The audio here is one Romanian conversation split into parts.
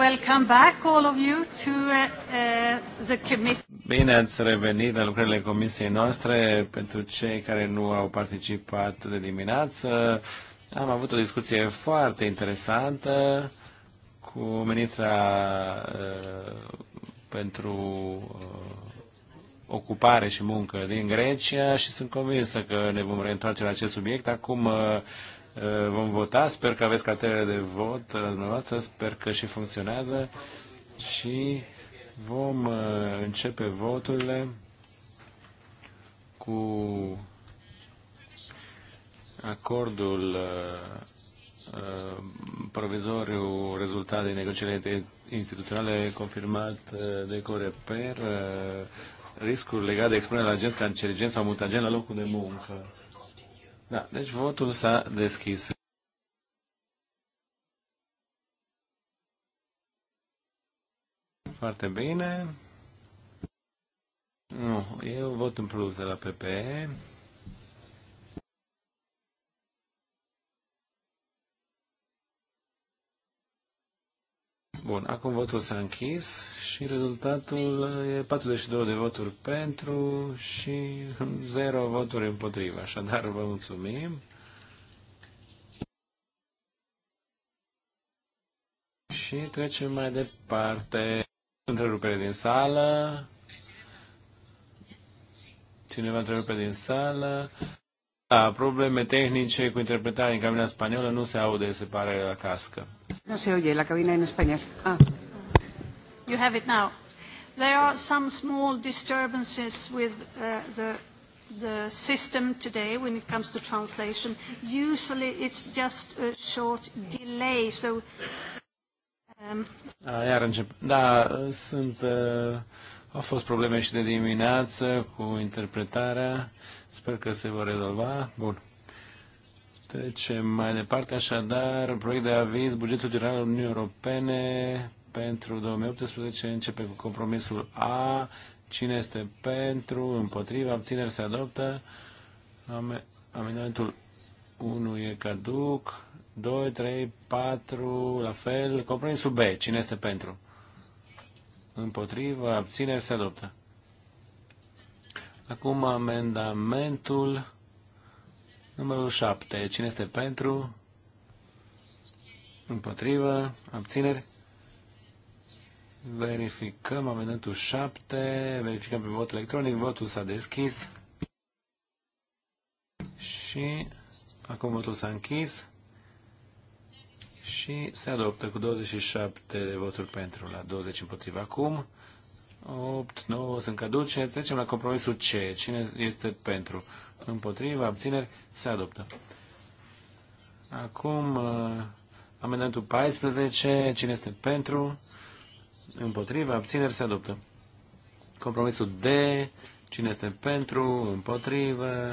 Welcome back all of you to uh, uh, the committee. Bine ați revenit la lucrările comisiei noastre. Pentru cei care nu au participat de dimineață, am avut o discuție foarte interesantă cu ministra uh, pentru uh, ocupare și muncă din Grecia și sunt convinsă că ne vom reîntoarce la acest subiect. Acum uh, Eh, vom vota. Sper că aveți cartele de vot eh, dumneavoastră, sper că și funcționează și vom eh, începe voturile cu acordul provizoriu rezultat din instituționale confirmat de Coreper, riscul legat de expunerea la agenți cancerigen sau mutagen la locul de muncă. Da, deci votul s-a deschis. Foarte bine. Nu, eu vot în plus de la PPE. Bun, acum votul s-a închis și rezultatul e 42 de voturi pentru și 0 voturi împotriva. Așadar, vă mulțumim. Și trecem mai departe. Întrerupere din sală. Cineva întrerupe din sală. Da, probleme tehnice cu interpretarea în cabina spaniolă nu se aude, se pare la cască. Nu se aude la cabina în spaniol. Ah. You have it now. There are some small disturbances with uh, the the system today when it comes to translation. Usually it's just a short delay, so um... iar încep. Da, sunt uh, au fost probleme și de dimineață cu interpretarea. Sper că se va rezolva. Bun. Trecem mai departe, așadar, proiect de aviz, bugetul general al Uniunii Europene pentru 2018 începe cu compromisul A. Cine este pentru, împotriva, abțineri se adoptă. Amendamentul 1 e caduc. 2, 3, 4, la fel. Compromisul B. Cine este pentru? Împotriva, abțineri se adoptă. Acum amendamentul numărul 7. Cine este pentru? Împotrivă? Abțineri? Verificăm amendamentul 7. Verificăm pe vot electronic. Votul s-a deschis. Și acum votul s-a închis. Și se adoptă cu 27 de voturi pentru la 20 împotriva acum. 8, 9 sunt caduce. Trecem la compromisul C. Cine este pentru? Împotriva, abțineri, se adoptă. Acum, uh, amendamentul 14. Cine este pentru? Împotriva, abțineri, se adoptă. Compromisul D. Cine este pentru? Împotriva,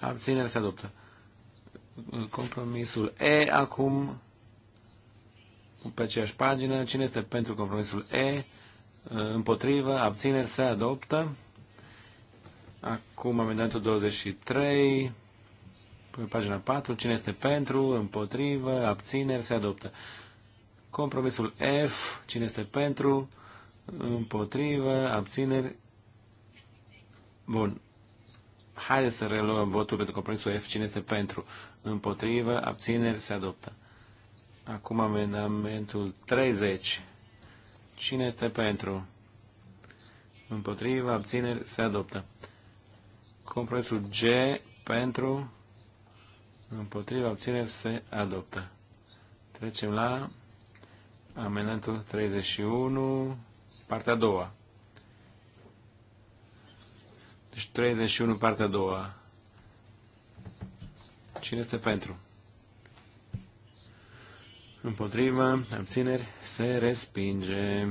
abțineri, se adoptă. Compromisul E acum pe aceeași pagină. Cine este pentru compromisul E? împotrivă, abțineri, se adoptă. Acum amendamentul 23, pe pagina 4, cine este pentru, împotrivă, abțineri, se adoptă. Compromisul F, cine este pentru, împotrivă, abțineri. Bun. Haideți să reluăm votul pentru compromisul F, cine este pentru, împotrivă, abțineri, se adoptă. Acum amendamentul 30. Cine este pentru? Împotriva, abțineri, se adoptă. Compromisul G pentru, împotriva, abțineri, se adoptă. Trecem la amendamentul 31, partea a doua. Deci 31, partea a doua. Cine este pentru? Împotriva, abțineri, se respinge.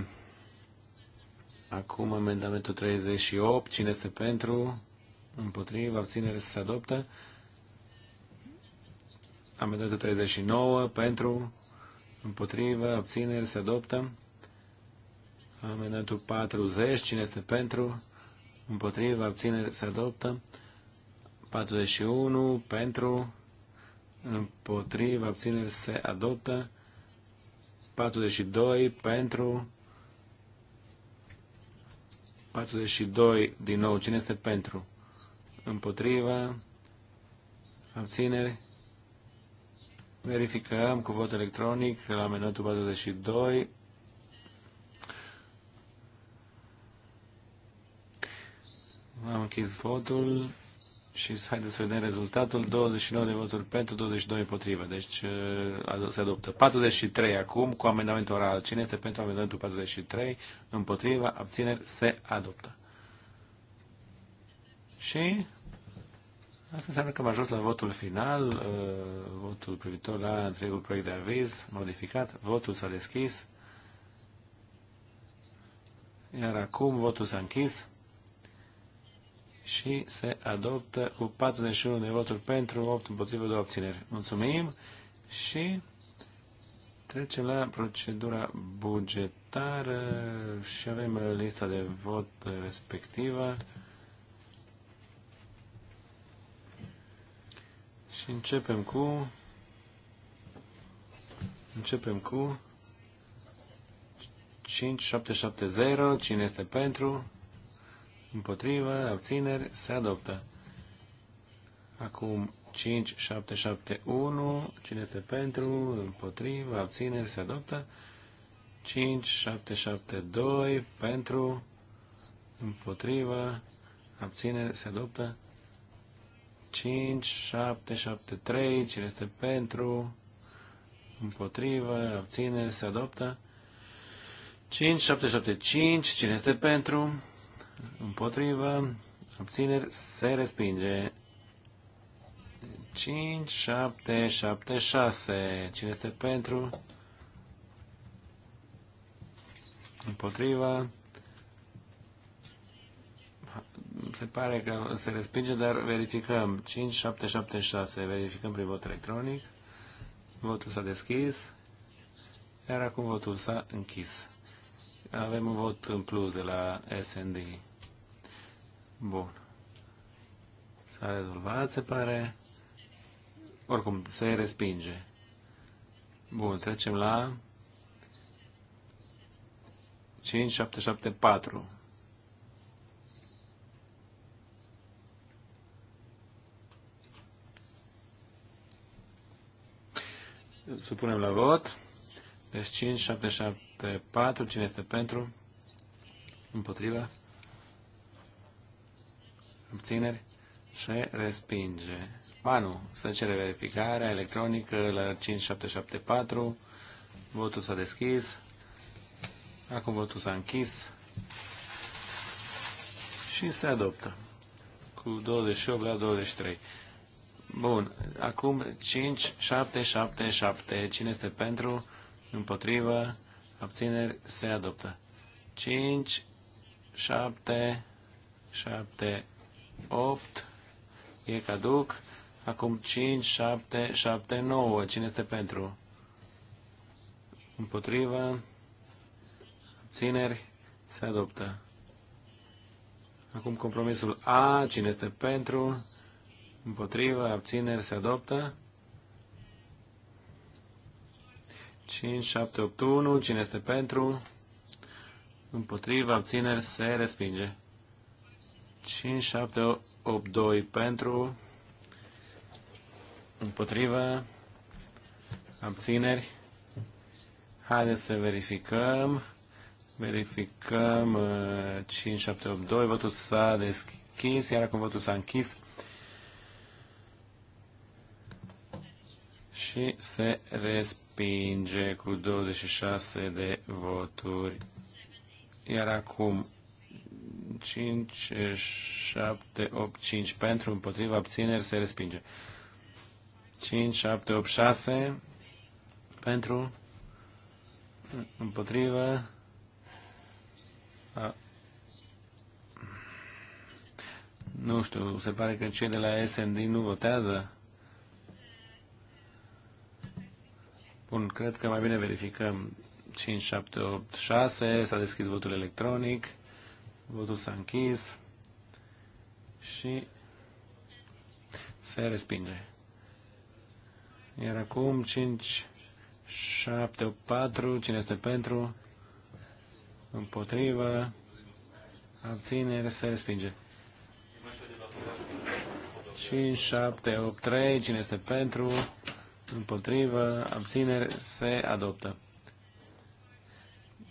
Acum amendamentul 38. Cine este pentru? Împotriva, abținere se adoptă. Amendamentul 39. Pentru? Împotriva, abțineri se adoptă. Amendamentul 40. Cine este pentru? Împotriva, abțineri se adoptă. 41. Pentru? Împotriva, abțineri se adoptă. 42 pentru 42 din nou. Cine este pentru? Împotriva? Abțineri? Verificăm cu vot electronic la minutul 42. Am închis votul. Și haideți să vedem rezultatul. 29 de voturi pentru, 22 împotrivă. Deci uh, se adoptă. 43 acum cu amendamentul oral. Cine este pentru amendamentul 43? Împotriva, abțineri, se adoptă. Și asta înseamnă că am ajuns la votul final, uh, votul privitor la întregul proiect de aviz modificat. Votul s-a deschis. Iar acum votul s-a închis și se adoptă cu 41 de voturi pentru, 8 împotrivă, de obțineri. Mulțumim și trecem la procedura bugetară și avem lista de vot respectivă. Și începem cu începem cu 5770, cine este pentru? împotrivă, abțineri, se adoptă. Acum 1, cine este pentru, împotrivă, abțineri, se adoptă. 2, pentru, împotrivă, abțineri, se adoptă. 3, cine este pentru, împotrivă, abțineri, se adoptă. 5, cine este pentru, împotrivă, Obțineri. se respinge. 5, 7, 7, 6. Cine este pentru? Împotrivă. Se pare că se respinge, dar verificăm. 5, 7, 7, 6. Verificăm prin vot electronic. Votul s-a deschis. Iar acum votul s-a închis. Avem un vot în plus de la SND. Bun. S-a rezolvat, se pare. Oricum, se respinge. Bun, trecem la 5774. Supunem la vot. Deci 5774, cine este pentru? Împotriva? Obțineri? se respinge. Ba nu, se cere verificarea electronică la 5774. Votul s-a deschis. Acum votul s-a închis. Și se adoptă. Cu 28 la 23. Bun. Acum 5777. Cine este pentru? Împotrivă? Abțineri? Se adoptă. 5, 7, 7, 8 e caduc. Acum 5, 7, 7, 9. Cine este pentru? Împotriva. Țineri. Se adoptă. Acum compromisul A. Cine este pentru? Împotriva. Abțineri. Se adoptă. 5, 7, 8, 1. Cine este pentru? Împotriva. Abțineri. Se respinge. 5782 pentru, împotriva, abțineri. Haideți să verificăm. Verificăm 5782. Uh, votul s-a deschis, iar acum votul s-a închis. Și se respinge cu 26 de voturi. Iar acum 5, 7, 8, 5 pentru, împotriva, abțineri, se respinge. 5, 7, 8, 6 pentru, împotriva, a, nu știu, se pare că cei de la SND nu votează. Bun, cred că mai bine verificăm 5, 7, 8, 6, s-a deschis votul electronic. Votul s-a închis și se respinge. Iar acum 5, 7, 8, 4, cine este pentru, împotrivă, abținere, se respinge. 5, 7, 8, 3, cine este pentru, împotrivă, abținere, se adoptă.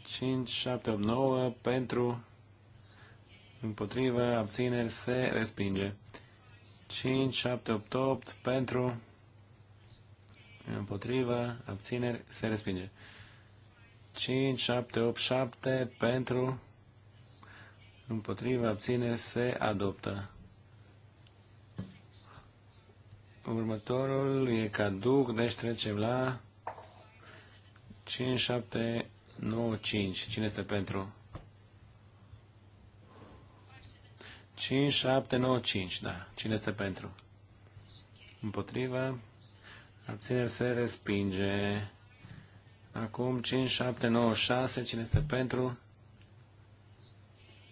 5, 7, 8, 9, pentru, împotrivă, abțineri, se respinge. 5, 7, 8, 8, pentru, împotrivă, abțineri, se respinge. 5, 7, 8, 7, pentru, împotrivă, abțineri, se adoptă. Următorul e caduc, deci trecem la 5, 7, 9, 5. Cine este pentru? 5, 7, 9, 5, da. Cine este pentru? Împotrivă. Abțineri se respinge. Acum 5, 7, 9, 6. Cine este pentru?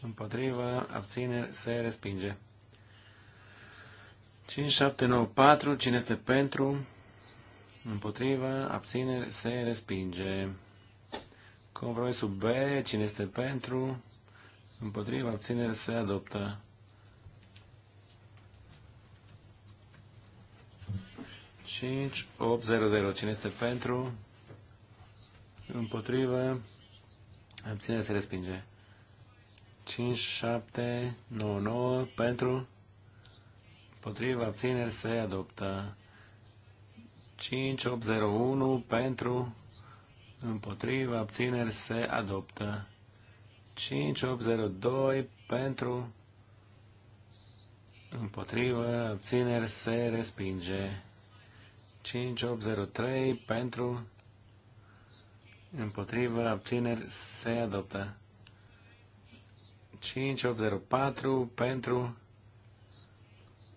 Împotrivă. Abțineri se respinge. 5, 7, 9, 4. Cine este pentru? Împotrivă. Abțineri se respinge. Compromisul B. Cine este pentru? Împotrivă. Abțineri se adoptă. 5, 8, 0, 0. Cine este pentru? Împotrivă. Abține se respinge. 5, 7, 9, 9. Pentru. Împotrivă. Abține se adoptă. 5, 8, 0, 1. Pentru. Împotrivă. Abține se adoptă. 5, 8, 0, 2. Pentru. Împotrivă. Abțineri se respinge. 5803 pentru împotriva abțineri se adoptă. 5804 pentru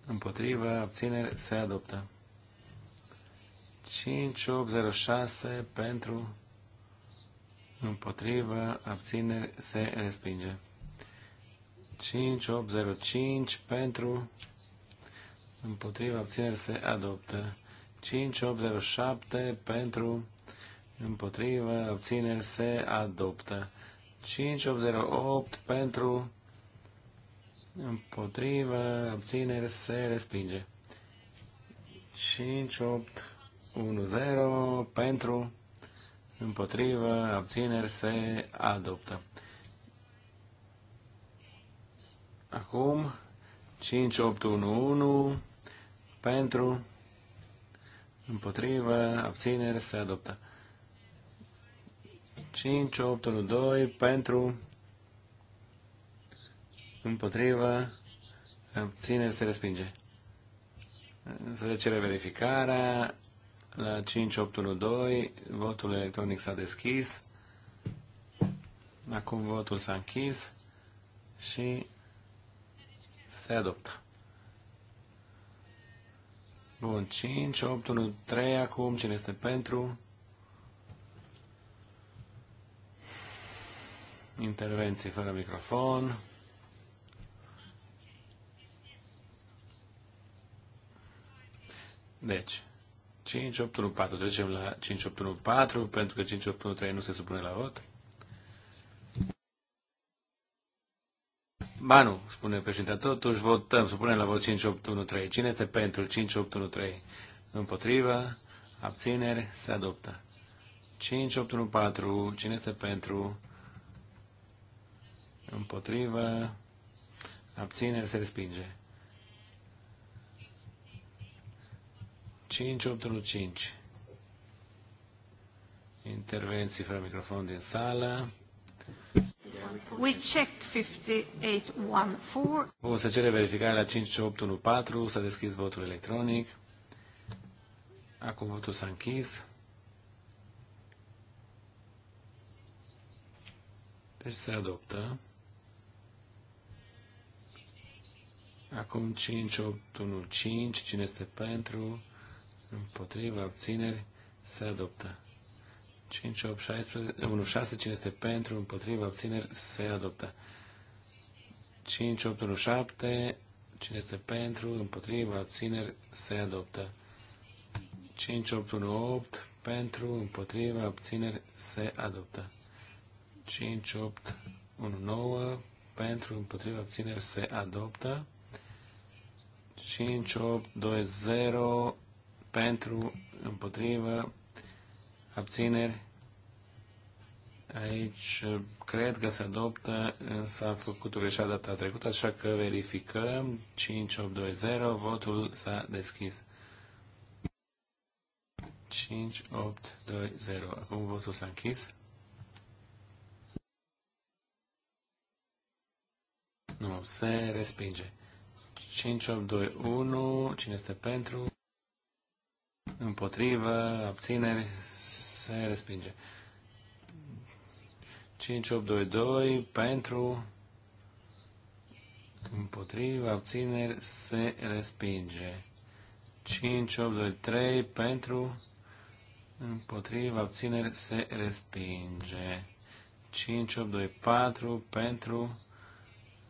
împotriva abțineri se adoptă. 5806 pentru împotriva abțineri se respinge. 5805 pentru împotriva abțineri se adoptă. 587 pentru împotrivă, abțineri se adoptă. 5808 pentru împotrivă, abțineri se respinge. 5810 pentru împotrivă, abțineri se adoptă. Acum 5811 pentru împotrivă, abțineri, se adoptă. 5, 8, 1, 2, pentru, împotrivă, abțineri, se respinge. Se cere verificarea. La 5, 8, 2, votul electronic s-a deschis. Acum votul s-a închis și se adoptă. Bun, 5, 8, 1, 3 acum. Cine este pentru? Intervenții fără microfon. Deci, 4, trecem la 4, pentru că 3 nu se supune la vot. Ba nu, spune președintele, totuși votăm, supunem la vot 5813. Cine este pentru 5813? Împotrivă, abțineri, se adoptă. 5814, cine este pentru? Împotrivă, abțineri, se respinge. 5815. Intervenții fără microfon din sală. We check 5814. Vom să cere verificarea la 5814. S-a deschis votul electronic. Acum votul s-a închis. Deci se adoptă. Acum 5815. Cine este pentru? Împotriva, abțineri, se adoptă. 5, 8, 16, 1, 6, cine este pentru, împotriva, abțineri, se adoptă. 5, 8, 1, 7, cine este pentru, împotriva, abțineri, se adoptă. 5, 8, 1, 8, pentru, împotriva, abțineri, se adoptă. 5, 8, 1, 9, pentru, împotriva, abțineri, se adoptă. 5, 8, 2, 0, pentru, împotriva, abțineri. Aici uh, cred că se adoptă, însă a făcut o greșeală data trecută, așa că verificăm. 5820, votul s-a deschis. 5820. Acum votul s-a închis. Nu, se respinge. 5821, cine este pentru? Împotrivă, abțineri, se respinge. 5822 pentru împotriva abțineri se respinge. 5823 pentru împotriva abțineri se respinge. 5824 pentru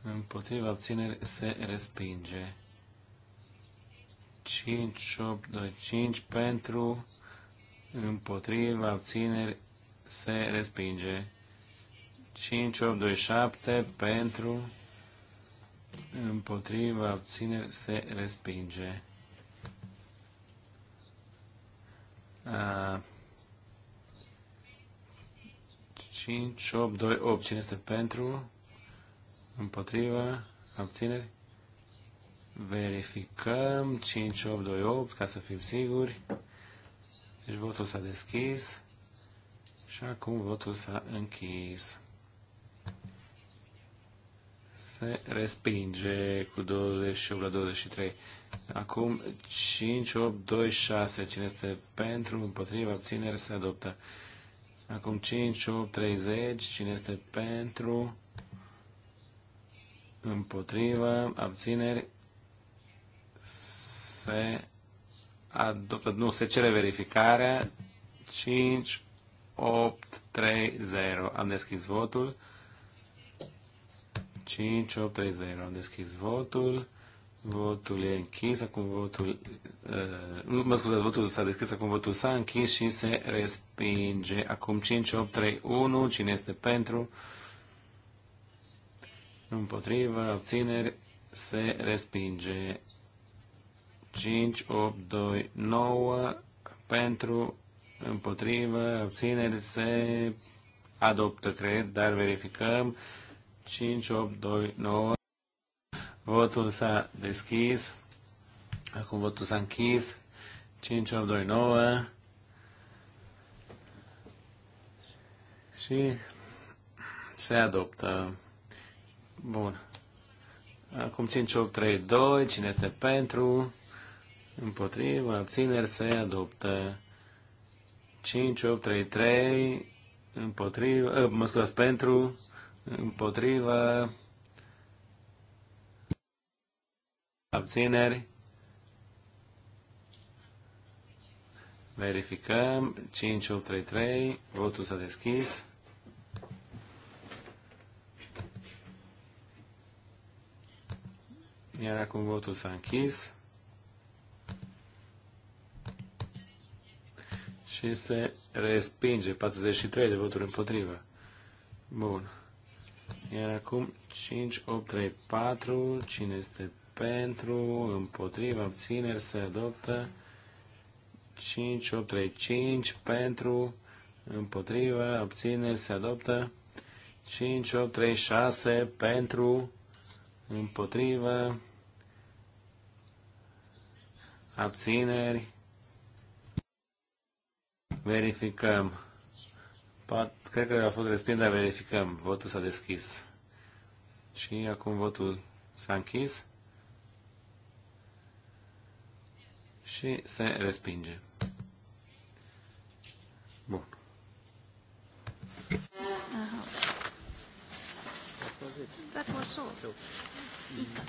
împotriva abțineri se respinge. 5825 pentru împotriva, abțineri, se respinge. 5827 pentru, împotriva, abțineri, se respinge. A, 5, 8, 2, 8. Cine este pentru? Împotriva? Abțineri? Verificăm. 5, 8, 2, 8, ca să fim siguri. Deci votul s-a deschis și acum votul s-a închis. Se respinge cu 28 la 23. Acum 5, 8, 2, 6. Cine este pentru, împotriva, abținere, se adoptă. Acum 5, 8, 30. Cine este pentru, împotriva, abțineri, se adoptă, nu, se cere verificarea, 5, 8, 3, 0. Am deschis votul. 5, 8, 3, 0. Am deschis votul. Votul e închis, acum votul... Uh, mă scuzați, votul s-a deschis, acum votul s-a închis și se respinge. Acum 5, 8, 3, 1. Cine este pentru? Împotrivă, abțineri, se respinge. 5, 8, 2, 9 pentru, împotrivă, abțineri se adoptă, cred, dar verificăm. 5, 8, 2, 9. Votul s-a deschis. Acum votul s-a închis. 5, 8, 2, 9. Și se adoptă. Bun. Acum 5, 8, 3, 2. Cine este pentru? Împotrivă, abțineri se adoptă. 5, 8, 3, 3. Împotrivă, ă, mă scuzați, pentru. Împotrivă. Abțineri. Verificăm. 5, 8, 3, 3, Votul s-a deschis. Iar acum votul s-a închis. și se respinge 43 de voturi împotrivă. Bun. Iar acum 5, 8, 3, 4. Cine este pentru? Împotrivă? Abțineri? Se adoptă. 5, 8, 3, 5. Pentru? Împotrivă? Abțineri? Se adoptă. 5, 8, 3, 6. Pentru? Împotrivă? Abțineri? Verificăm. Pat, cred că a fost respins, dar verificăm. Votul s-a deschis. Și acum votul s-a închis. Și se respinge. Bun. That was all.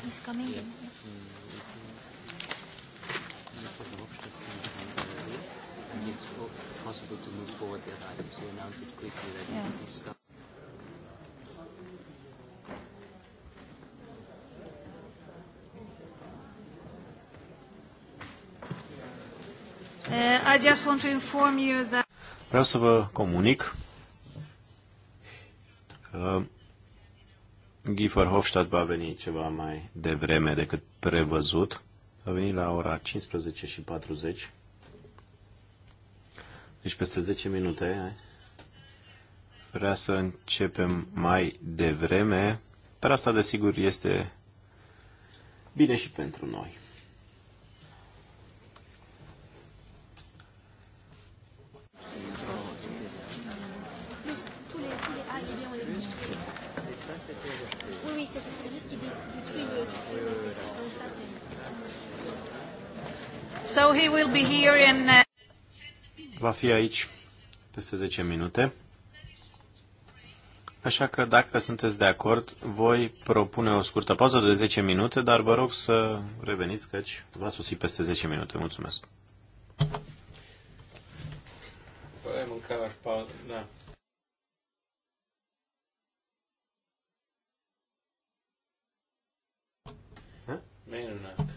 He's coming in and it's possible to move forward that item. So you announce it quickly that yeah. it is stopped. Uh, I just want to inform you that... Vreau să vă comunic că Giefer Hofstadt va veni ceva mai devreme decât prevăzut. Va veni la ora 15 și 40 deci peste 10 minute eh? vrea să începem mai devreme, dar asta desigur este bine și pentru noi. So he will be here in uh, va fi aici peste 10 minute. Așa că, dacă sunteți de acord, voi propune o scurtă pauză de 10 minute, dar vă rog să reveniți, căci va susi peste 10 minute. Mulțumesc! Păi, mâncare, da. Minunat.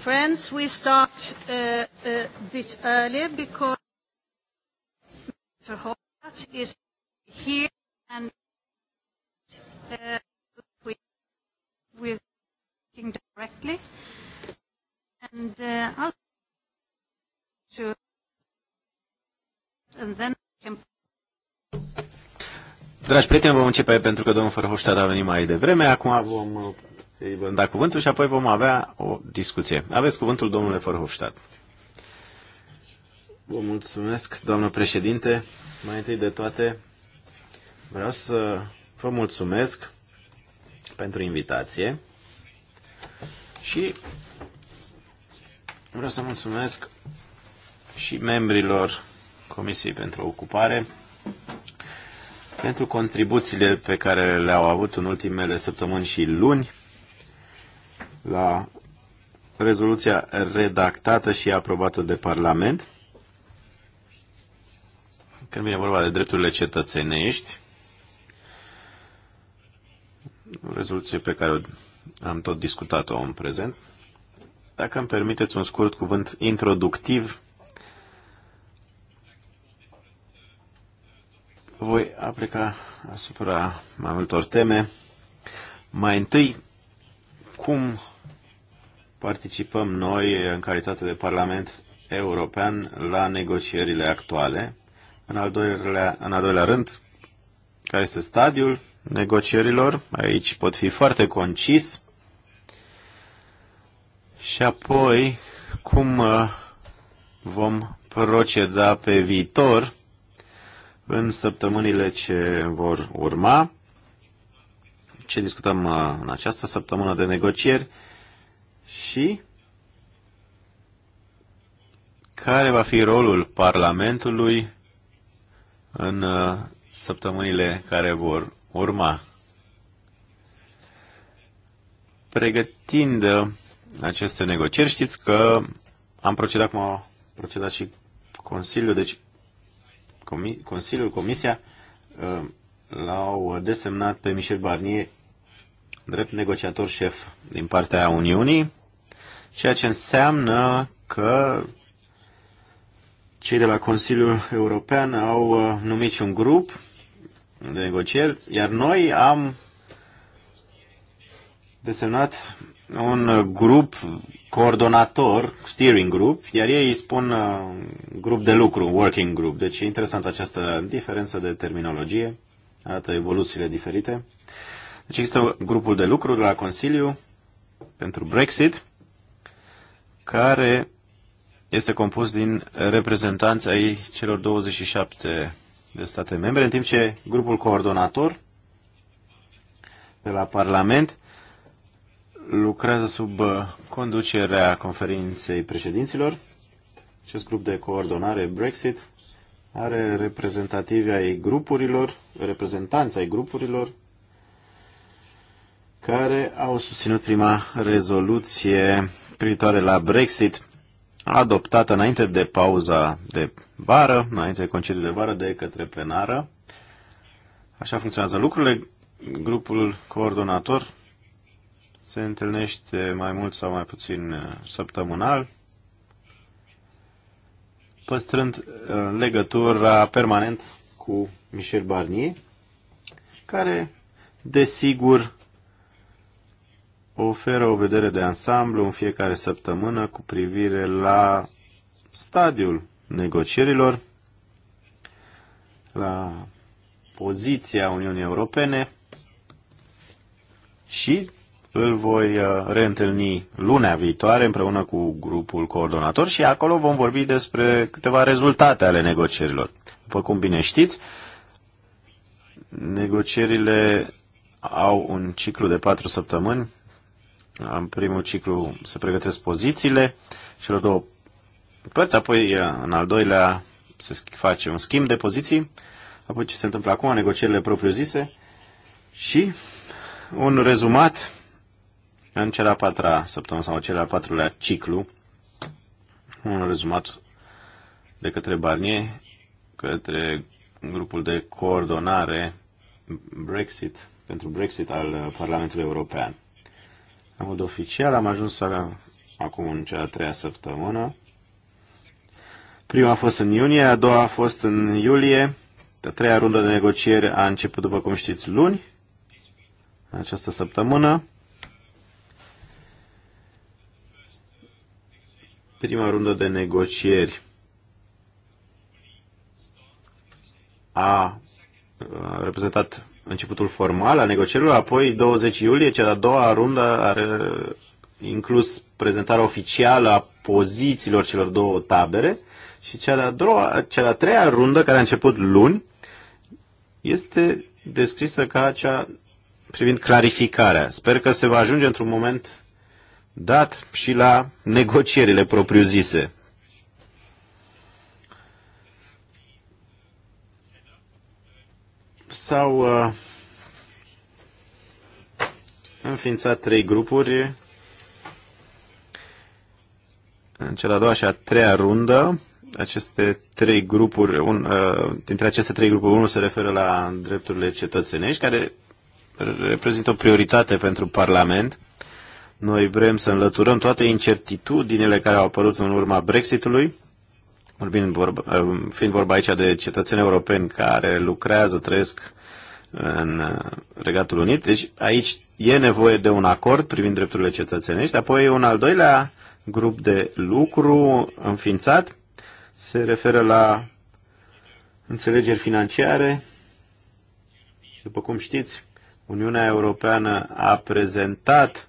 Friends, we start uh, uh a bit earlier because Verhofstadt is here and uh, we, we're working directly. And uh, I'll to and then can... Dragi prieteni, vom începe pentru că domnul Verhofstadt a venit mai devreme. Acum vom îi da cuvântul și apoi vom avea discuție. Aveți cuvântul, domnule Forhofstadt. Vă mulțumesc, doamnă președinte. Mai întâi de toate, vreau să vă mulțumesc pentru invitație și vreau să mulțumesc și membrilor Comisiei pentru Ocupare pentru contribuțiile pe care le-au avut în ultimele săptămâni și luni la rezoluția redactată și aprobată de Parlament. Când vine vorba de drepturile cetățenești, o rezoluție pe care am tot discutat-o în prezent, dacă îmi permiteți un scurt cuvânt introductiv, voi aplica asupra mai multor teme. Mai întâi, cum participăm noi, în calitate de Parlament European, la negocierile actuale. În al doilea, în al doilea rând, care este stadiul negocierilor? Aici pot fi foarte concis. Și apoi, cum uh, vom proceda pe viitor în săptămânile ce vor urma, ce discutăm uh, în această săptămână de negocieri și care va fi rolul Parlamentului în uh, săptămânile care vor urma. Pregătind uh, aceste negocieri, știți că am procedat cum a procedat și Consiliul, deci comi, Consiliul, Comisia uh, l-au desemnat pe Michel Barnier drept negociator șef din partea Uniunii ceea ce înseamnă că cei de la Consiliul European au uh, numit și un grup de negocieri, iar noi am desemnat un grup coordonator, steering group, iar ei spun uh, grup de lucru, working group. Deci e interesant această diferență de terminologie, arată evoluțiile diferite. Deci există grupul de lucru de la Consiliu pentru Brexit, care este compus din reprezentanți ai celor 27 de state membre, în timp ce grupul coordonator de la Parlament lucrează sub uh, conducerea conferinței președinților. Acest grup de coordonare Brexit are reprezentativi ai grupurilor, reprezentanți ai grupurilor care au susținut prima rezoluție privitoare la Brexit adoptată înainte de pauza de vară, înainte de concediul de vară de către plenară. Așa funcționează lucrurile. Grupul coordonator se întâlnește mai mult sau mai puțin uh, săptămânal, păstrând uh, legătura permanent cu Michel Barnier, care, desigur, oferă o vedere de ansamblu în fiecare săptămână cu privire la stadiul negocierilor, la poziția Uniunii Europene și îl voi uh, reîntâlni lunea viitoare împreună cu grupul coordonator și acolo vom vorbi despre câteva rezultate ale negocierilor. După cum bine știți, negocierile au un ciclu de patru săptămâni în primul ciclu se pregătesc pozițiile la două părți, apoi în al doilea se face un schimb de poziții, apoi ce se întâmplă acum, negocierile propriu-zise și un rezumat în cea a patra săptămână sau cel al patrulea ciclu, un rezumat de către Barnier, către grupul de coordonare Brexit, pentru Brexit al Parlamentului European. În mod oficial am ajuns la, acum în cea a treia săptămână. Prima a fost în iunie, a doua a fost în iulie. A treia rundă de negocieri a început, după cum știți, luni, în această săptămână. Prima rundă de negocieri a reprezentat începutul formal a negocierilor, apoi 20 iulie, cea de-a doua rundă are inclus prezentarea oficială a pozițiilor celor două tabere și cea de-a, doua, cea de-a treia rundă, care a început luni, este descrisă ca cea privind clarificarea. Sper că se va ajunge într-un moment dat și la negocierile propriu-zise. S-au uh, înființat trei grupuri în cea de-a doua și a treia rundă. Aceste trei grupuri, un, uh, dintre aceste trei grupuri, unul se referă la drepturile cetățenești, care reprezintă o prioritate pentru Parlament. Noi vrem să înlăturăm toate incertitudinile care au apărut în urma Brexitului Vorbim vorba, uh, fiind vorba aici de cetățeni europeni care lucrează, trăiesc în uh, Regatul Unit, deci aici e nevoie de un acord privind drepturile cetățenești, apoi un al doilea grup de lucru înființat se referă la înțelegeri financiare. După cum știți, Uniunea Europeană a prezentat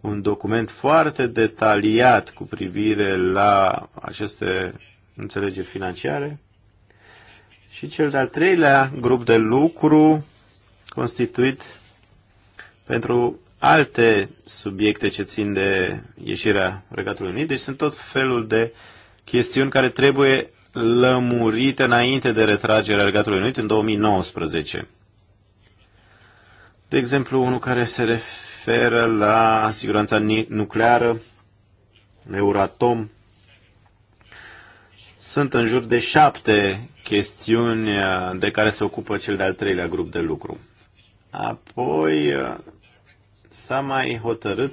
un document foarte detaliat cu privire la aceste înțelegeri financiare. Și cel de-al treilea grup de lucru constituit pentru alte subiecte ce țin de ieșirea Regatului Unit. Deci sunt tot felul de chestiuni care trebuie lămurite înainte de retragerea Regatului Unit în 2019. De exemplu, unul care se referă la siguranța nucleară, Euratom, sunt în jur de șapte chestiuni uh, de care se ocupă cel de-al treilea grup de lucru. Apoi uh, s-a mai hotărât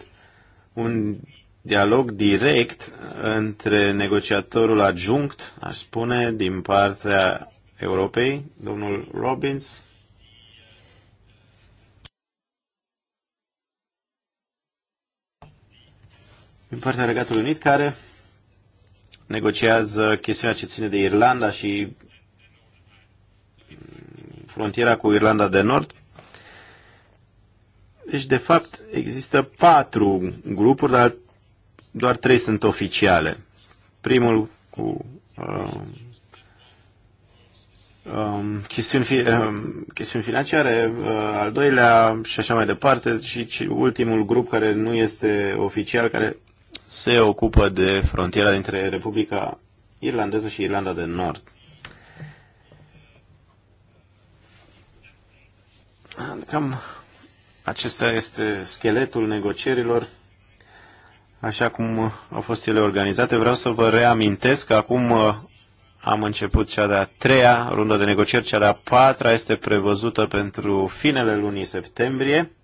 un dialog direct între negociatorul adjunct, aș spune, din partea Europei, domnul Robbins, din partea Regatului Unit, care negociază chestiunea ce ține de Irlanda și frontiera cu Irlanda de Nord. Deci, de fapt, există patru grupuri, dar doar trei sunt oficiale. Primul cu uh, um, chestiuni, fi, uh, chestiuni financiare, uh, al doilea și așa mai departe, și, și ultimul grup care nu este oficial, care se ocupă de frontiera dintre Republica Irlandeză și Irlanda de Nord. Cam acesta este scheletul negocierilor, așa cum au fost ele organizate. Vreau să vă reamintesc că acum uh, am început cea de-a treia rundă de negocieri, cea de-a patra este prevăzută pentru finele lunii septembrie.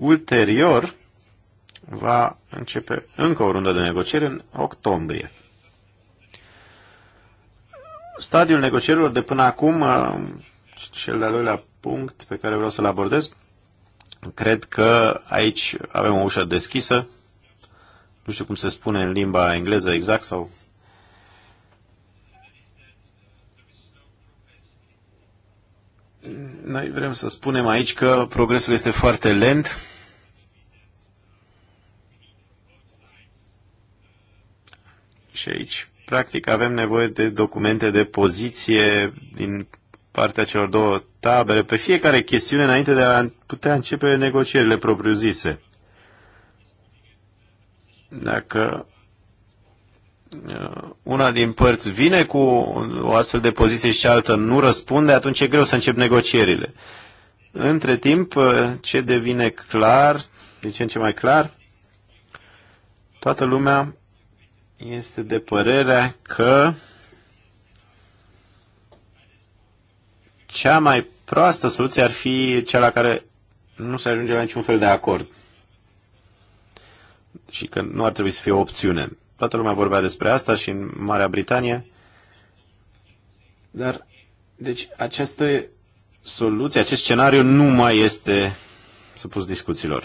Ulterior, va începe încă o rundă de negocieri în octombrie. Stadiul negocierilor de până acum, uh, cel de-al doilea punct pe care vreau să-l abordez, cred că aici avem o ușă deschisă, nu știu cum se spune în limba engleză exact sau Noi vrem să spunem aici că progresul este foarte lent. Și aici, practic, avem nevoie de documente de poziție din partea celor două tabere pe fiecare chestiune înainte de a putea începe negocierile propriu-zise. Dacă Uh, una din părți vine cu o astfel de poziție și cealaltă nu răspunde, atunci e greu să încep negocierile. Între timp, uh, ce devine clar, de ce în ce mai clar, toată lumea este de părerea că cea mai proastă soluție ar fi cea la care nu se ajunge la niciun fel de acord și că nu ar trebui să fie o opțiune. Toată lumea vorbea despre asta și în Marea Britanie. Dar, deci, această soluție, acest scenariu nu mai este supus discuțiilor.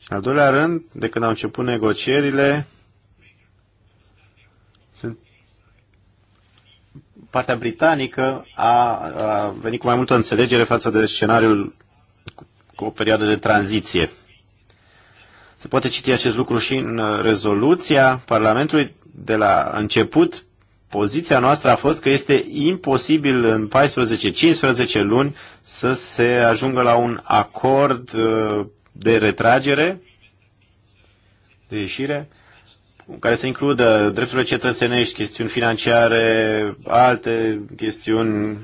Și în al doilea rând, de când au început negocierile, sunt partea britanică a, a venit cu mai multă înțelegere față de scenariul cu, cu o perioadă de tranziție. Se poate citi acest lucru și în uh, rezoluția Parlamentului de la început. Poziția noastră a fost că este imposibil în 14-15 luni să se ajungă la un acord uh, de retragere, de ieșire, care să includă drepturile cetățenești, chestiuni financiare, alte chestiuni,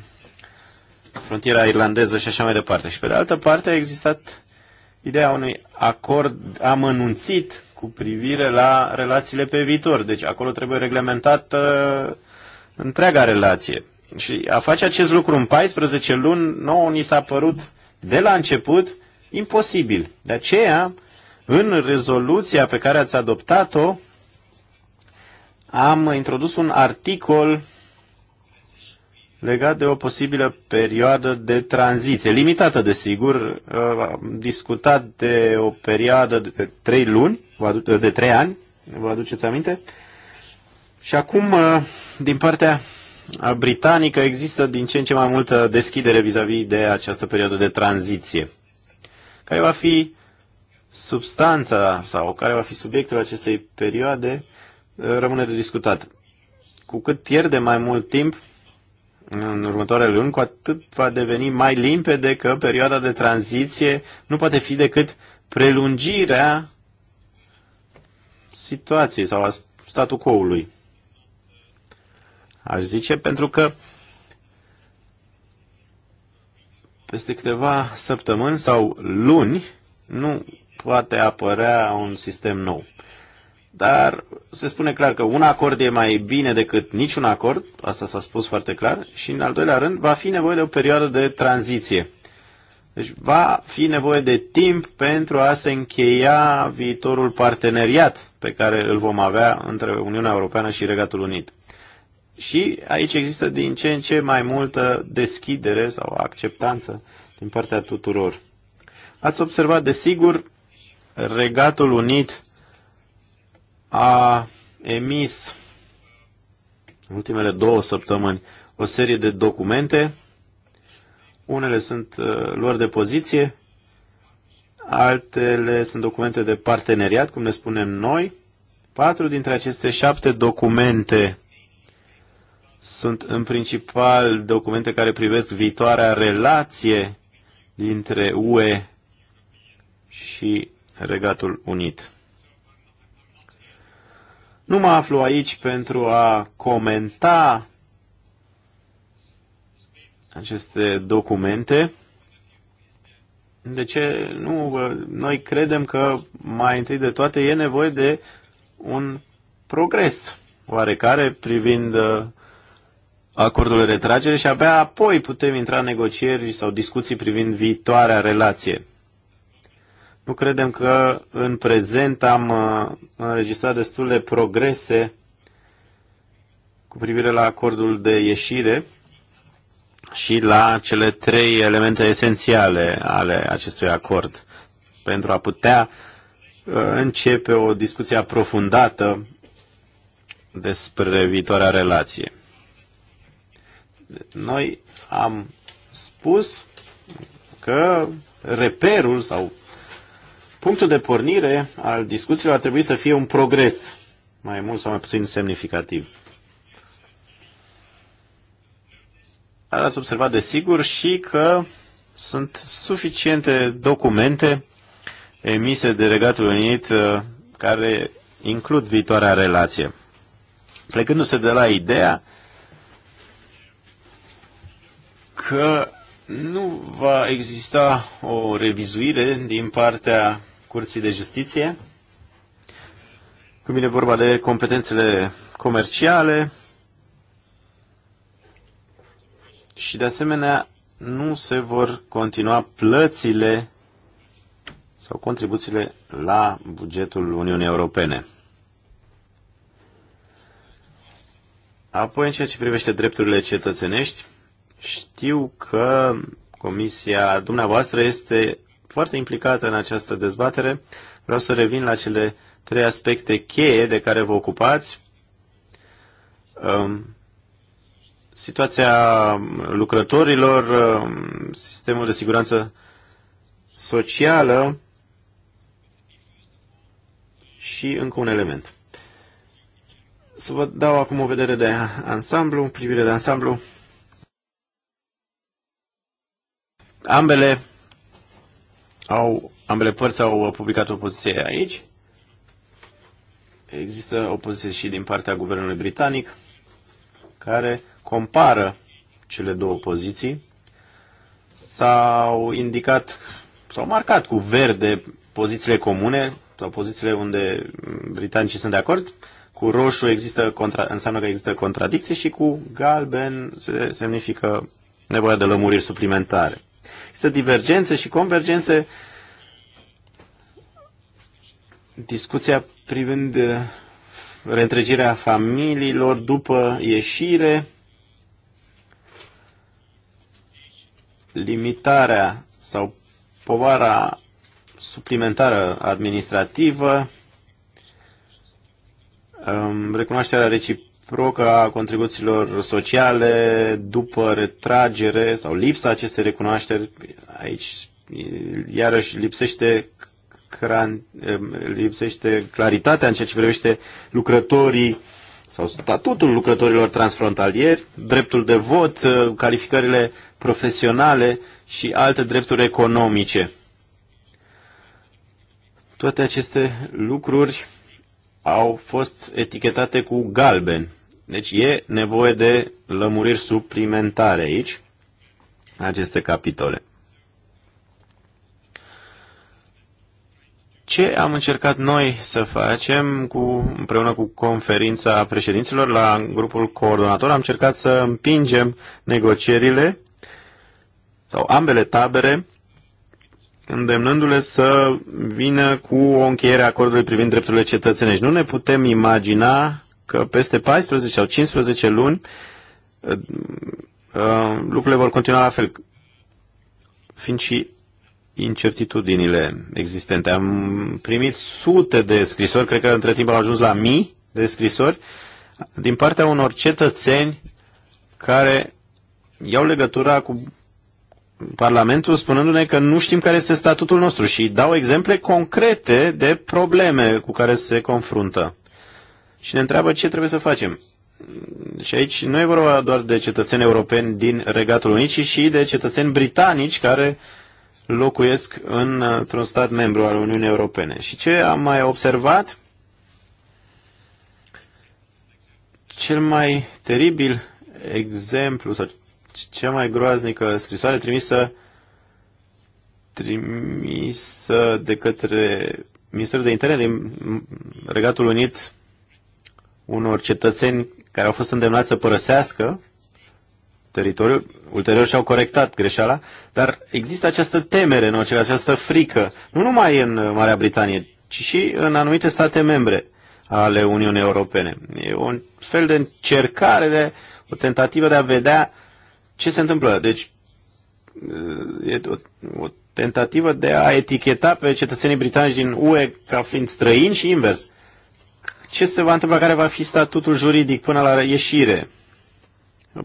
frontiera irlandeză și așa mai departe. Și pe de altă parte a existat ideea unui acord amănunțit cu privire la relațiile pe viitor. Deci acolo trebuie reglementată uh, întreaga relație. Și a face acest lucru în 14 luni, nouă ni s-a părut de la început imposibil. De aceea, în rezoluția pe care ați adoptat-o, am introdus un articol legat de o posibilă perioadă de tranziție, limitată desigur, uh, am discutat de o perioadă de trei luni, de trei ani, vă aduceți aminte? Și acum, uh, din partea britanică, există din ce în ce mai multă deschidere vis-a-vis -vis de această perioadă de tranziție, care va fi substanța sau care va fi subiectul acestei perioade, uh, rămâne de discutat. Cu cât pierde mai mult timp, în următoarele luni, cu atât va deveni mai limpede că perioada de tranziție nu poate fi decât prelungirea situației sau a statu coului. Aș zice pentru că peste câteva săptămâni sau luni nu poate apărea un sistem nou. Dar se spune clar că un acord e mai bine decât niciun acord, asta s-a spus foarte clar, și în al doilea rând va fi nevoie de o perioadă de tranziție. Deci va fi nevoie de timp pentru a se încheia viitorul parteneriat pe care îl vom avea între Uniunea Europeană și Regatul Unit. Și aici există din ce în ce mai multă deschidere sau acceptanță din partea tuturor. Ați observat, desigur, Regatul Unit a emis în ultimele două săptămâni o serie de documente. Unele sunt uh, luări de poziție, altele sunt documente de parteneriat, cum ne spunem noi. Patru dintre aceste șapte documente sunt în principal documente care privesc viitoarea relație dintre UE și Regatul Unit. Nu mă aflu aici pentru a comenta aceste documente. De ce nu? Noi credem că mai întâi de toate e nevoie de un progres oarecare privind uh, acordul de retragere și abia apoi putem intra în negocieri sau discuții privind viitoarea relație. Nu credem că în prezent am uh, înregistrat destule progrese cu privire la acordul de ieșire și la cele trei elemente esențiale ale acestui acord pentru a putea uh, începe o discuție aprofundată despre viitoarea relație. Noi am spus că reperul sau Punctul de pornire al discuțiilor ar trebui să fie un progres, mai mult sau mai puțin semnificativ. Ați observat, desigur, și că sunt suficiente documente emise de Regatul Unit uh, care includ viitoarea relație. Plecându-se de la ideea că nu va exista o revizuire din partea Curții de Justiție. Când vine vorba de competențele comerciale și de asemenea nu se vor continua plățile sau contribuțiile la bugetul Uniunii Europene. Apoi, în ceea ce privește drepturile cetățenești, știu că Comisia dumneavoastră este foarte implicată în această dezbatere. Vreau să revin la cele trei aspecte cheie de care vă ocupați. Um, situația lucrătorilor, um, sistemul de siguranță socială și încă un element. Să vă dau acum o vedere de ansamblu, privire de ansamblu. Ambele au, ambele părți au publicat o poziție aici. Există o poziție și din partea guvernului britanic care compară cele două poziții. S-au indicat, s-au marcat cu verde pozițiile comune sau pozițiile unde britanicii sunt de acord, cu roșu există contra, înseamnă că există contradicții și cu galben se semnifică nevoia de lămuriri suplimentare. Există divergențe și convergențe. Discuția privind uh, reîntregirea familiilor după ieșire, limitarea sau povara suplimentară administrativă, um, recunoașterea reciprocă proca contribuțiilor sociale după retragere sau lipsa acestei recunoașteri, aici iarăși lipsește, cran, eh, lipsește claritatea în ceea ce privește lucrătorii sau statutul lucrătorilor transfrontalieri, dreptul de vot, eh, calificările profesionale și alte drepturi economice. Toate aceste lucruri au fost etichetate cu galben. Deci e nevoie de lămuriri suplimentare aici, aceste capitole. Ce am încercat noi să facem cu, împreună cu conferința președinților la grupul coordonator? Am încercat să împingem negocierile sau ambele tabere îndemnându-le să vină cu o încheiere a acordului privind drepturile cetățenești. Nu ne putem imagina că peste 14 sau 15 luni uh, uh, lucrurile vor continua la fel, fiind și incertitudinile existente. Am primit sute de scrisori, cred că între timp am ajuns la mii de scrisori, din partea unor cetățeni care iau legătura cu Parlamentul spunându-ne că nu știm care este statutul nostru și dau exemple concrete de probleme cu care se confruntă. Și ne întreabă ce trebuie să facem. Și aici nu e vorba doar de cetățeni europeni din Regatul Unit, ci și de cetățeni britanici care locuiesc într-un stat membru al Uniunii Europene. Și ce am mai observat? Cel mai teribil exemplu sau cea mai groaznică scrisoare trimisă, trimisă de către Ministerul de Interne din Regatul Unit unor cetățeni care au fost îndemnați să părăsească teritoriul, ulterior și-au corectat greșeala, dar există această temere în orice, această frică, nu numai în Marea Britanie, ci și în anumite state membre ale Uniunii Europene. E un fel de încercare, de, o tentativă de a vedea ce se întâmplă? Deci, e o, o tentativă de a eticheta pe cetățenii britanici din UE ca fiind străini și invers. Ce se va întâmpla? Care va fi statutul juridic până la ieșire?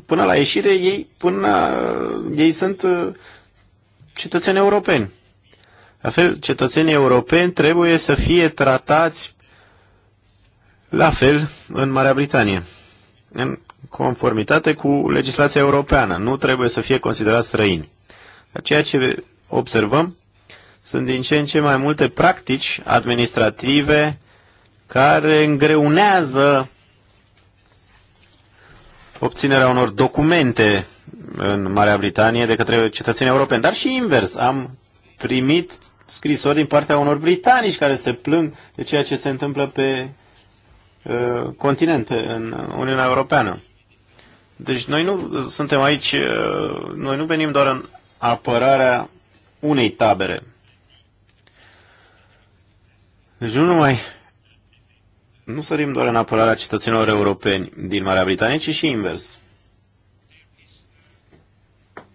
Până la ieșire, ei, până, ei sunt uh, cetățeni europeni. La fel, cetățenii europeni trebuie să fie tratați la fel în Marea Britanie. În conformitate cu legislația europeană. Nu trebuie să fie considerați străini. Ceea ce observăm sunt din ce în ce mai multe practici administrative care îngreunează obținerea unor documente în Marea Britanie de către cetățenii europeni, dar și invers. Am primit scrisori din partea unor britanici care se plâng de ceea ce se întâmplă pe uh, continent, pe, în Uniunea Europeană. Deci noi nu suntem aici, uh, noi nu venim doar în apărarea unei tabere. Deci nu numai nu sărim doar în apărarea cetățenilor europeni din Marea Britanie, ci și invers.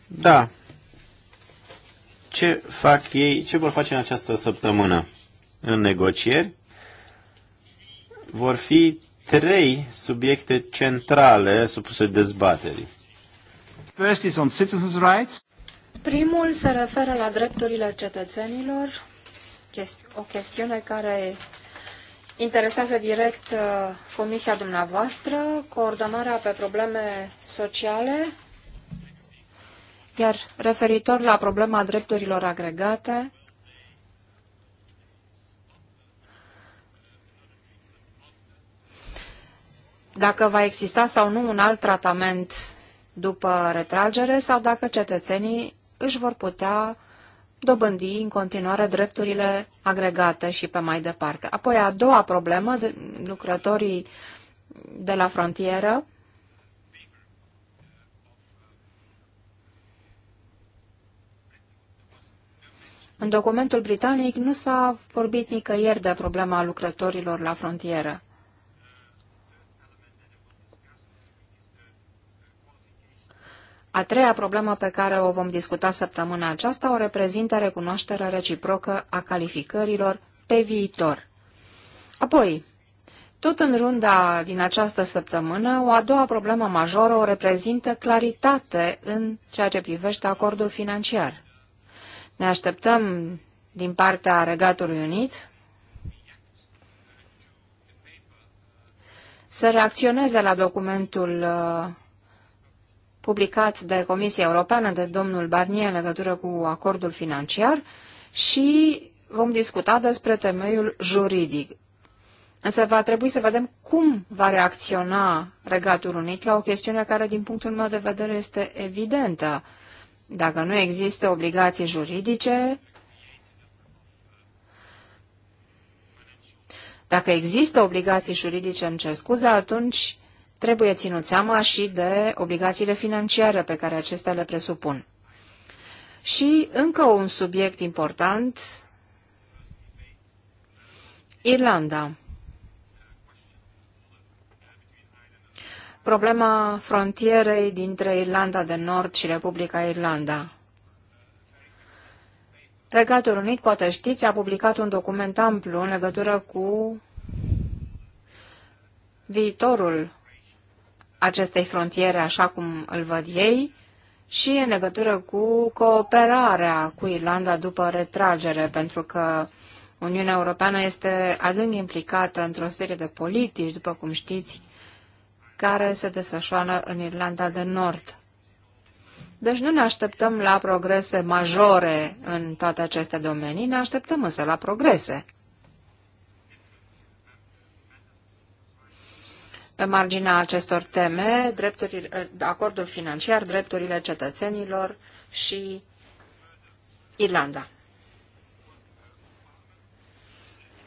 Da. Ce fac ei, ce vor face în această săptămână? În negocieri vor fi trei subiecte centrale supuse dezbaterii. First is on citizens rights. Primul se referă la drepturile cetățenilor, o chestiune care interesează direct uh, comisia dumneavoastră, coordonarea pe probleme sociale, iar referitor la problema drepturilor agregate, dacă va exista sau nu un alt tratament după retragere sau dacă cetățenii își vor putea dobândi în continuare drepturile agregate și pe mai departe. Apoi, a doua problemă, lucrătorii de la frontieră, În documentul britanic nu s-a vorbit nicăieri de problema lucrătorilor la frontieră. A treia problemă pe care o vom discuta săptămâna aceasta o reprezintă recunoașterea reciprocă a calificărilor pe viitor. Apoi, tot în runda din această săptămână, o a doua problemă majoră o reprezintă claritate în ceea ce privește acordul financiar. Ne așteptăm din partea Regatului Unit să reacționeze la documentul uh, publicat de Comisia Europeană de domnul Barnier în legătură cu acordul financiar și vom discuta despre temeiul juridic. Însă va trebui să vedem cum va reacționa Regatul Unit la o chestiune care, din punctul meu de vedere, este evidentă. Dacă nu există obligații juridice, dacă există obligații juridice, îmi cer scuze, atunci trebuie ținut seama și de obligațiile financiare pe care acestea le presupun. Și încă un subiect important, Irlanda. Problema frontierei dintre Irlanda de Nord și Republica Irlanda. Regatul Unit, poate știți, a publicat un document amplu în legătură cu viitorul acestei frontiere așa cum îl văd ei și în legătură cu cooperarea cu Irlanda după retragere, pentru că Uniunea Europeană este adânc implicată într-o serie de politici, după cum știți, care se desfășoară în Irlanda de Nord. Deci nu ne așteptăm la progrese majore în toate aceste domenii, ne așteptăm însă la progrese. pe marginea acestor teme, drepturile, eh, acordul financiar, drepturile cetățenilor și Irlanda.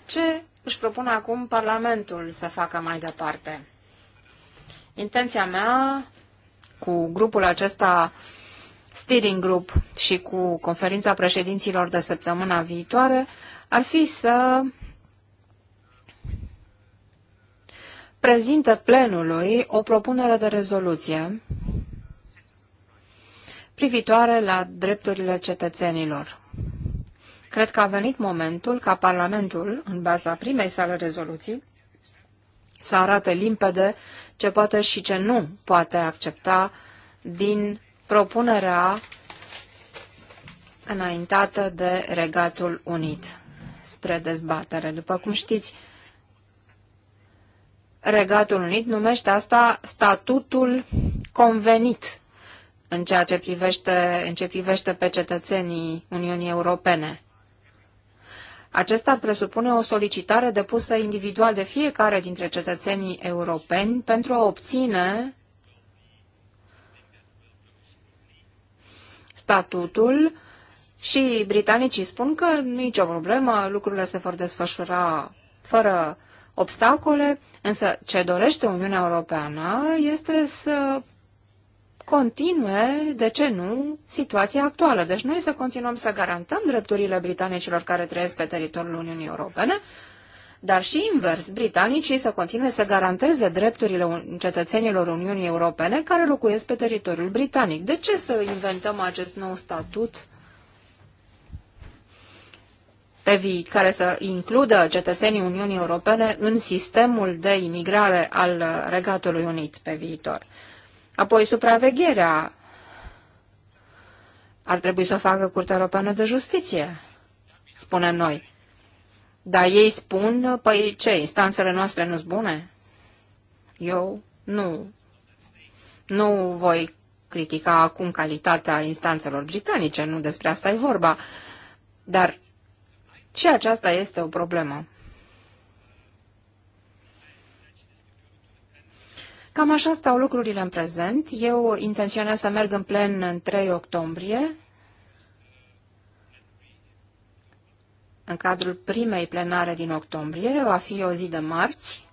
Ce își propune acum Parlamentul să facă mai departe? Intenția mea cu grupul acesta, steering group și cu conferința președinților de săptămâna viitoare, ar fi să Prezintă plenului o propunere de rezoluție privitoare la drepturile cetățenilor. Cred că a venit momentul ca Parlamentul, în baza primei sale rezoluții, să arate limpede ce poate și ce nu poate accepta din propunerea înaintată de Regatul Unit spre dezbatere. După cum știți, Regatul Unit numește asta statutul convenit în ceea ce privește, în ce privește pe cetățenii Uniunii Europene. Acesta presupune o solicitare depusă individual de fiecare dintre cetățenii europeni pentru a obține statutul și britanicii spun că nicio problemă, lucrurile se vor desfășura fără obstacole, însă ce dorește Uniunea Europeană este să continue, de ce nu, situația actuală. Deci noi să continuăm să garantăm drepturile britanicilor care trăiesc pe teritoriul Uniunii Europene, dar și invers, britanicii să continue să garanteze drepturile cetățenilor Uniunii Europene care locuiesc pe teritoriul britanic. De ce să inventăm acest nou statut pe vi care să includă cetățenii Uniunii Europene în sistemul de imigrare al Regatului Unit pe viitor. Apoi, supravegherea ar trebui să o facă Curtea Europeană de Justiție, spunem noi. Dar ei spun, păi ce, instanțele noastre nu sunt bune? Eu nu. Nu voi critica acum calitatea instanțelor britanice, nu despre asta e vorba. Dar și aceasta este o problemă. Cam așa stau lucrurile în prezent. Eu intenționez să merg în plen în 3 octombrie, în cadrul primei plenare din octombrie, va fi o zi de marți,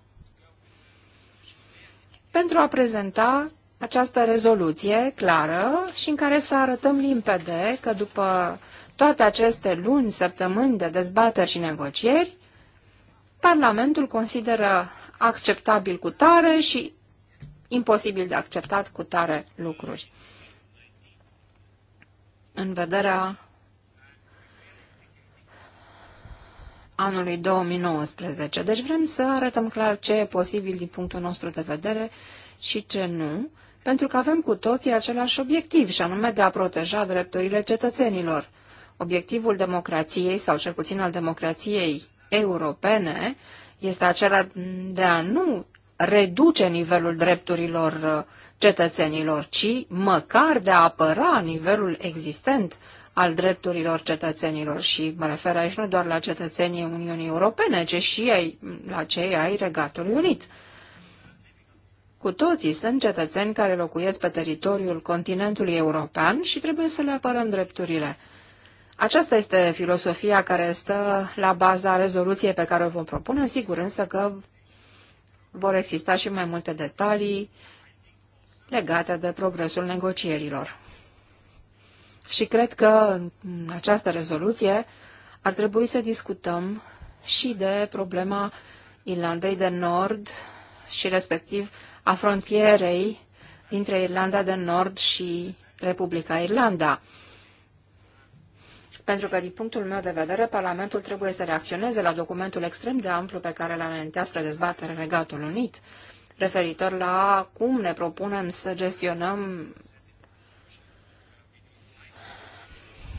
pentru a prezenta această rezoluție clară și în care să arătăm limpede că după toate aceste luni, săptămâni de dezbateri și negocieri, Parlamentul consideră acceptabil cu tare și imposibil de acceptat cu tare lucruri. În vederea anului 2019. Deci vrem să arătăm clar ce e posibil din punctul nostru de vedere și ce nu, pentru că avem cu toții același obiectiv, și anume de a proteja drepturile cetățenilor obiectivul democrației, sau cel puțin al democrației europene, este acela de a nu reduce nivelul drepturilor uh, cetățenilor, ci măcar de a apăra nivelul existent al drepturilor cetățenilor și mă refer aici nu doar la cetățenii Uniunii Europene, ci și ai, la cei ai Regatului Unit. Cu toții sunt cetățeni care locuiesc pe teritoriul continentului european și trebuie să le apărăm drepturile. Aceasta este filosofia care stă la baza rezoluției pe care o vom propune, sigur însă că vor exista și mai multe detalii legate de progresul negocierilor. Și cred că în această rezoluție ar trebui să discutăm și de problema Irlandei de Nord și respectiv a frontierei dintre Irlanda de Nord și Republica Irlanda pentru că, din punctul meu de vedere, Parlamentul trebuie să reacționeze la documentul extrem de amplu pe care l a înaintea spre dezbatere Regatul Unit, referitor la cum ne propunem să gestionăm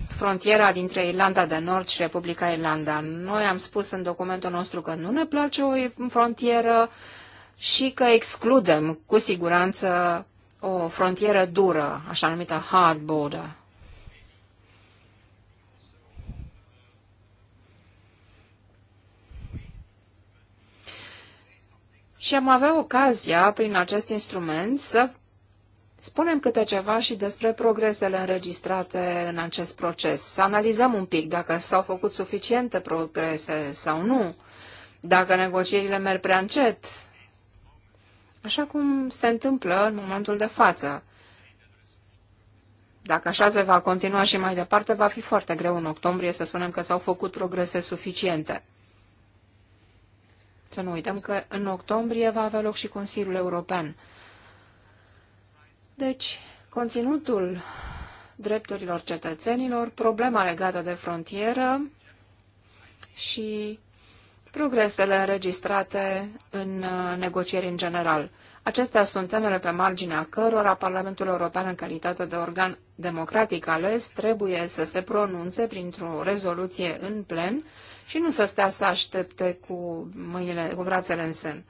frontiera dintre Irlanda de Nord și Republica Irlanda. Noi am spus în documentul nostru că nu ne place o frontieră și că excludem cu siguranță o frontieră dură, așa numită hard border. și am avea ocazia, prin acest instrument, să spunem câte ceva și despre progresele înregistrate în acest proces, să analizăm un pic dacă s-au făcut suficiente progrese sau nu, dacă negocierile merg prea încet, așa cum se întâmplă în momentul de față. Dacă așa se va continua și mai departe, va fi foarte greu în octombrie să spunem că s-au făcut progrese suficiente. Să nu uităm că în octombrie va avea loc și Consiliul European. Deci, conținutul drepturilor cetățenilor, problema legată de frontieră și progresele înregistrate în uh, negocieri în general. Acestea sunt temele pe marginea cărora Parlamentul European, în calitate de organ democratic ales, trebuie să se pronunțe printr-o rezoluție în plen și nu să stea să aștepte cu, mâinile, cu brațele în sân.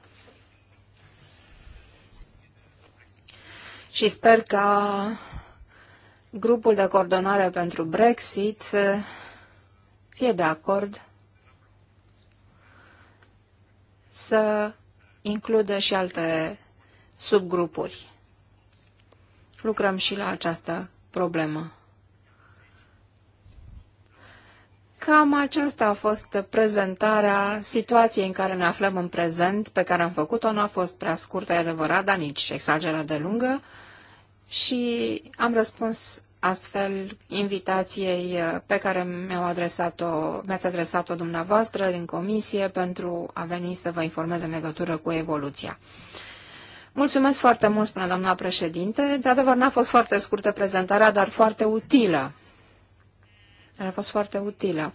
Și sper că grupul de coordonare pentru Brexit să fie de acord să includă și alte subgrupuri. Lucrăm și la această problemă. Cam aceasta a fost prezentarea situației în care ne aflăm în prezent, pe care am făcut-o. Nu a fost prea scurtă, e adevărat, dar nici exagerat de lungă. Și am răspuns astfel invitației uh, pe care mi-au adresat-o, mi-ați adresat-o dumneavoastră din comisie pentru a veni să vă informez în legătură cu evoluția. Mulțumesc foarte mult, spune doamna președinte. Într-adevăr, n-a fost foarte scurtă prezentarea, dar foarte utilă. Dar a fost foarte utilă.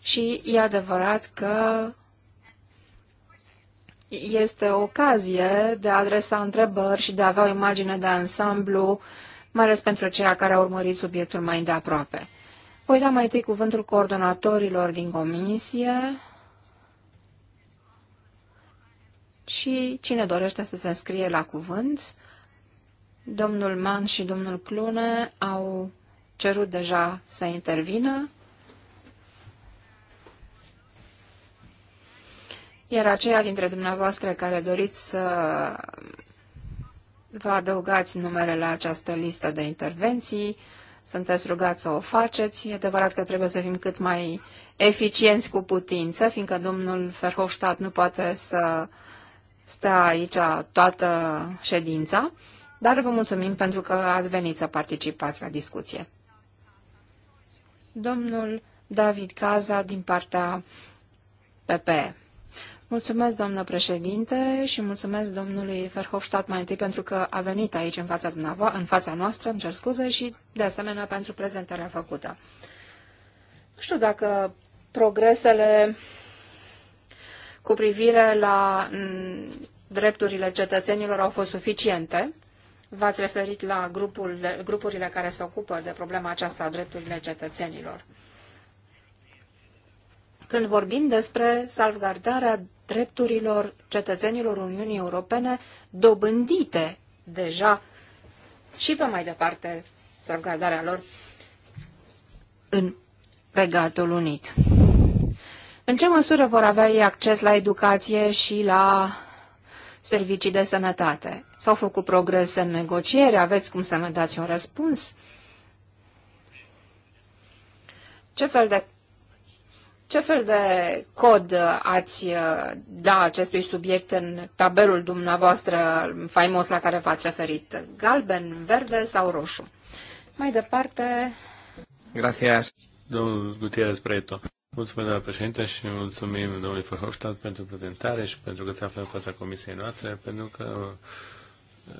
Și e adevărat că este o ocazie de a adresa întrebări și de a avea o imagine de ansamblu, mai ales pentru cei care au urmărit subiectul mai îndeaproape. Voi da mai întâi cuvântul coordonatorilor din comisie, și cine dorește să se înscrie la cuvânt, domnul Man și domnul Clune au cerut deja să intervină. Iar aceia dintre dumneavoastră care doriți să vă adăugați numele la această listă de intervenții, sunteți rugați să o faceți. E adevărat că trebuie să fim cât mai eficienți cu putință, fiindcă domnul Verhofstadt nu poate să stă aici toată ședința, dar vă mulțumim pentru că ați venit să participați la discuție. Domnul David Caza din partea PPE. Mulțumesc, doamnă președinte, și mulțumesc domnului Verhofstadt mai întâi pentru că a venit aici în fața, dumneavoastră, în fața noastră, îmi cer scuze, și de asemenea pentru prezentarea făcută. Nu știu dacă progresele cu privire la mm, drepturile cetățenilor au fost suficiente. V-ați referit la grupul, grupurile care se ocupă de problema aceasta a drepturile cetățenilor. Când vorbim despre salvgardarea drepturilor cetățenilor Uniunii Europene dobândite deja și pe mai departe salvgardarea lor în Regatul Unit. În ce măsură vor avea ei acces la educație și la servicii de sănătate? S-au făcut progrese în negociere? Aveți cum să ne dați un răspuns? Ce fel de ce fel de cod ați uh, da acestui subiect în tabelul dumneavoastră faimos la care v-ați referit? Galben, verde sau roșu? Mai departe... Gracias, domnul Gutierrez Preto. Mulțumesc, doamna președinte, și mulțumim domnului Verhofstadt pentru prezentare și pentru că se află în fața comisiei noastre, pentru că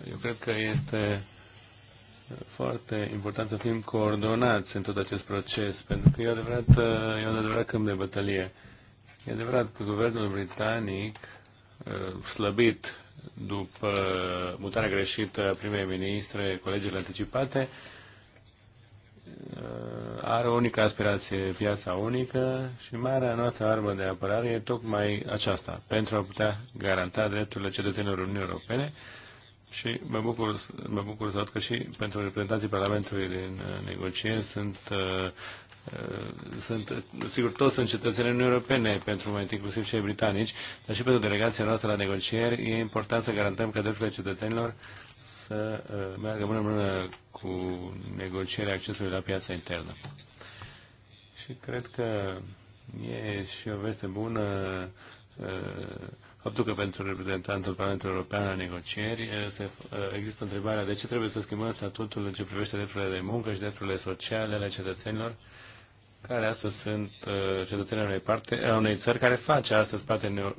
eu cred că este foarte important să fim coordonați în tot acest proces, pentru că e, adevărat, e un adevărat câmp de bătălie. E adevărat, guvernul britanic, uh, slăbit după mutarea greșită a primei ministre, colegiile anticipate, Uh, are unica unică aspirație, piața unică și marea noastră armă de apărare e tocmai aceasta, pentru a putea garanta drepturile cetățenilor Uniunii Europene și mă bucur, mă bucur să văd că și pentru reprezentanții Parlamentului din uh, negocieri sunt, uh, sunt, sigur, toți sunt cetățenii Uniunii Europene pentru moment, inclusiv cei britanici, dar și pentru delegația noastră la negocieri e important să garantăm că drepturile cetățenilor să uh, meargă mână mână cu negocierea accesului la piața internă. Și cred că e și o veste bună uh, faptul că pentru reprezentantul Parlamentului European la negocieri uh, se, există întrebarea de ce trebuie să schimbăm statutul în ce privește drepturile de muncă și drepturile sociale ale cetățenilor care astăzi sunt uh, cetățenii unei, parte, a unei țări care face astăzi parte din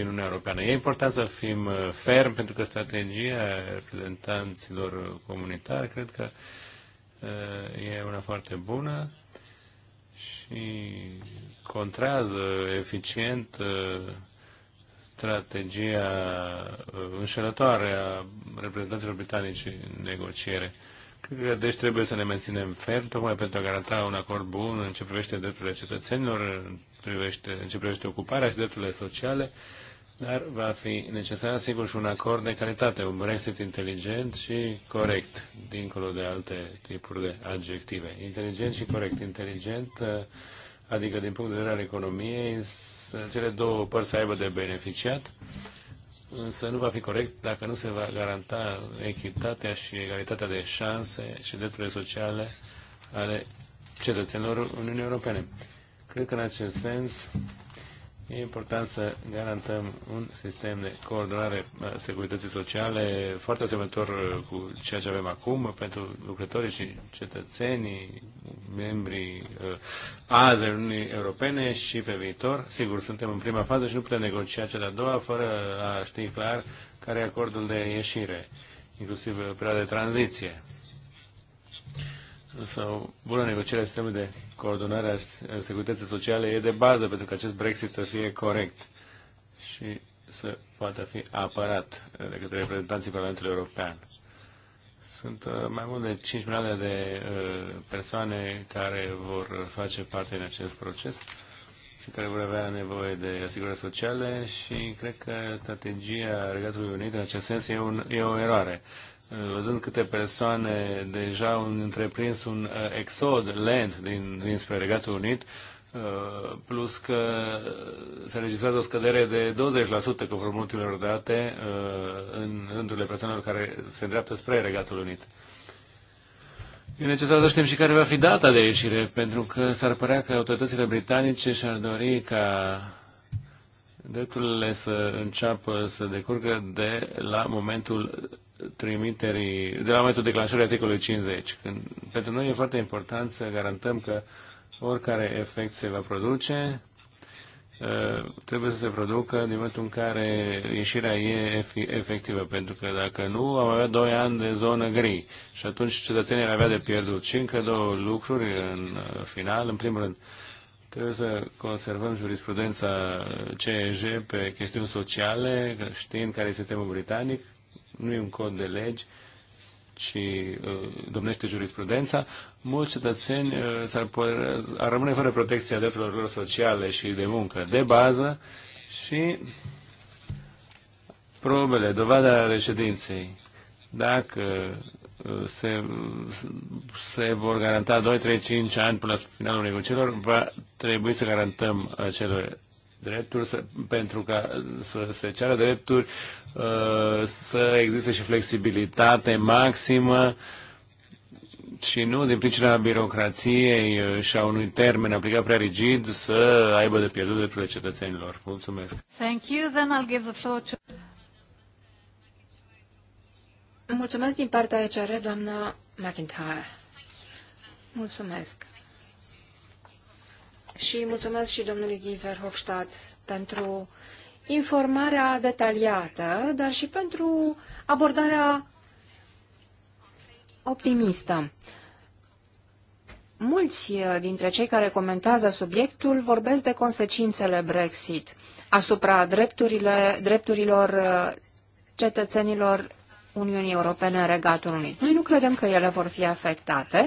Uniunea Europeană. E important să fim uh, ferm pentru că strategia reprezentanților comunitari cred că uh, e una foarte bună și contrează eficient strategia înșelătoare a reprezentanților britanici în negociere. Că, deci trebuie să ne menținem ferm, tocmai pentru a garanta un acord bun în ce privește drepturile cetățenilor, în, privește, în ce privește ocuparea și drepturile sociale, dar va fi necesar, sigur, și un acord de calitate, un Brexit inteligent și corect, dincolo de alte tipuri de adjective. Inteligent și corect. Inteligent, adică din punct de vedere al economiei, cele două părți să aibă de beneficiat însă nu va fi corect dacă nu se va garanta echitatea și egalitatea de șanse și drepturile sociale ale cetățenilor Uniunii Europene. Cred că în acest sens E important să garantăm un sistem de coordonare a securității sociale foarte asemănător uh, cu ceea ce avem acum pentru lucrătorii și cetățenii, membrii uh, azi Uniunii Europene și pe viitor. Sigur, suntem în prima fază și nu putem negocia cea de-a doua fără a ști clar care e acordul de ieșire, inclusiv uh, perioada de tranziție sau bună negociere a sistemului de coordonare a securității sociale e de bază pentru că acest Brexit să fie corect și să poată fi apărat de către reprezentanții Parlamentului European. Sunt uh, mai mult de 5 milioane de uh, persoane care vor face parte din acest proces și care vor avea nevoie de asigurări sociale și cred că strategia Regatului Unit în acest sens e, un, e o eroare văzând câte persoane deja au întreprins un uh, exod lent din, dinspre Regatul Unit, uh, plus că se registrează o scădere de 20% conform ultimelor date uh, în rândurile persoanelor care se îndreaptă spre Regatul Unit. E necesar să știm și care va fi data de ieșire, pentru că s-ar părea că autoritățile britanice și-ar dori ca drepturile să înceapă să decurgă de la momentul trimiterii, de la momentul declanșării articolului 50. Când, pentru noi e foarte important să garantăm că oricare efect se va produce, uh, trebuie să se producă din momentul în care ieșirea e efectivă, pentru că dacă nu, am avea 2 ani de zonă gri și atunci cetățenii ar avea de pierdut. Și încă două lucruri în uh, final. În primul rând, trebuie să conservăm jurisprudența CEJ pe chestiuni sociale, știind care este sistemul britanic, nu e un cod de legi, ci uh, domnește jurisprudența, mulți cetățeni uh, s-ar, păr- ar rămâne fără protecția drepturilor lor sociale și de muncă de bază și probele, dovada reședinței. Dacă uh, se, se vor garanta 2, 3, 5 ani până la finalul negocierilor, va trebui să garantăm acele drepturi să, pentru ca să se ceară drepturi Uh, să existe și flexibilitate maximă și nu din pricina birocrației uh, și a unui termen aplicat prea rigid să aibă de pierdut drepturile cetățenilor. Mulțumesc. Thank you. Then I'll give the floor to... Mulțumesc din partea ECR, doamna McIntyre. Mulțumesc. Și mulțumesc și domnului Guy Verhofstadt pentru informarea detaliată, dar și pentru abordarea optimistă. Mulți dintre cei care comentează subiectul vorbesc de consecințele Brexit asupra drepturile, drepturilor cetățenilor Uniunii Europene în Regatul Unit. Noi nu credem că ele vor fi afectate.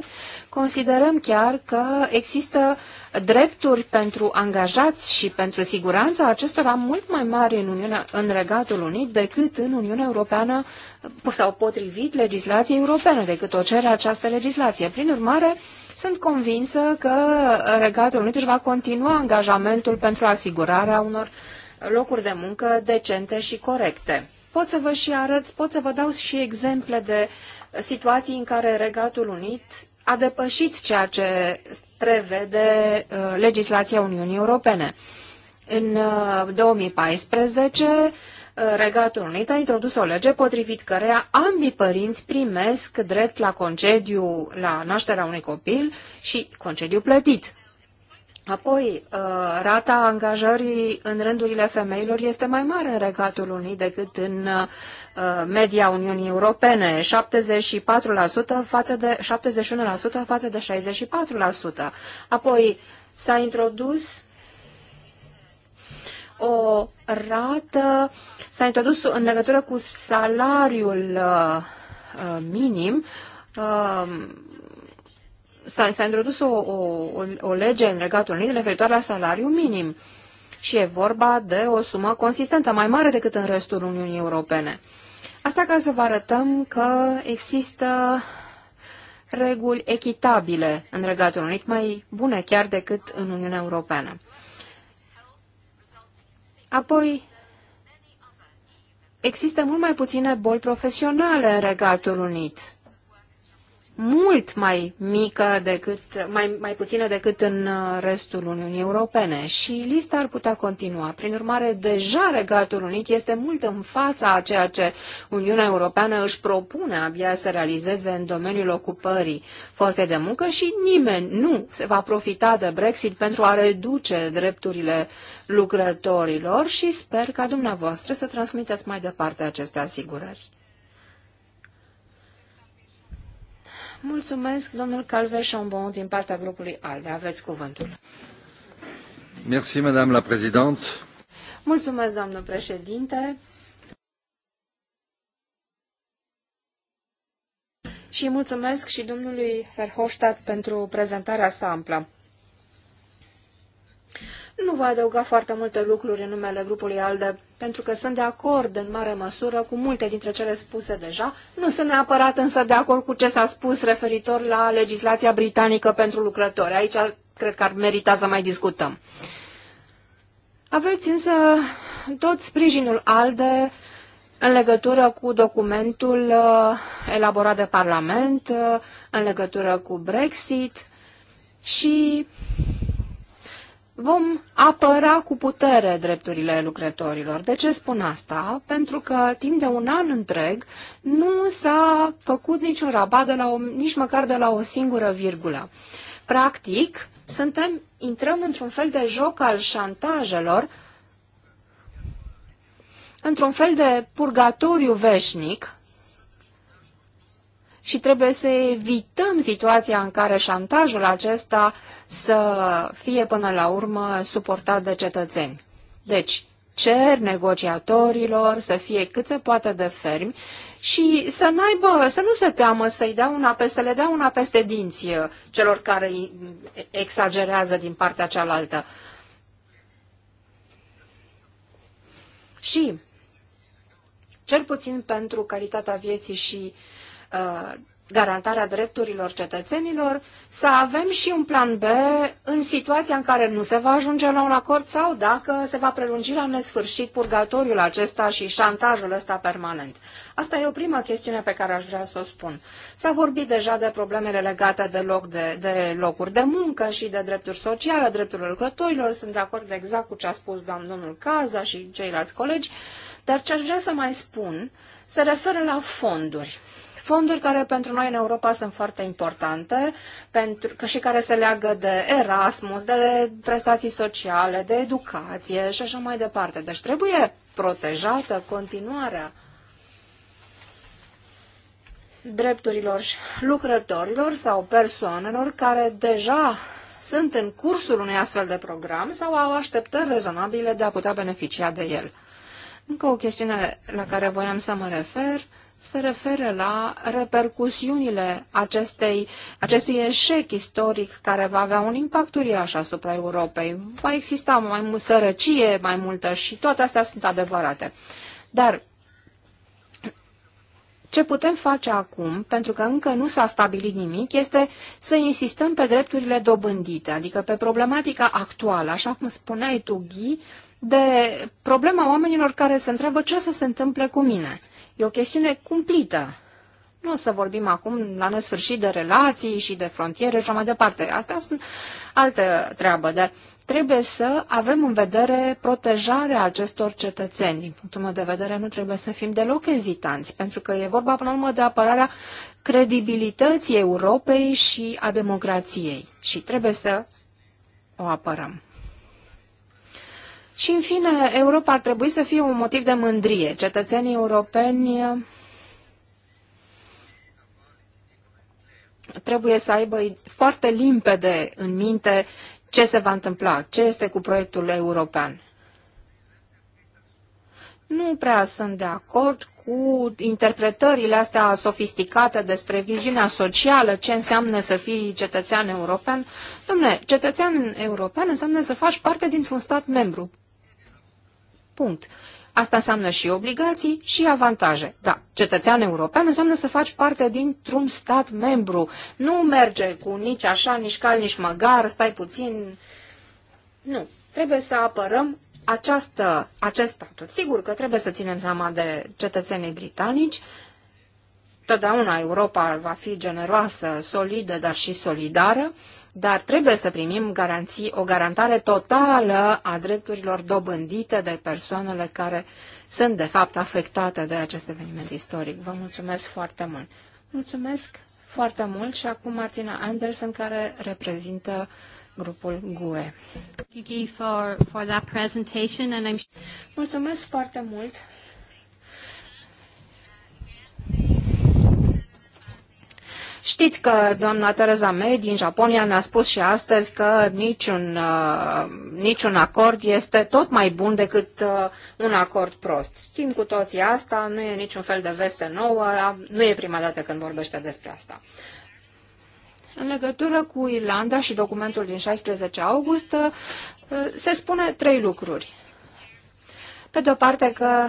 Considerăm chiar că există drepturi pentru angajați și pentru siguranța acestora mult mai mari în, Uniunea, în Regatul Unit decât în Uniunea Europeană sau potrivit legislației europene decât o cere această legislație. Prin urmare, sunt convinsă că Regatul Unit își va continua angajamentul pentru asigurarea unor locuri de muncă decente și corecte. Pot să vă și arăt, pot să vă dau și exemple de situații în care Regatul Unit a depășit ceea ce prevede uh, legislația Uniunii Europene. În 2014, uh, uh, Regatul Unit a introdus o lege potrivit căreia ambii părinți primesc drept la concediu la nașterea unui copil și concediu plătit. Apoi, uh, rata angajării în rândurile femeilor este mai mare în Regatul Unit decât în uh, media Uniunii Europene, 74% față de 71% față de 64%. Apoi, s-a introdus o rată, s-a introdus în legătură cu salariul uh, minim, s-a introdus o, o, o lege în Regatul Unit referitoare la salariu minim și e vorba de o sumă consistentă, mai mare decât în restul Uniunii Europene. Asta ca să vă arătăm că există reguli echitabile în Regatul Unit, mai bune chiar decât în Uniunea Europeană. Apoi, există mult mai puține boli profesionale în Regatul Unit mult mai mică decât, mai, mai puțină decât în uh, restul Uniunii Europene și lista ar putea continua. Prin urmare, deja Regatul Unit este mult în fața a ceea ce Uniunea Europeană își propune abia să realizeze în domeniul ocupării forței de muncă și nimeni nu se va profita de Brexit pentru a reduce drepturile lucrătorilor și sper ca dumneavoastră să transmiteți mai departe aceste asigurări. Mulțumesc, domnul Calve Chambon, din partea grupului ALDE. Aveți cuvântul. Merci, madame la présidente. Mulțumesc, domnul președinte. Și mulțumesc și domnului Verhofstadt pentru prezentarea sa amplă. Nu voi adăuga foarte multe lucruri în numele grupului ALDE, pentru că sunt de acord în mare măsură cu multe dintre cele spuse deja. Nu sunt neapărat însă de acord cu ce s-a spus referitor la legislația britanică pentru lucrători. Aici cred că ar merita să mai discutăm. Aveți însă tot sprijinul ALDE în legătură cu documentul uh, elaborat de Parlament, uh, în legătură cu Brexit și vom apăra cu putere drepturile lucrătorilor. De ce spun asta? Pentru că timp de un an întreg nu s-a făcut niciun rabat, de la o, nici măcar de la o singură virgulă. Practic, suntem, intrăm într-un fel de joc al șantajelor, într-un fel de purgatoriu veșnic, și trebuie să evităm situația în care șantajul acesta să fie până la urmă suportat de cetățeni. Deci, cer negociatorilor să fie cât se poate de fermi și să, n-aibă, să nu se teamă să-i dea una să le dea una peste dinți uh, celor care exagerează din partea cealaltă. Și, cel puțin pentru calitatea vieții și uh, Uh, garantarea drepturilor cetățenilor, să avem și un plan B în situația în care nu se va ajunge la un acord sau dacă se va prelungi la nesfârșit purgatoriul acesta și șantajul ăsta permanent. Asta e o primă chestiune pe care aș vrea să o spun. S-a vorbit deja de problemele legate de, loc de, de locuri de muncă și de drepturi sociale, drepturile lucrătorilor. Sunt de acord exact cu ce a spus domnul Caza și ceilalți colegi, dar ce aș vrea să mai spun se referă la fonduri fonduri care pentru noi în Europa sunt foarte importante pentru, că și care se leagă de Erasmus, de prestații sociale, de educație și așa mai departe. Deci trebuie protejată continuarea drepturilor lucrătorilor sau persoanelor care deja sunt în cursul unui astfel de program sau au așteptări rezonabile de a putea beneficia de el. Încă o chestiune la care voiam să mă refer se referă la repercusiunile acestei, acestui eșec istoric care va avea un impact uriaș asupra Europei. Va exista mai mult sărăcie, mai multă și toate astea sunt adevărate. Dar ce putem face acum, pentru că încă nu s-a stabilit nimic, este să insistăm pe drepturile dobândite, adică pe problematica actuală. Așa cum spuneai tu, Ghi, uh, de problema oamenilor care se întreabă ce să se întâmple cu mine. E o chestiune cumplită. Nu o să vorbim acum la nesfârșit de relații și de frontiere și mai departe. Asta sunt altă treabă, dar trebuie să avem în vedere protejarea acestor cetățeni. Din punctul meu de vedere, nu trebuie să fim deloc ezitanți, pentru că e vorba, până la urmă, de apărarea credibilității Europei și a democrației. Și trebuie să o apărăm. Și, în fine, Europa ar trebui să fie un motiv de mândrie. Cetățenii europeni trebuie să aibă foarte limpede în minte ce se va întâmpla, ce este cu proiectul european. Nu prea sunt de acord cu interpretările astea sofisticate despre viziunea socială, ce înseamnă să fii cetățean european. Dom'le, cetățean european înseamnă să faci parte dintr-un stat membru. Punct. Asta înseamnă și obligații și avantaje. Da, cetățean european înseamnă să faci parte dintr-un stat membru. Nu merge cu nici așa, nici cal, nici măgar, stai puțin. Nu. Trebuie să apărăm această, acest statut. Sigur că trebuie să ținem seama de cetățenii britanici. Totdeauna Europa va fi generoasă, solidă, dar și solidară dar trebuie să primim garanții, o garantare totală a drepturilor dobândite de persoanele care sunt, de fapt, afectate de acest eveniment istoric. Vă mulțumesc foarte mult! Mulțumesc foarte mult și acum Martina Anderson, care reprezintă grupul GUE. Mulțumesc foarte mult Știți că doamna Tereza May din Japonia ne-a spus și astăzi că niciun, uh, niciun acord este tot mai bun decât uh, un acord prost. Știm cu toții asta, nu e niciun fel de veste nouă, nu e prima dată când vorbește despre asta. În legătură cu Irlanda și documentul din 16 august, uh, se spune trei lucruri. Pe de o parte că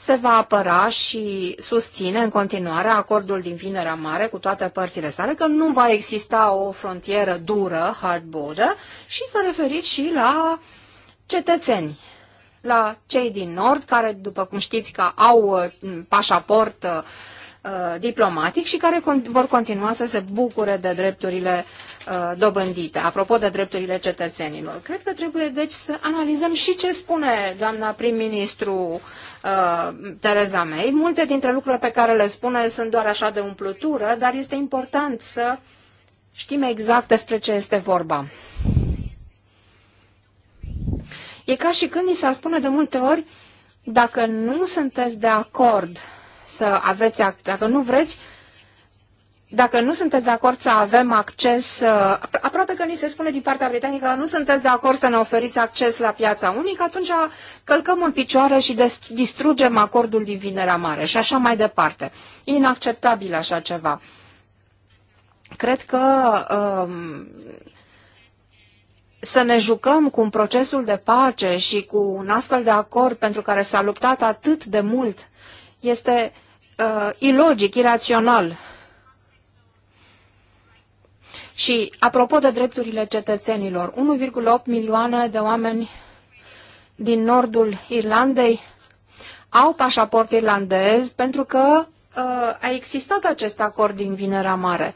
se va apăra și susține în continuare acordul din Vinerea Mare cu toate părțile sale, că nu va exista o frontieră dură, hard border, și s-a referit și la cetățeni, la cei din Nord, care, după cum știți, că au uh, pașaport uh, Uh, diplomatic și care con vor continua să se bucure de drepturile uh, dobândite, apropo de drepturile cetățenilor. Cred că trebuie deci să analizăm și ce spune doamna prim-ministru uh, Tereza May. Multe dintre lucrurile pe care le spune sunt doar așa de umplutură, dar este important să știm exact despre ce este vorba. E ca și când ni se spune de multe ori, dacă nu sunteți de acord să aveți, dacă nu vreți, dacă nu sunteți de acord să avem acces, uh, aproape că ni se spune din partea britanică, nu sunteți de acord să ne oferiți acces la piața unică, atunci călcăm în picioare și distrugem acordul din Vinerea Mare și așa mai departe. Inacceptabil așa ceva. Cred că um, să ne jucăm cu un procesul de pace și cu un astfel de acord pentru care s-a luptat atât de mult este uh, ilogic, irațional. Și, apropo de drepturile cetățenilor, 1,8 milioane de oameni din nordul Irlandei au pașaport irlandez pentru că uh, a existat acest acord din Vinerea Mare.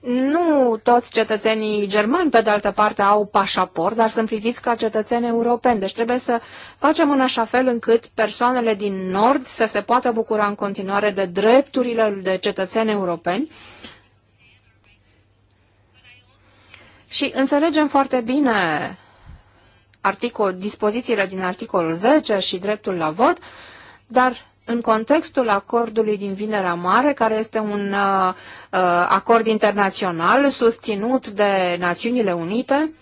nu toți cetățenii germani, pe de altă parte, au pașaport, dar sunt priviți ca cetățeni europeni. Deci trebuie să facem în așa fel încât persoanele din Nord să se poată bucura în continuare de drepturile de cetățeni europeni. Și înțelegem foarte bine articol, dispozițiile din articolul 10 și dreptul la vot, dar în contextul acordului din Vinerea Mare, care este un uh, uh, acord internațional susținut de Națiunile Unite,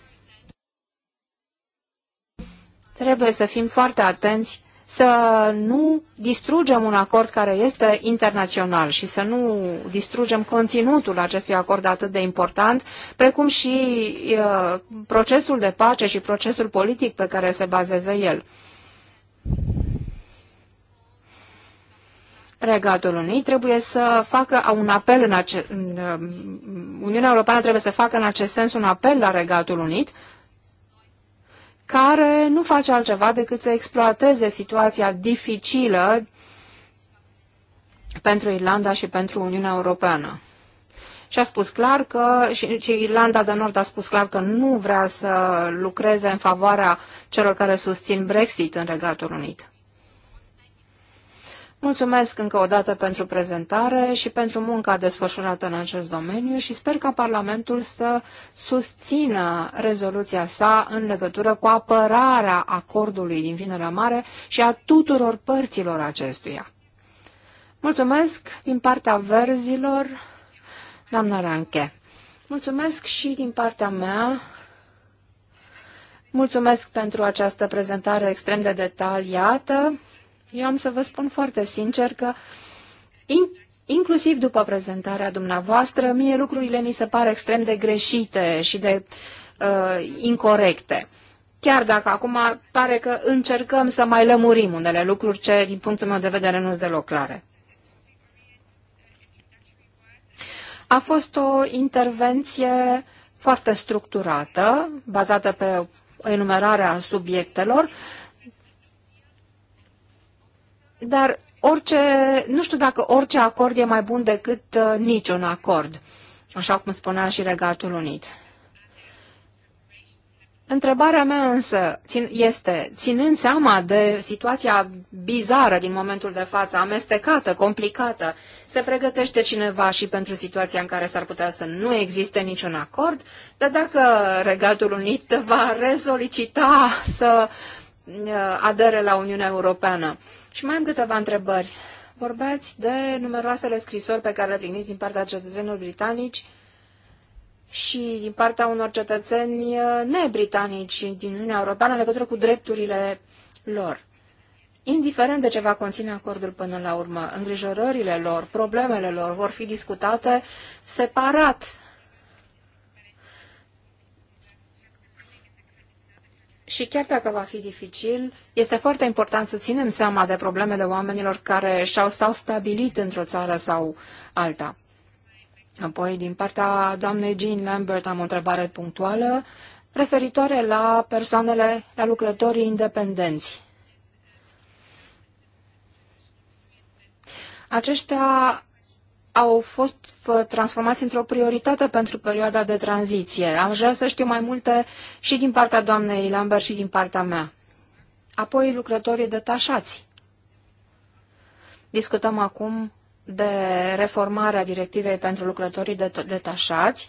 trebuie să fim foarte atenți să nu distrugem un acord care este internațional și să nu distrugem conținutul acestui acord atât de important, precum și uh, procesul de pace și procesul politic pe care se bazează el. Regatul Unit trebuie să facă un apel în ace... Um, Uniunea Europeană trebuie să facă în acest sens un apel la Regatul Unit care nu face altceva decât să exploateze situația dificilă pentru Irlanda și pentru Uniunea Europeană. Și a spus clar că, și, și Irlanda de Nord a spus clar că nu vrea să lucreze în favoarea celor care susțin Brexit în Regatul Unit. Mulțumesc încă o dată pentru prezentare și pentru munca desfășurată în acest domeniu și sper ca Parlamentul să susțină rezoluția sa în legătură cu apărarea acordului din Vinerea Mare și a tuturor părților acestuia. Mulțumesc din partea verzilor, doamna Ranche. Mulțumesc și din partea mea. Mulțumesc pentru această prezentare extrem de detaliată eu am să vă spun foarte sincer că in, inclusiv după prezentarea dumneavoastră, mie lucrurile mi se par extrem de greșite și de uh, incorrecte. Chiar dacă acum pare că încercăm să mai lămurim unele lucruri ce, din punctul meu de vedere, nu sunt deloc clare. A fost o intervenție foarte structurată, bazată pe enumerarea subiectelor, dar orice, nu știu dacă orice acord e mai bun decât uh, niciun acord, așa cum spunea și Regatul Unit. Întrebarea mea însă țin, este, ținând seama de situația bizară din momentul de față, amestecată, complicată, se pregătește cineva și pentru situația în care s-ar putea să nu existe niciun acord, dar dacă Regatul Unit va rezolicita să uh, adere la Uniunea Europeană. Și mai am câteva întrebări. Vorbeați de numeroasele scrisori pe care le primiți din partea cetățenilor britanici și din partea unor cetățeni uh, nebritanici din Uniunea Europeană în legătură cu drepturile lor. Indiferent de ce va conține acordul până la urmă, îngrijorările lor, problemele lor vor fi discutate separat și chiar dacă va fi dificil, este foarte important să ținem seama de problemele oamenilor care s au s-au stabilit într-o țară sau alta. Apoi, din partea doamnei Jean Lambert, am o întrebare punctuală referitoare la persoanele, la lucrătorii independenți. Aceștia au fost transformați într-o prioritate pentru perioada de tranziție. Am vrea să știu mai multe și din partea doamnei Lambert și din partea mea. Apoi lucrătorii detașați. Discutăm acum de reformarea directivei pentru lucrătorii detașați.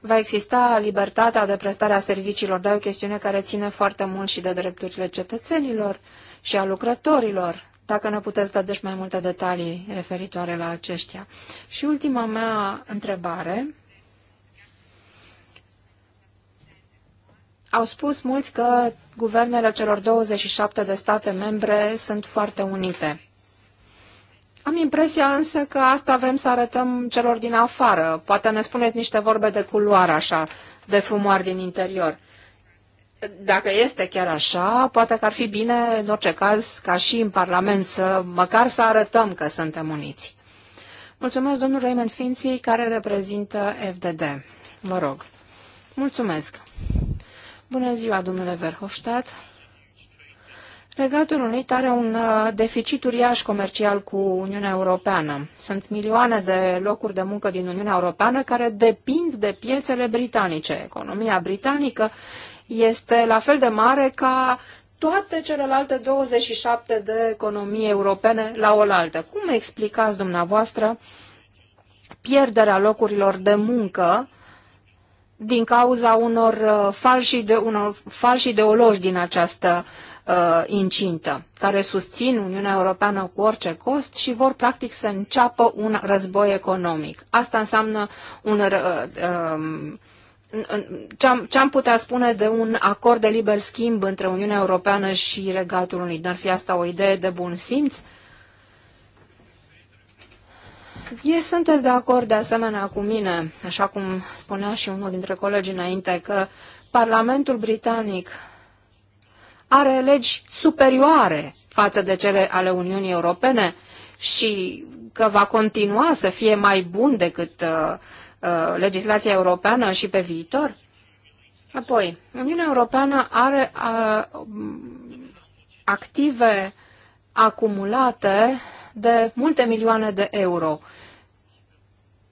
Va exista libertatea de prestare a serviciilor, dar o chestiune care ține foarte mult și de drepturile cetățenilor și a lucrătorilor dacă ne puteți da deci mai multe detalii referitoare la aceștia. Și ultima mea întrebare. Au spus mulți că guvernele celor 27 de state membre sunt foarte unite. Am impresia însă că asta vrem să arătăm celor din afară. Poate ne spuneți niște vorbe de culoare așa, de fumoar din interior dacă este chiar așa, poate că ar fi bine, în orice caz, ca și în Parlament, să măcar să arătăm că suntem uniți. Mulțumesc, domnul Raymond Finții, care reprezintă FDD. Vă rog. Mulțumesc. Bună ziua, domnule Verhofstadt. Regatul Unit are un uh, deficit uriaș comercial cu Uniunea Europeană. Sunt milioane de locuri de muncă din Uniunea Europeană care depind de piețele britanice. Economia britanică este la fel de mare ca toate celelalte 27 de economii europene la oaltă. Cum explicați dumneavoastră pierderea locurilor de muncă din cauza unor uh, falși, de, unor falși ideologi din această uh, incintă, care susțin Uniunea Europeană cu orice cost și vor practic să înceapă un război economic. Asta înseamnă un uh, uh ce am putea spune de un acord de liber schimb între Uniunea Europeană și Regatul Unit? N-ar fi asta o idee de bun simț? E, sunteți de acord de asemenea cu mine, așa cum spunea și unul dintre colegii înainte, că Parlamentul Britanic are legi superioare față de cele ale Uniunii Europene și că va continua să fie mai bun decât uh, Uh, legislația europeană și pe viitor? Apoi, Uniunea Europeană are uh, active acumulate de multe milioane de euro.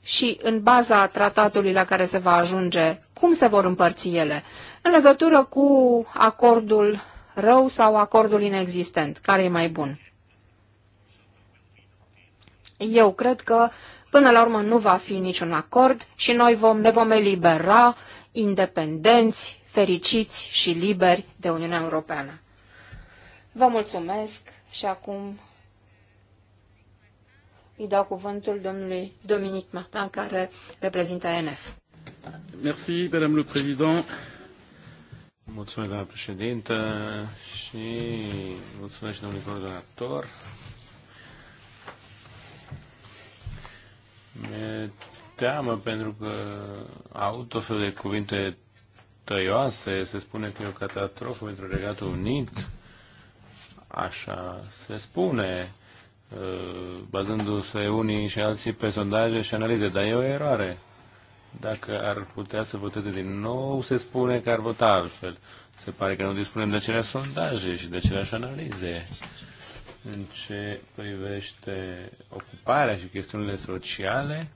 Și în baza tratatului la care se va ajunge, cum se vor împărți ele? În legătură cu acordul rău sau acordul inexistent, care e mai bun? Eu cred că Până la urmă nu va fi niciun acord și noi vom, ne vom elibera independenți, fericiți și liberi de Uniunea Europeană. Vă mulțumesc și acum îi dau cuvântul domnului Dominic Martin, care reprezintă ANF. Merci, Madame le Président. Mulțumesc, doamnă președintă, și mulțumesc și domnului coordonator Mi-e teamă pentru că au tot felul de cuvinte tăioase, se spune că e o catastrofă pentru Regatul Unit, așa se spune, uh, bazându-se unii și alții pe sondaje și analize, dar e o eroare. Dacă ar putea să voteze din nou, se spune că ar vota altfel. Se pare că nu dispunem de aceleași sondaje și de aceleași analize în ce privește ocuparea și chestiunile sociale,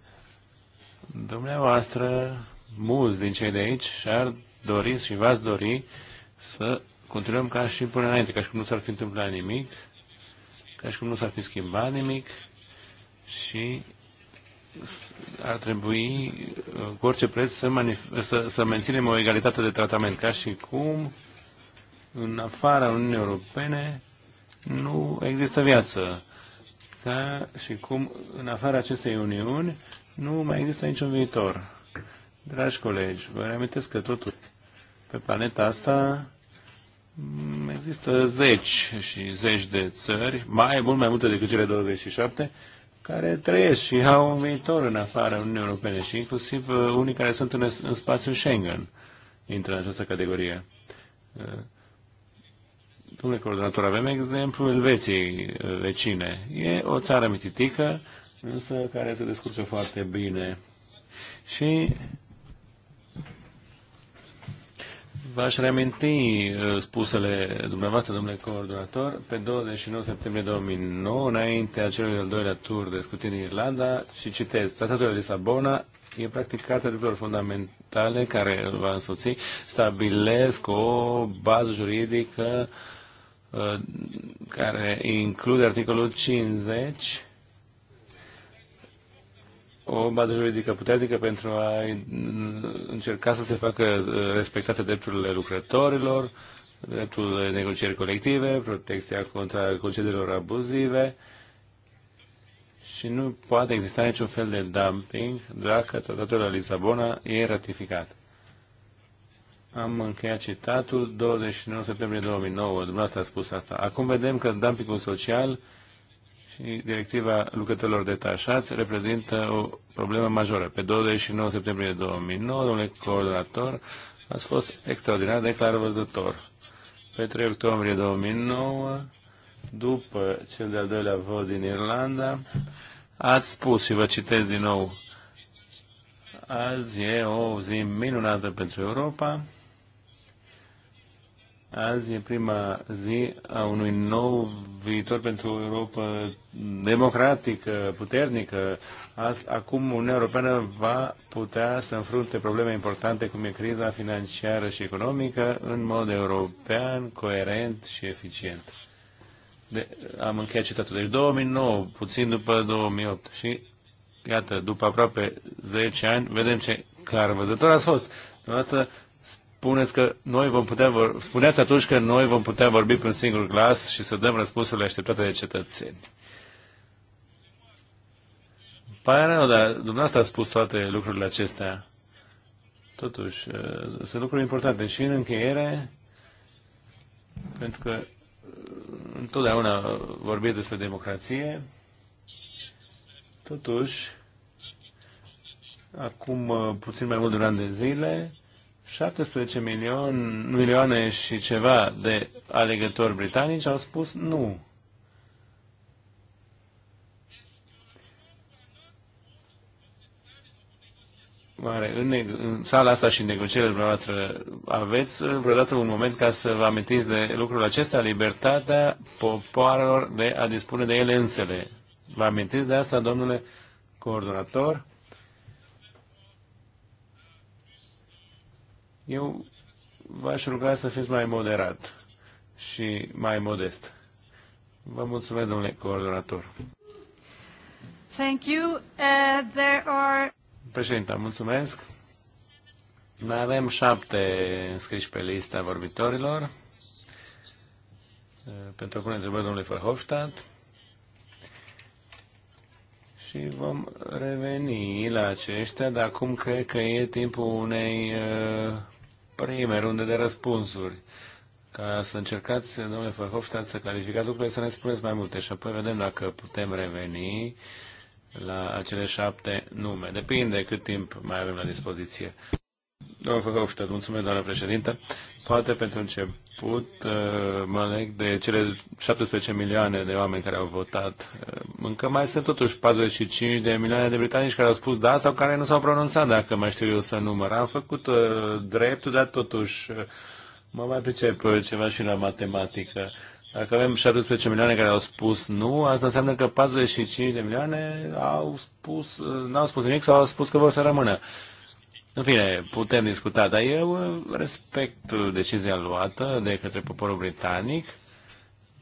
dumneavoastră, mulți din cei de aici și-ar dori și v-ați dori să continuăm ca și până înainte, ca și cum nu s-ar fi întâmplat nimic, ca și cum nu s-ar fi schimbat nimic și ar trebui cu orice preț să, să, să menținem o egalitate de tratament, ca și cum în afara Uniunii Europene nu există viață. Ca și cum în afara acestei uniuni nu mai există niciun viitor. Dragi colegi, vă reamintesc că totul pe planeta asta există zeci și zeci de țări, mai mult mai multe decât cele 27, care trăiesc și au un viitor în afara Uniunii Europene și inclusiv uh, unii care sunt în, în spațiul Schengen intră în această categorie. Uh, Domnule coordonator, avem exemplu Elveției uh, vecine. E o țară mititică, însă care se descurcă foarte bine. Și V-aș reaminti uh, spusele dumneavoastră, domnule coordonator, pe 29 septembrie 2009, înaintea celui de-al doilea tur de scrutin în Irlanda, și citez, Tratatul de Lisabona e practic Cartea Drepturilor Fundamentale care îl va însoți, stabilesc o bază juridică uh, Uh, care include articolul 50 o bază juridică puternică pentru a încerca să se facă uh, respectate drepturile lucrătorilor, dreptul de negocieri colective, protecția contra concedierilor abuzive și nu poate exista niciun fel de dumping dacă tratatul de la Lisabona e ratificat. Am încheiat citatul 29 septembrie 2009, dumneavoastră a spus asta. Acum vedem că dumpingul social și directiva lucrătorilor detașați reprezintă o problemă majoră. Pe 29 septembrie 2009, domnule coordonator, a fost extraordinar de clarvăzător. Pe 3 octombrie 2009, după cel de-al doilea vot din Irlanda, ați spus, și vă citesc din nou, azi e o zi minunată pentru Europa, Azi e prima zi a unui nou viitor pentru o Europa democratică, puternică. Azi, acum Uniunea Europeană va putea să înfrunte probleme importante cum e criza financiară și economică în mod european, coerent și eficient. De, am încheiat citatul. Deci 2009, puțin după 2008 și iată, după aproape 10 ani, vedem ce clar văzător ați fost spuneți că noi vom putea vor... spuneați atunci că noi vom putea vorbi pe un singur glas și să dăm răspunsurile așteptate de cetățeni. Pare rău, dar dumneavoastră a spus toate lucrurile acestea. Totuși, eh, sunt lucruri importante. Și în încheiere, pentru că eh, întotdeauna vorbim despre democrație, totuși, acum eh, puțin mai mult de un an de zile, 17 milion, milioane și ceva de alegători britanici au spus nu. Mare, în, în sala asta și în negocierile dumneavoastră, aveți vreodată un moment ca să vă amintiți de lucrul acesta, libertatea popoarelor de a dispune de ele însele. Vă amintiți de asta, domnule coordonator? Eu v-aș ruga să fiți mai moderat și mai modest. Vă mulțumesc, domnule coordonator. Thank you. Uh, there are... Președinte, mulțumesc. Mai avem șapte înscriși pe lista vorbitorilor. Uh, pentru a pune întrebări domnului Verhofstadt. Și vom reveni la aceștia, dar acum cred că e timpul unei uh, prime runde de răspunsuri, ca să încercați, domnule Verhofstadt, să calificați lucrurile, să ne spuneți mai multe și apoi vedem dacă putem reveni la acele șapte nume. Depinde cât timp mai avem la dispoziție. Domnul Făhofstadt, mulțumesc, doamnă președintă. Poate pentru început uh, mă leg de cele 17 milioane de oameni care au votat. Uh, încă mai sunt totuși 45 de milioane de britanici care au spus da sau care nu s-au pronunțat, dacă mai știu eu să număr. Am făcut uh, dreptul, dar totuși mă mai pricep ceva și la matematică. Dacă avem 17 milioane care au spus nu, asta înseamnă că 45 de milioane au spus, n-au spus nimic sau au spus că vor să rămână. În fine, putem discuta, dar eu respect decizia luată de către poporul britanic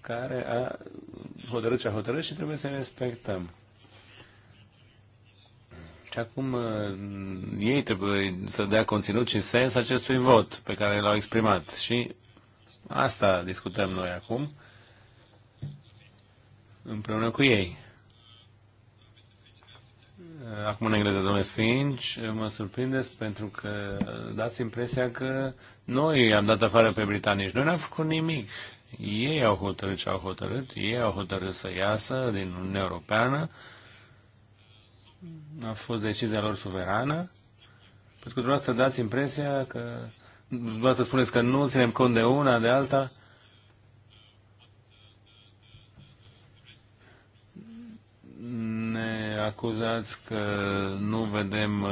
care a hotărât ce a hotărât și trebuie să respectăm. Și acum uh, ei trebuie să dea conținut și sens acestui vot pe care l-au exprimat. Și asta discutăm noi acum împreună cu ei. Eh, acum în engleză, domnule Finch, eh, mă surprindeți pentru că dați impresia că noi am dat afară pe britanici. Noi n-am făcut nimic. Ei au hotărât ce au hotărât, ei au hotărât să iasă din Uniunea Europeană, a fost decizia lor suverană, pentru că dumneavoastră dați impresia că dumneavoastră spuneți că nu ținem cont de una, de alta, acuzați că nu vedem uh,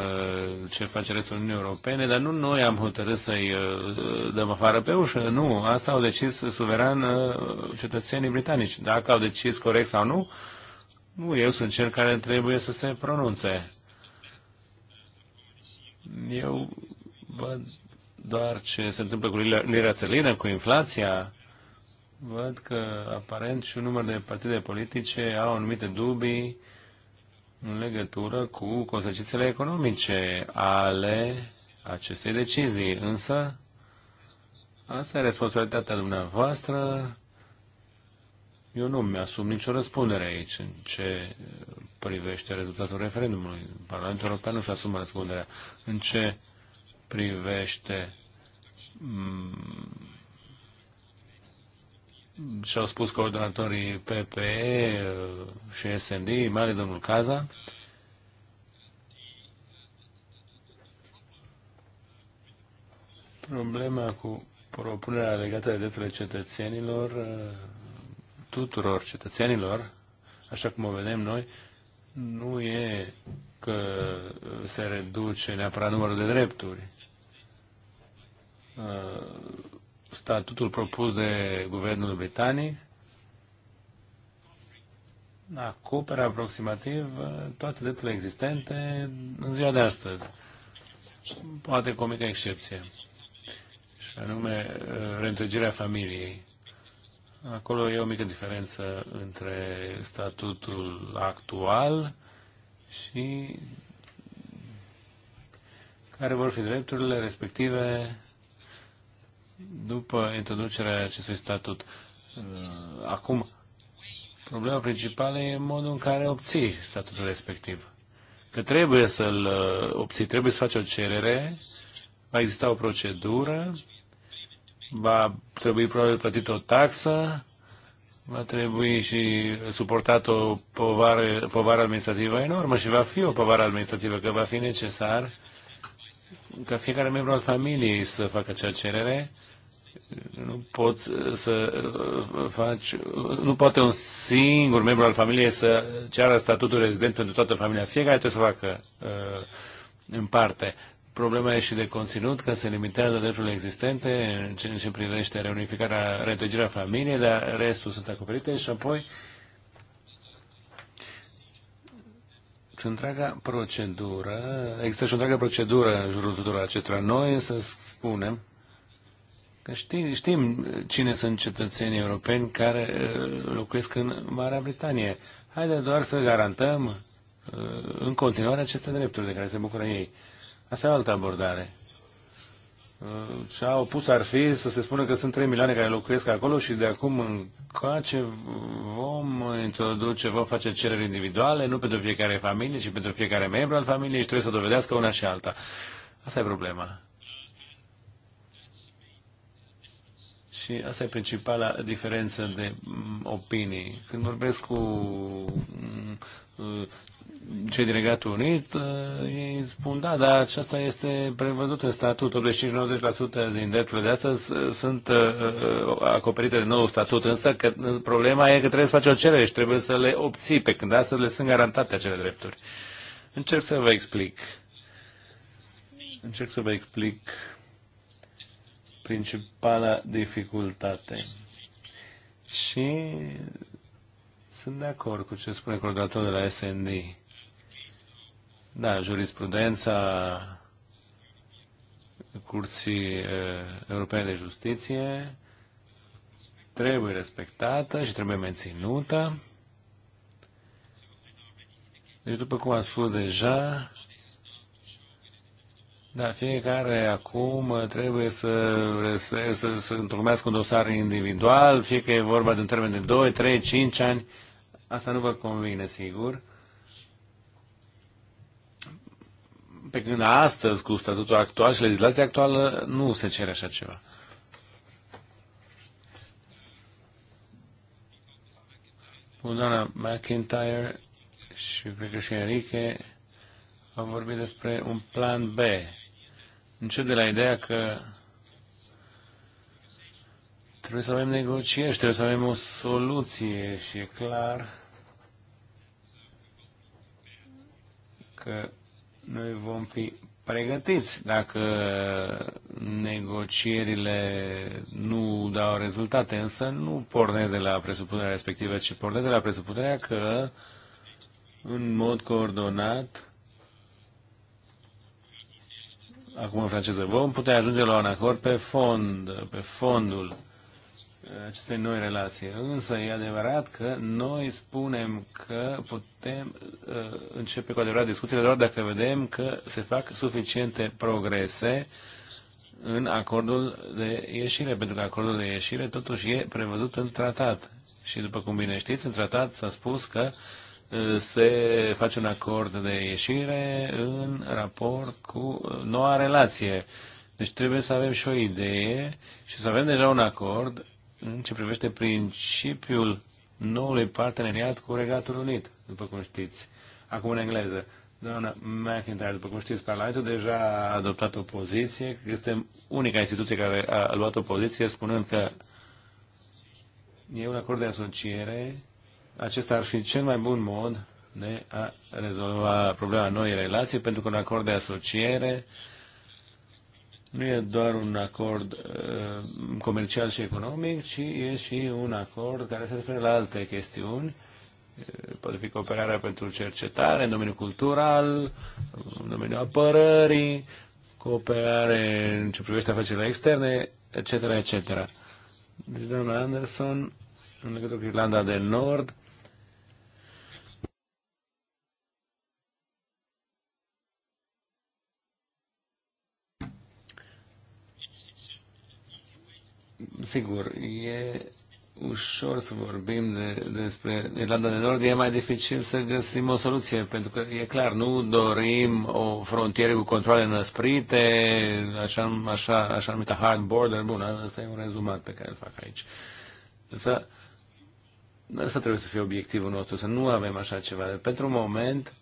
ce face restul Uniunii Europene, dar nu noi am hotărât să-i uh, dăm afară pe ușă, nu. Asta au decis suveran uh, cetățenii britanici. Dacă au decis corect sau nu, nu eu sunt cel care trebuie să se pronunțe. Eu văd doar ce se întâmplă cu lira sterlină, cu inflația, văd că aparent și un număr de partide politice au anumite dubii în legătură cu consecințele economice ale acestei decizii. Însă, asta e responsabilitatea dumneavoastră. Eu nu mi-asum nicio răspundere aici în ce privește rezultatul referendumului. Parlamentul European nu-și asumă răspunderea. În ce privește și-au spus coordonatorii PPE uh, și SND, mai ales domnul Caza, problema cu propunerea legată de drepturile cetățenilor, uh, tuturor cetățenilor, așa cum o vedem noi, nu e că se reduce neapărat numărul de drepturi uh, statutul propus de guvernul britanic acoperă aproximativ uh, toate drepturile existente în ziua de astăzi. Poate comite excepție. Și anume uh, reîntregirea familiei. Acolo e o mică diferență între statutul actual și care vor fi drepturile respective după introducerea acestui statut. Uh, acum, problema principală e modul în care obții statutul respectiv. Că trebuie să-l uh, obții, trebuie să faci o cerere, va exista o procedură, va trebui probabil plătit o taxă, va trebui și suportat o povară, povară administrativă enormă și va fi o povară administrativă, că va fi necesar ca fiecare membru al familiei să facă acea cerere. Nu pot uh, să uh, faci, uh, nu poate un singur membru al familiei să ceară statutul rezident pentru toată familia. Fiecare trebuie să facă în parte. Problema e și de conținut, că se limitează drepturile existente în ce, în ce privește reunificarea, reîntregirea familiei, dar restul sunt acoperite și apoi uh, întreaga procedură, există și o întreagă procedură în jurul tuturor acestora. Noi să spunem că știm, știm cine sunt cetățenii europeni care uh, locuiesc în Marea Britanie. Haide doar să garantăm uh, în continuare aceste drepturi de care se bucură ei. Asta e o altă abordare. Uh, și au pus ar fi să se spună că sunt 3 milioane care locuiesc acolo și de acum încoace vom introduce, vom face cereri individuale, nu pentru fiecare familie, ci pentru fiecare membru al familiei și trebuie să dovedească una și alta. Asta e problema. Și asta e principala diferență de mm, opinii. Când vorbesc cu mm, cei din Regatul Unit, uh, ei spun, da, dar aceasta este prevăzut în statut. 85-90% din drepturile de astăzi uh, sunt uh, acoperite de nou statut, însă că problema e că trebuie să faci o cerere și trebuie să le obții, pe când astăzi le sunt garantate acele drepturi. Încerc să vă explic. Încerc să vă explic principala dificultate. Și sunt de acord cu ce spune coordonatorul de la SND. Da, jurisprudența Curții eh, Europene de Justiție trebuie respectată și trebuie menținută. Deci, după cum am spus deja, da, fiecare acum trebuie să, să, să, să întocmească un dosar individual, fie că e vorba de un termen de 2, 3, 5 ani, Asta nu vă convine, sigur. Pe când astăzi, cu statutul actual și legislația actuală, nu se cere așa ceva. Bun, doamna McIntyre și cred că și Enrique au vorbit despre un plan B. Încep de la ideea că Trebuie să avem negocieri, trebuie să avem o soluție și e clar că noi vom fi pregătiți dacă negocierile nu dau rezultate, însă nu porne de la presupunerea respectivă, ci porne de la presupunerea că în mod coordonat acum în franceză, vom putea ajunge la un acord pe fond, pe fondul aceste noi relații. Însă e adevărat că noi spunem că putem uh, începe cu adevărat discuțiile doar dacă vedem că se fac suficiente progrese în acordul de ieșire, pentru că acordul de ieșire totuși e prevăzut în tratat. Și după cum bine știți, în tratat s-a spus că uh, se face un acord de ieșire în raport cu noua relație. Deci trebuie să avem și o idee și să avem deja un acord în ce privește principiul noului parteneriat cu Regatul Unit, după cum știți. Acum în engleză. Doamna McIntyre, după cum știți, Parlamentul deja a adoptat o poziție. Este unica instituție care a luat o poziție spunând că e un acord de asociere. Acesta ar fi cel mai bun mod de a rezolva problema noii relații, pentru că un acord de asociere uh, nu e doar un acord uh, comercial și economic, ci e și un acord care se referă la alte chestiuni. Uh, poate fi cooperarea pentru cercetare în domeniul cultural, în domeniul apărării, cooperare în ce privește afacerile externe, etc., etc. Deci, domnul Anderson, în legătură cu Irlanda de Nord, sigur, e ușor să vorbim de, despre Irlanda de Nord, e mai dificil să găsim o soluție, pentru că e clar, nu dorim o frontieră cu controle năsprite, așa, așa, așa numită hard border, bun, asta e un rezumat pe care îl fac aici. Însă, asta trebuie să fie obiectivul nostru, să nu avem așa ceva. Pentru un moment,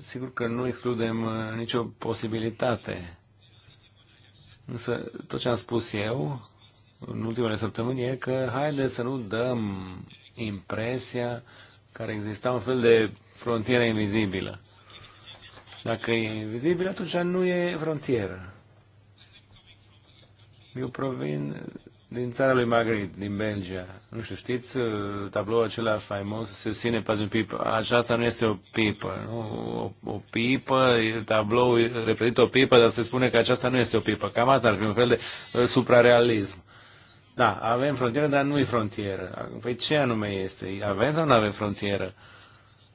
sigur că nu excludem uh, nicio posibilitate Însă tot ce am spus eu în ultimele săptămâni e că haide să nu dăm impresia că exista un fel de frontieră invizibilă. Dacă e invizibilă, atunci nu e frontieră. Eu provin din țara lui Magritte, din Belgia. Nu știu, știți uh, tabloul acela faimos, se sine pe un pipă. Aceasta nu este o pipă, nu? O, o pipă, tabloul reprezintă o pipă, dar se spune că aceasta nu este o pipă. Cam asta ar fi un fel de uh, suprarealism. Da, avem frontieră, dar nu e frontieră. Păi ce anume este? Avem sau nu avem frontieră?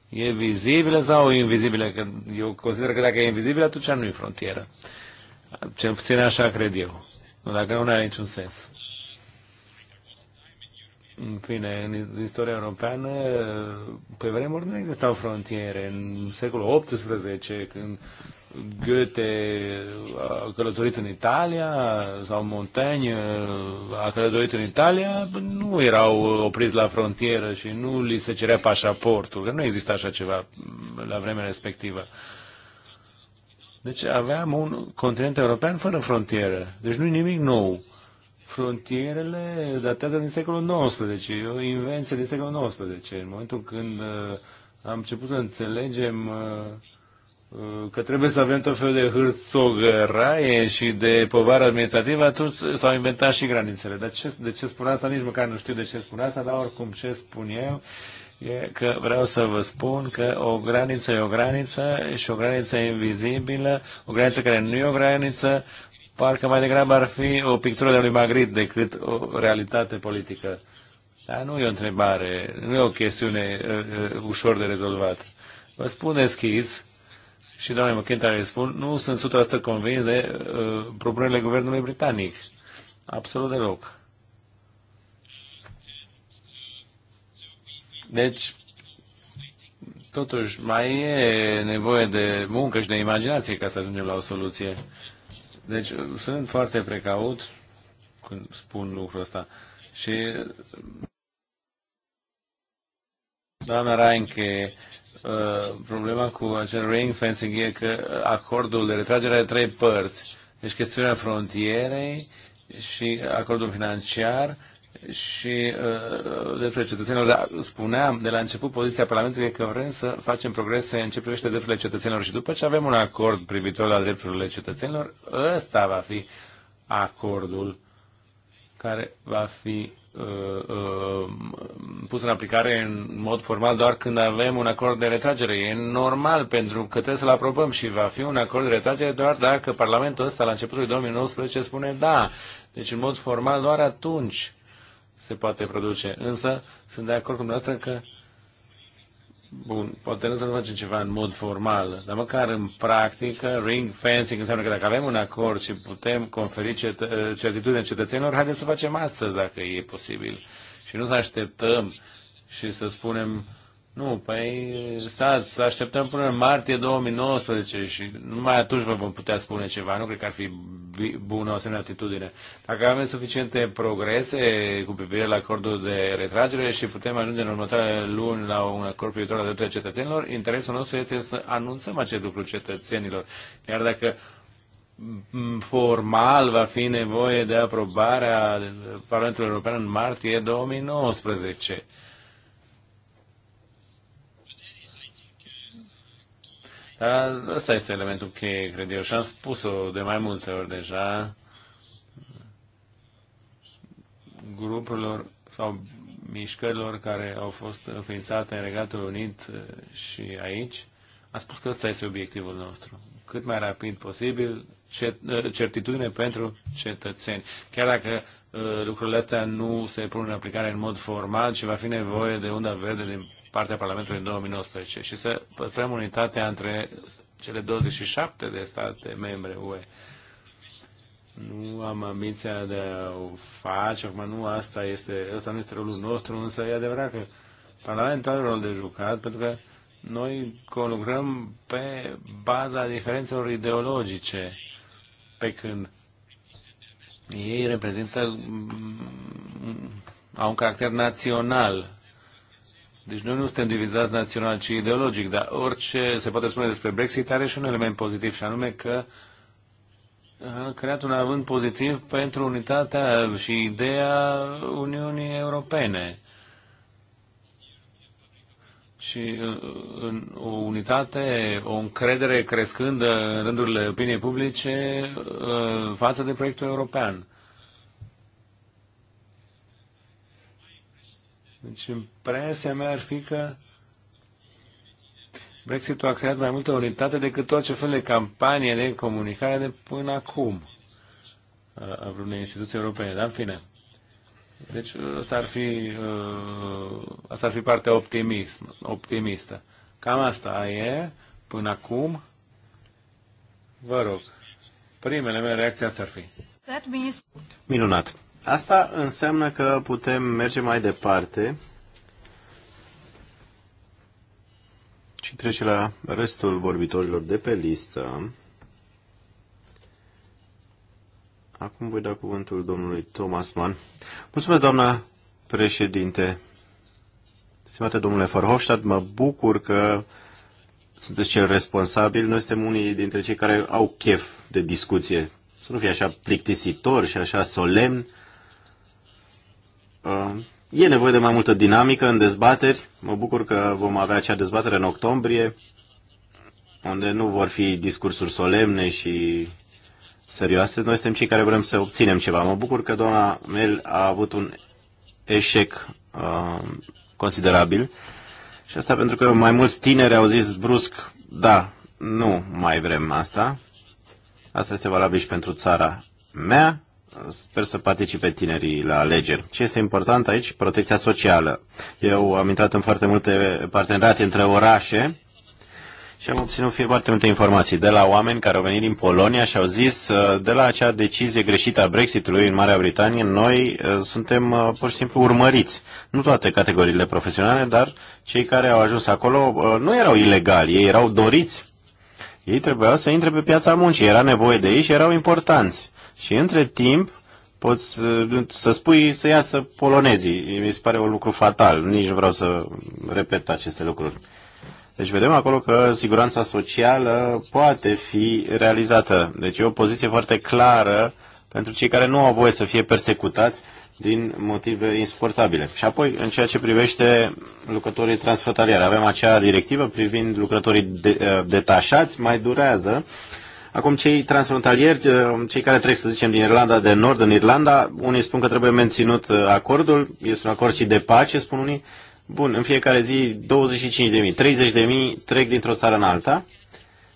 E vizibilă sau invizibilă? Că eu consider că dacă e invizibilă, atunci nu e frontieră. Cel puțin așa cred eu. Dacă nu are niciun sens. În fine, în istoria europeană, pe vremuri nu existau frontiere. În secolul XVIII, când Goethe a călătorit în Italia sau Montaigne a călătorit în Italia, nu erau opriți la frontieră și nu li se cerea pașaportul, că nu exista așa ceva la vremea respectivă. Deci aveam un continent european fără frontieră. Deci nu e nimic nou frontierele datează din secolul XIX, e o invenție din secolul XIX, în momentul când uh, am început să înțelegem uh, uh, că trebuie să avem tot felul de hârsogăraie și de povară administrativă, atunci s-au inventat și granițele. De ce, de ce spun asta? Nici măcar nu știu de ce spun asta, dar oricum ce spun eu e că vreau să vă spun că o graniță e o graniță și o graniță invizibilă, o graniță care nu e o graniță, parcă mai degrabă ar fi o pictură de lui Magritte decât o realitate politică. Dar nu e o întrebare, nu e o chestiune uh, uh ușor de rezolvat. Vă spun deschis, și doamne McIntyre spun, nu sunt 100% convins de uh, propunerile guvernului britanic. Absolut deloc. Deci, totuși, mai e nevoie de muncă și de imaginație ca să ajungem la o soluție. Uh, deci uh, sunt foarte precaut când spun lucrul ăsta. Și uh, doamna Reinke, uh, problema cu acel ring fencing e că acordul de retragere are trei părți. Deci chestiunea frontierei și acordul financiar și uh, drepturile cetățenilor. Dar spuneam de la început poziția Parlamentului că vrem să facem progrese în ce privește drepturile cetățenilor și după ce avem un acord privitor la drepturile cetățenilor, ăsta va fi acordul care va fi uh, uh, pus în aplicare în mod formal doar când avem un acord de retragere. E normal pentru că trebuie să-l aprobăm și va fi un acord de retragere doar dacă Parlamentul ăsta la începutul 2019 spune da. Deci în mod formal doar atunci se poate produce. Însă, sunt de acord cu dumneavoastră că Bun, poate nu să nu facem ceva în mod formal, dar măcar în practică, ring fencing înseamnă că dacă avem un acord și putem conferi cet- certitudine cetățenilor, haideți să facem astăzi dacă e posibil. Și nu să așteptăm și să spunem, uh, nu, păi stați, să așteptăm până în martie 2019 și numai atunci vă vom putea spune ceva. Nu cred că ar fi bună o asemenea atitudine. Dacă avem suficiente progrese cu privire la acordul de retragere și putem ajunge în următoarele luni la un acord privitor la drepturile cetățenilor, interesul nostru este să anunțăm acest lucru cetățenilor. Iar dacă formal va fi nevoie de aprobarea Parlamentului European în martie 2019. Asta este elementul cheie, cred eu, și am spus-o de mai multe ori deja grupurilor sau mișcărilor care au fost înființate în Regatul Unit eh, și aici, a spus că ăsta este obiectivul nostru. Cât mai rapid posibil, eh, certitudine pentru cetățeni. Chiar dacă eh, lucrurile astea nu se pun în aplicare în mod formal și va fi nevoie de unda verde din partea Parlamentului în 2019 și să păstrăm unitatea între cele 27 de state membre UE. Nu am ambiția de a o face, acum nu asta este, asta nu este rolul nostru, însă e adevărat că Parlamentul are rol de jucat, pentru că noi conlucrăm pe baza diferențelor ideologice, pe când ei reprezintă, mm, au un caracter național deci noi nu suntem divizați național, ci ideologic, dar orice se poate spune despre Brexit are și un element pozitiv, și anume că a uh, creat un avânt pozitiv pentru unitatea și ideea Uniunii Europene. Și uh, în o unitate, o încredere crescândă în rândurile opiniei publice uh, față de proiectul european. Deci impresia mea ar fi că Brexitul a creat mai multă unitate decât orice fel de campanie de comunicare de până acum uh, a vreunei instituții europene. Dar în fine. Deci asta ar fi, uh, asta ar fi partea optimism, optimistă. Cam asta e până acum. Vă rog. Primele mele reacții ar fi. Minunat. Asta înseamnă că putem merge mai departe și trece la restul vorbitorilor de pe listă. Acum voi da cuvântul domnului Thomas Mann. Mulțumesc, doamna președinte. Stimate domnule Farhofstadt, mă bucur că sunteți cel responsabil. Noi suntem unii dintre cei care au chef de discuție. Să nu fie așa plictisitor și așa solemn. Uh, e nevoie de mai multă dinamică în dezbateri. Mă bucur că vom avea acea dezbatere în octombrie, unde nu vor fi discursuri solemne și serioase. Noi suntem cei care vrem să obținem ceva. Mă bucur că doamna Mel a avut un eșec uh, considerabil. Și asta pentru că mai mulți tineri au zis brusc, da, nu mai vrem asta. Asta este valabil și pentru țara mea Sper să participe tinerii la alegeri. Ce este important aici? Protecția socială. Eu am intrat în foarte multe parteneriate între orașe și am obținut foarte multe informații de la oameni care au venit din Polonia și au zis uh, de la acea decizie greșită a Brexitului în Marea Britanie, noi uh, suntem uh, pur și simplu urmăriți. Nu toate categoriile profesionale, dar cei care au ajuns acolo nu erau ilegali, ei erau doriți. Ei trebuiau să intre pe piața muncii, era nevoie de ei și erau importanți. Și între timp poți să, uh, să spui să iasă polonezii. Mi se pare un lucru fatal. Nici nu vreau să repet aceste lucruri. Deci vedem acolo că siguranța socială poate fi realizată. Deci e o poziție foarte clară pentru cei care nu au voie să fie persecutați din motive insuportabile. Și apoi, în ceea ce privește lucrătorii transfrontalieri, avem acea directivă privind lucrătorii de, uh, detașați, mai durează. Uh, Acum, cei transfrontalieri, uh, cei care trec, să zicem, din Irlanda de Nord în Irlanda, unii spun că trebuie menținut uh, acordul, este un acord și de pace, spun unii. Bun, în fiecare zi 25.000, 30.000 trec dintr-o țară în alta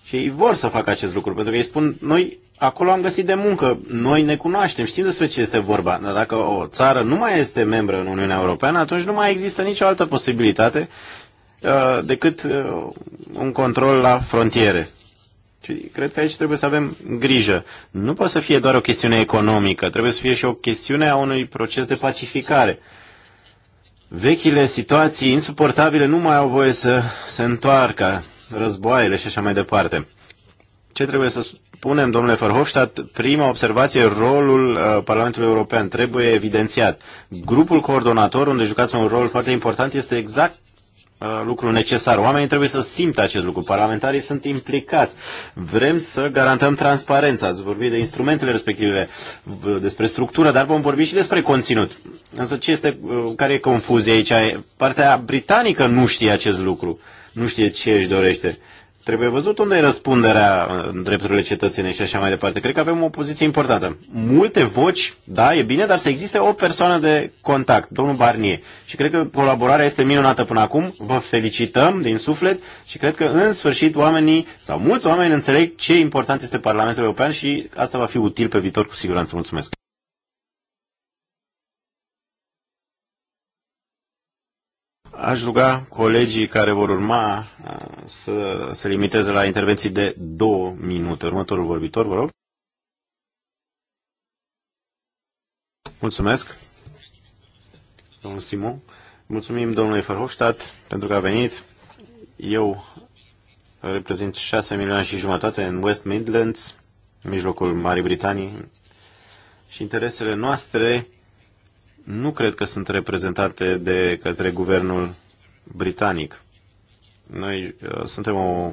și ei vor să facă acest lucru, pentru că ei spun, noi acolo am găsit de muncă, noi ne cunoaștem, știm despre ce este vorba. Dar dacă o țară nu mai este membră în Uniunea Europeană, atunci nu mai există nicio altă posibilitate uh, decât un control la frontiere. Și cred că aici trebuie să avem grijă. Nu poate să fie doar o chestiune economică, trebuie să fie și o chestiune a unui proces de pacificare. Vechile situații insuportabile nu mai au voie să se întoarcă, războaiele și așa mai departe. Ce trebuie să spunem, domnule Verhofstadt, prima observație, rolul uh, Parlamentului European trebuie evidențiat. Grupul coordonator, unde jucați un rol foarte important, este exact Uh, lucru necesar. Oamenii trebuie să simtă acest lucru. Parlamentarii sunt implicați. Vrem să garantăm transparența. Ați vorbit de instrumentele respective, despre structură, dar vom vorbi și despre conținut. Însă ce este, uh, care e confuzia aici? Partea britanică nu știe acest lucru. Nu știe ce își dorește. Trebuie văzut unde e răspunderea uh, în drepturile cetățenei și așa mai departe. Cred că avem o poziție importantă. Multe voci, da, e bine, dar să existe o persoană de contact, domnul Barnier. Și cred că colaborarea este minunată până acum. Vă felicităm din suflet și cred că în sfârșit oamenii sau mulți oameni înțeleg ce important este Parlamentul European și asta va fi util pe viitor cu siguranță. Mulțumesc! Aș ruga colegii care vor urma uh, să se limiteze la intervenții de două minute. Următorul vorbitor, vă rog. Mulțumesc, domnul Simon. Mulțumim domnului Verhofstadt pentru că a venit. Eu reprezint 6 milioane și jumătate în West Midlands, în mijlocul Marii Britanii. Și interesele noastre nu cred că sunt reprezentate de către guvernul britanic. Noi uh, suntem o uh,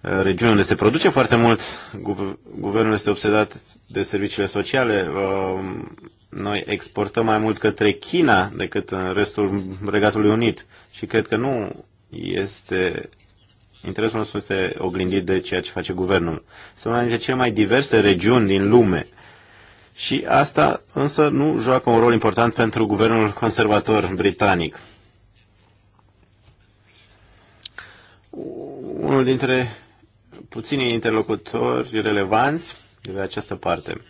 regiune unde se produce foarte mult, guvernul este obsedat de serviciile sociale, uh, noi exportăm mai mult către China decât în restul Regatului Unit și cred că nu este interesul nostru este oglindit de ceea ce face guvernul. Sunt una dintre cele mai diverse regiuni din lume și asta însă nu joacă un rol important pentru guvernul conservator britanic. Unul dintre puținii interlocutori relevanți de pe această parte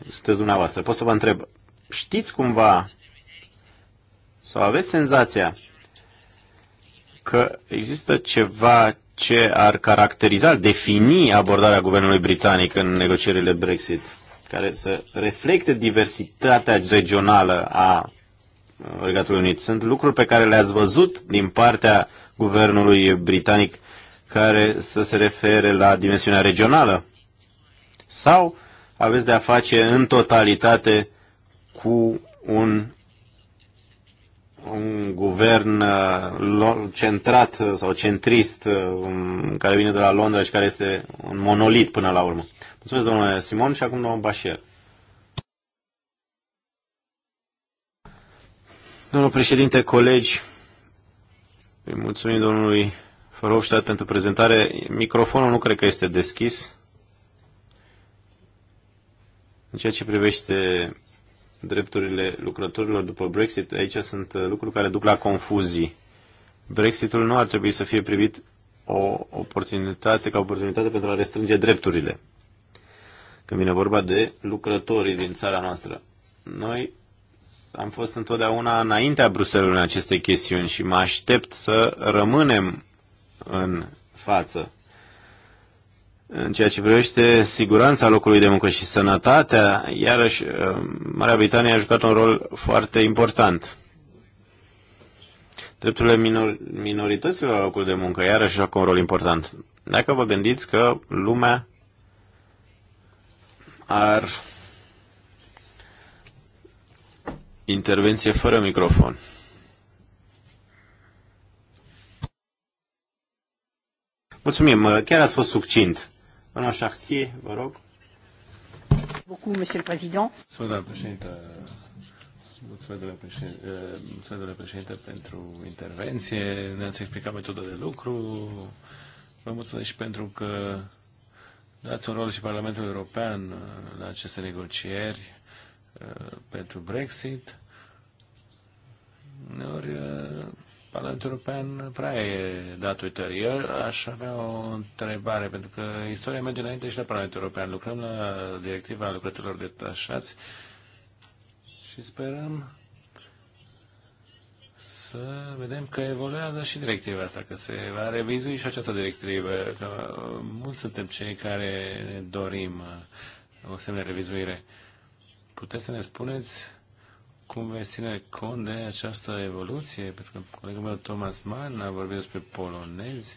sunteți dumneavoastră. Pot să vă întreb, știți cumva sau aveți senzația că există ceva ce ar caracteriza, defini abordarea guvernului britanic în negocierile Brexit? care să reflecte diversitatea regională a uh, Regatului Unit. Sunt lucruri pe care le-ați văzut din partea guvernului britanic care să se refere la dimensiunea regională? Sau aveți de a face în totalitate cu un un guvern uh, centrat uh, sau centrist uh, um, care vine de la Londra și care este un monolit până la urmă. Mulțumesc, domnule Simon, și acum domnul Bașier. Domnul președinte, colegi, îi mulțumim domnului Fărăuștat pentru prezentare. Microfonul nu cred că este deschis. În ceea ce privește drepturile lucrătorilor după Brexit, aici sunt uh, lucruri care duc la confuzii. Brexitul nu ar trebui să fie privit o oportunitate ca oportunitate pentru a restrânge drepturile. Când vine vorba de lucrătorii din țara noastră. Noi am fost întotdeauna înaintea Bruselului în aceste chestiuni și mă aștept să rămânem în față. În ceea ce privește siguranța locului de muncă și sănătatea, iarăși uh, Marea Britanie a jucat un rol foarte important. Drepturile minor- minorităților la locul de muncă, iarăși joacă un rol important. Dacă vă gândiți că lumea ar intervenție fără microfon. Mulțumim, uh, chiar ați fost succint. Doamna Chartier, vă rog. Beaucoup, Monsieur le Président. mulțumesc, domnule președinte, mulțumesc, domnule președinte, pentru intervenție. Ne-ați explicat metoda de lucru. Vă mulțumesc și pentru că dați un rol și Parlamentul European uh, la aceste negocieri uh, pentru Brexit. Uneori uh, Parlamentul European prea e dat uitării. Eu aș avea o întrebare, pentru că istoria merge înainte și la Parlamentul European. Lucrăm la directiva lucrătorilor detașați și sperăm să vedem că evoluează și directiva asta, că se va revizui și această directivă, că mulți suntem cei care ne dorim o semne revizuire. Puteți să ne spuneți cum vei ține cont de această evoluție? Pentru că colegul meu, Thomas Mann, a vorbit despre polonezi.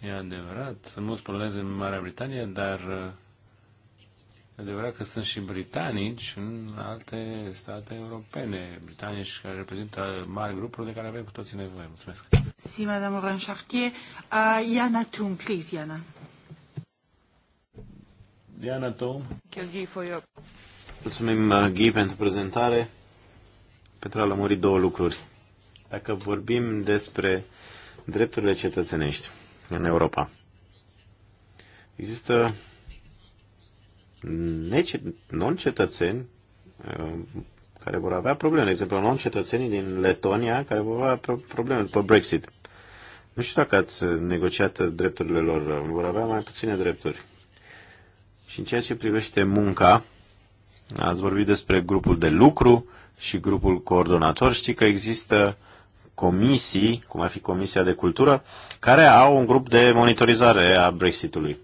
E adevărat, sunt mulți polonezi în Marea Britanie, dar e adevărat că sunt și britanici în alte state europene, britanici care reprezintă mari grupuri de care avem cu toții nevoie. Mulțumesc. Si, Madame Oran Chartier. Uh, Iana Tum, please, Iana. Iana Tum. Thank you for your Mulțumim, uh, Ghi, pentru prezentare, pentru a lămuri două lucruri. Dacă vorbim despre drepturile cetățenești în Europa, există non-cetățeni uh, care vor avea probleme. De exemplu, non-cetățenii din Letonia care vor avea probleme după Brexit. Nu știu dacă ați negociat drepturile lor. Uh, vor avea mai puține drepturi. Și în ceea ce privește munca, Ați vorbit despre grupul de lucru și grupul coordonator. Știi că există comisii, cum ar fi Comisia de Cultură, care au un grup de monitorizare a Brexitului.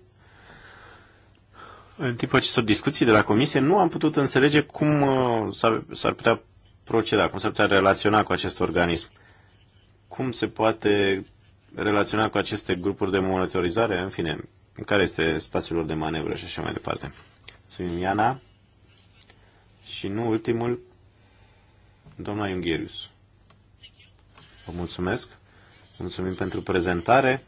În timpul acestor discuții de la comisie nu am putut înțelege cum uh, s-ar putea proceda, cum s-ar putea relaționa cu acest organism. Cum se poate relaționa cu aceste grupuri de monitorizare, în fine, în care este spațiul lor de manevră și așa mai departe. Sunt Iana. Și nu ultimul, doamna Iunghierius. Vă mulțumesc. Mulțumim pentru prezentare.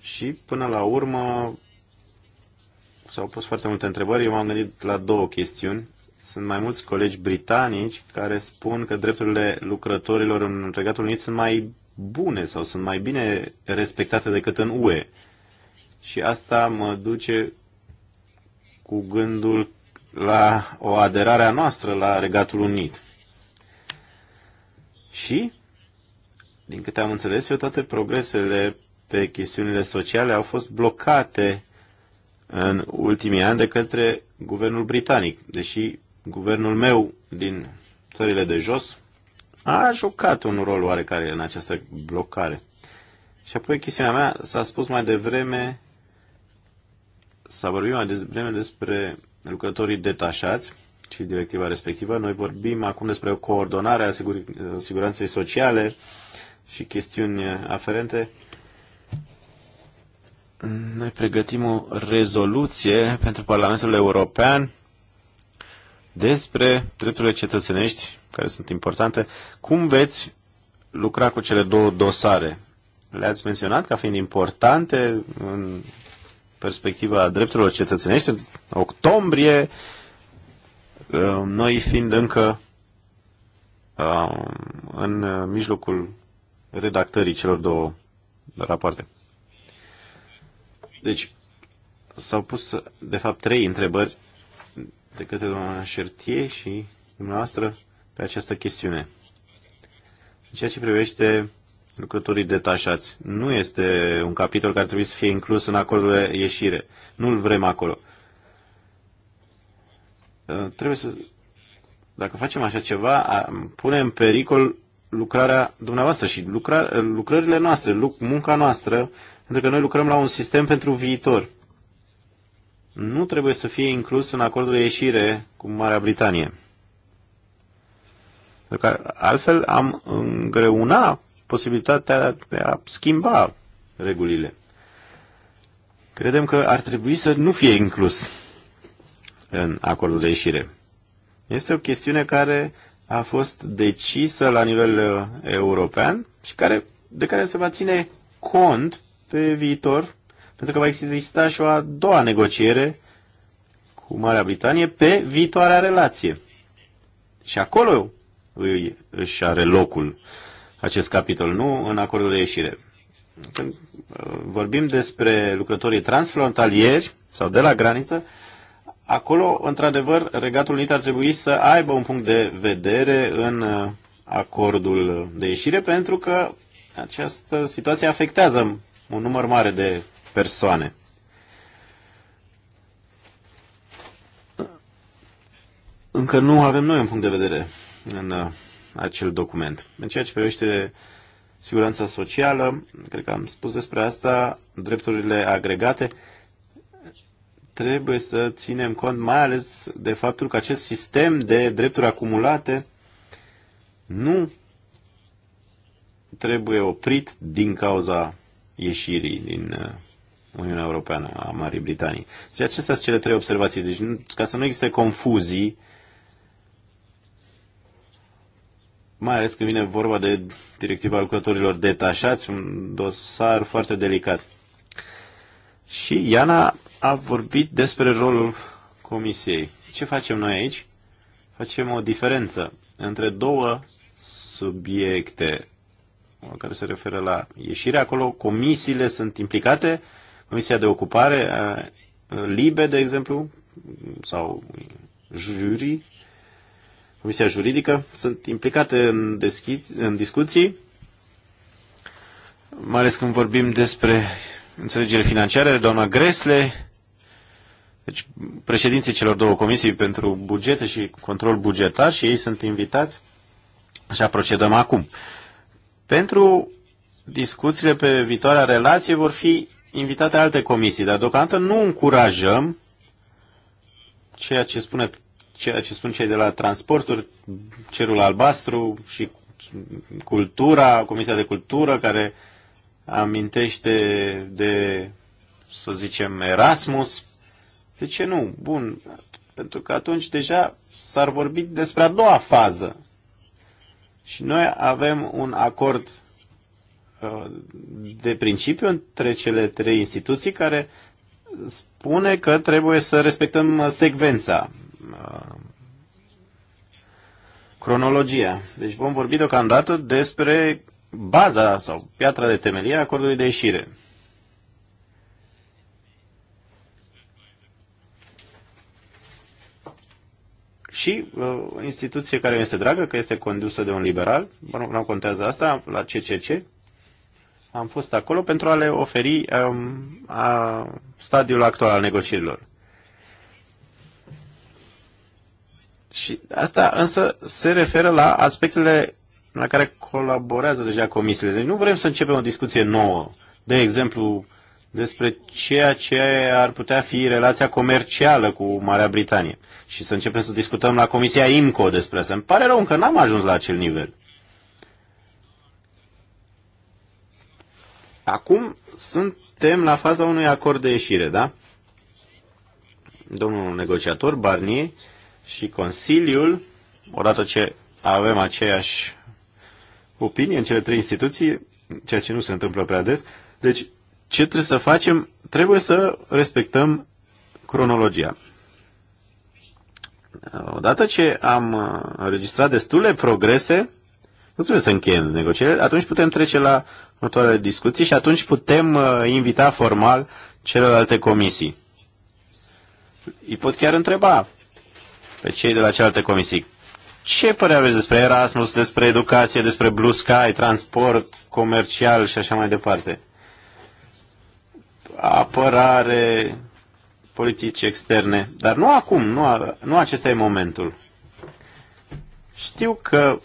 Și până la urmă s-au pus foarte multe întrebări. Eu m-am gândit la două chestiuni. Sunt mai mulți colegi britanici care spun că drepturile lucrătorilor în Regatul Unit sunt mai bune sau sunt mai bine respectate decât în UE. Și asta mă duce cu gândul la o aderare a noastră la Regatul Unit. Și, din câte am înțeles eu, toate progresele pe chestiunile sociale au fost blocate în ultimii ani de către guvernul britanic, deși guvernul meu din țările de jos a jucat un rol oarecare în această blocare. Și apoi chestiunea mea s-a spus mai devreme, s-a vorbit mai devreme despre lucrătorii detașați și directiva respectivă. Noi vorbim acum despre o coordonare a sigur, siguranței sociale și chestiuni aferente. Noi pregătim o rezoluție pentru Parlamentul European despre drepturile cetățenești, care sunt importante. Cum veți lucra cu cele două dosare? Le-ați menționat ca fiind importante în perspectiva drepturilor cetățenești, în octombrie, uh, noi fiind încă uh, în mijlocul redactării celor două rapoarte. Deci, s-au pus, de fapt, trei întrebări de către doamna Șertie și dumneavoastră pe această chestiune. În ceea ce privește lucrătorii detașați. Nu este un capitol care trebuie să fie inclus în acordul de ieșire. Nu-l vrem acolo. Uh, trebuie să... Dacă facem așa ceva, punem în pericol lucrarea dumneavoastră și lucra, lucrările noastre, luc, munca noastră, pentru că noi lucrăm la un sistem pentru viitor. Nu trebuie să fie inclus în acordul de ieșire cu Marea Britanie. Pentru că altfel am îngreuna posibilitatea de a schimba regulile. Credem că ar trebui să nu fie inclus în acordul de ieșire. Este o chestiune care a fost decisă la nivel uh, european și care, de care se va ține cont pe viitor, pentru că va exista și o a doua negociere cu Marea Britanie pe viitoarea relație. Și acolo își are locul acest capitol, nu în acordul de ieșire. Când uh, vorbim despre lucrătorii transfrontalieri sau de la graniță, acolo, într-adevăr, Regatul Unit ar trebui să aibă un punct de vedere în uh, acordul de ieșire, pentru că această situație afectează un număr mare de persoane. Încă nu avem noi un punct de vedere în uh, acel document. În ceea ce privește siguranța socială, cred că am spus despre asta, drepturile agregate, trebuie să ținem cont mai ales de faptul că acest sistem de drepturi acumulate nu trebuie oprit din cauza ieșirii din uh, Uniunea Europeană a Marii Britanii. Deci acestea sunt cele trei observații. Deci, ca să nu existe confuzii mai ales când vine vorba de directiva lucrătorilor detașați, un dosar foarte delicat. Și Iana a vorbit despre rolul Comisiei. Ce facem noi aici? Facem o diferență între două subiecte care se referă la ieșire. Acolo comisiile sunt implicate, Comisia de Ocupare, eh, LIBE, de exemplu, sau jurii, Comisia Juridică sunt implicate în, deschiți, în discuții, mai ales când vorbim despre înțelegere financiare, doamna Gresle, deci președinții celor două comisii pentru bugete și control bugetar și ei sunt invitați. Așa procedăm acum. Pentru discuțiile pe viitoarea relație vor fi invitate alte comisii, dar deocamdată nu încurajăm ceea ce spune ceea ce spun cei de la transporturi, cerul albastru și cultura, Comisia de Cultură, care amintește de, să zicem, Erasmus. De ce nu? Bun, pentru că atunci deja s-ar vorbi despre a doua fază. Și noi avem un acord uh, de principiu între cele trei instituții care spune că trebuie să respectăm uh, secvența. Uh, cronologia. Deci vom vorbi deocamdată despre baza sau piatra de temelie a acordului de ieșire. Și uh, o instituție care este dragă, că este condusă de un liberal, nu contează asta, la CCC, am fost acolo pentru a le oferi um, a, stadiul actual al negocierilor. Și asta însă se referă la aspectele la care colaborează deja comisiile. Deci nu vrem să începem o discuție nouă. De exemplu, despre ceea ce ar putea fi relația comercială cu Marea Britanie. Și să începem să discutăm la Comisia IMCO despre asta. Îmi pare rău că n-am ajuns la acel nivel. Acum suntem la faza unui acord de ieșire, da? Domnul negociator, Barnier, și Consiliul, odată ce avem aceeași opinie în cele trei instituții, ceea ce nu se întâmplă prea des. Deci, ce trebuie să facem? Trebuie să respectăm cronologia. Odată ce am înregistrat destule progrese, nu trebuie să încheiem negocierile, atunci putem trece la următoarele discuții și atunci putem uh, invita formal celelalte comisii. Îi pot chiar întreba pe cei de la celelalte comisii. Ce părere aveți despre Erasmus, despre educație, despre Blue Sky, transport comercial și așa mai departe? Apărare, politici externe. Dar nu acum, nu, nu acesta e momentul. Știu că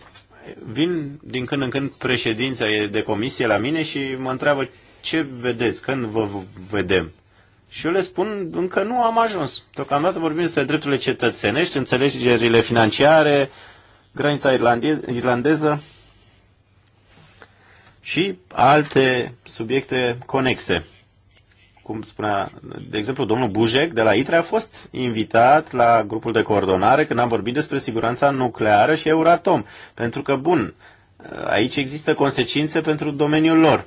vin din când în când președința de comisie la mine și mă întreabă ce vedeți, când vă vedem. Și eu le spun, încă nu am ajuns. Deocamdată vorbim despre drepturile cetățenești, înțelegerile financiare, granița irlandeză și alte subiecte conexe. Cum spunea, de exemplu, domnul Bujec de la ITRE a fost invitat la grupul de coordonare când am vorbit despre siguranța nucleară și Euratom. Pentru că, bun, aici există consecințe pentru domeniul lor.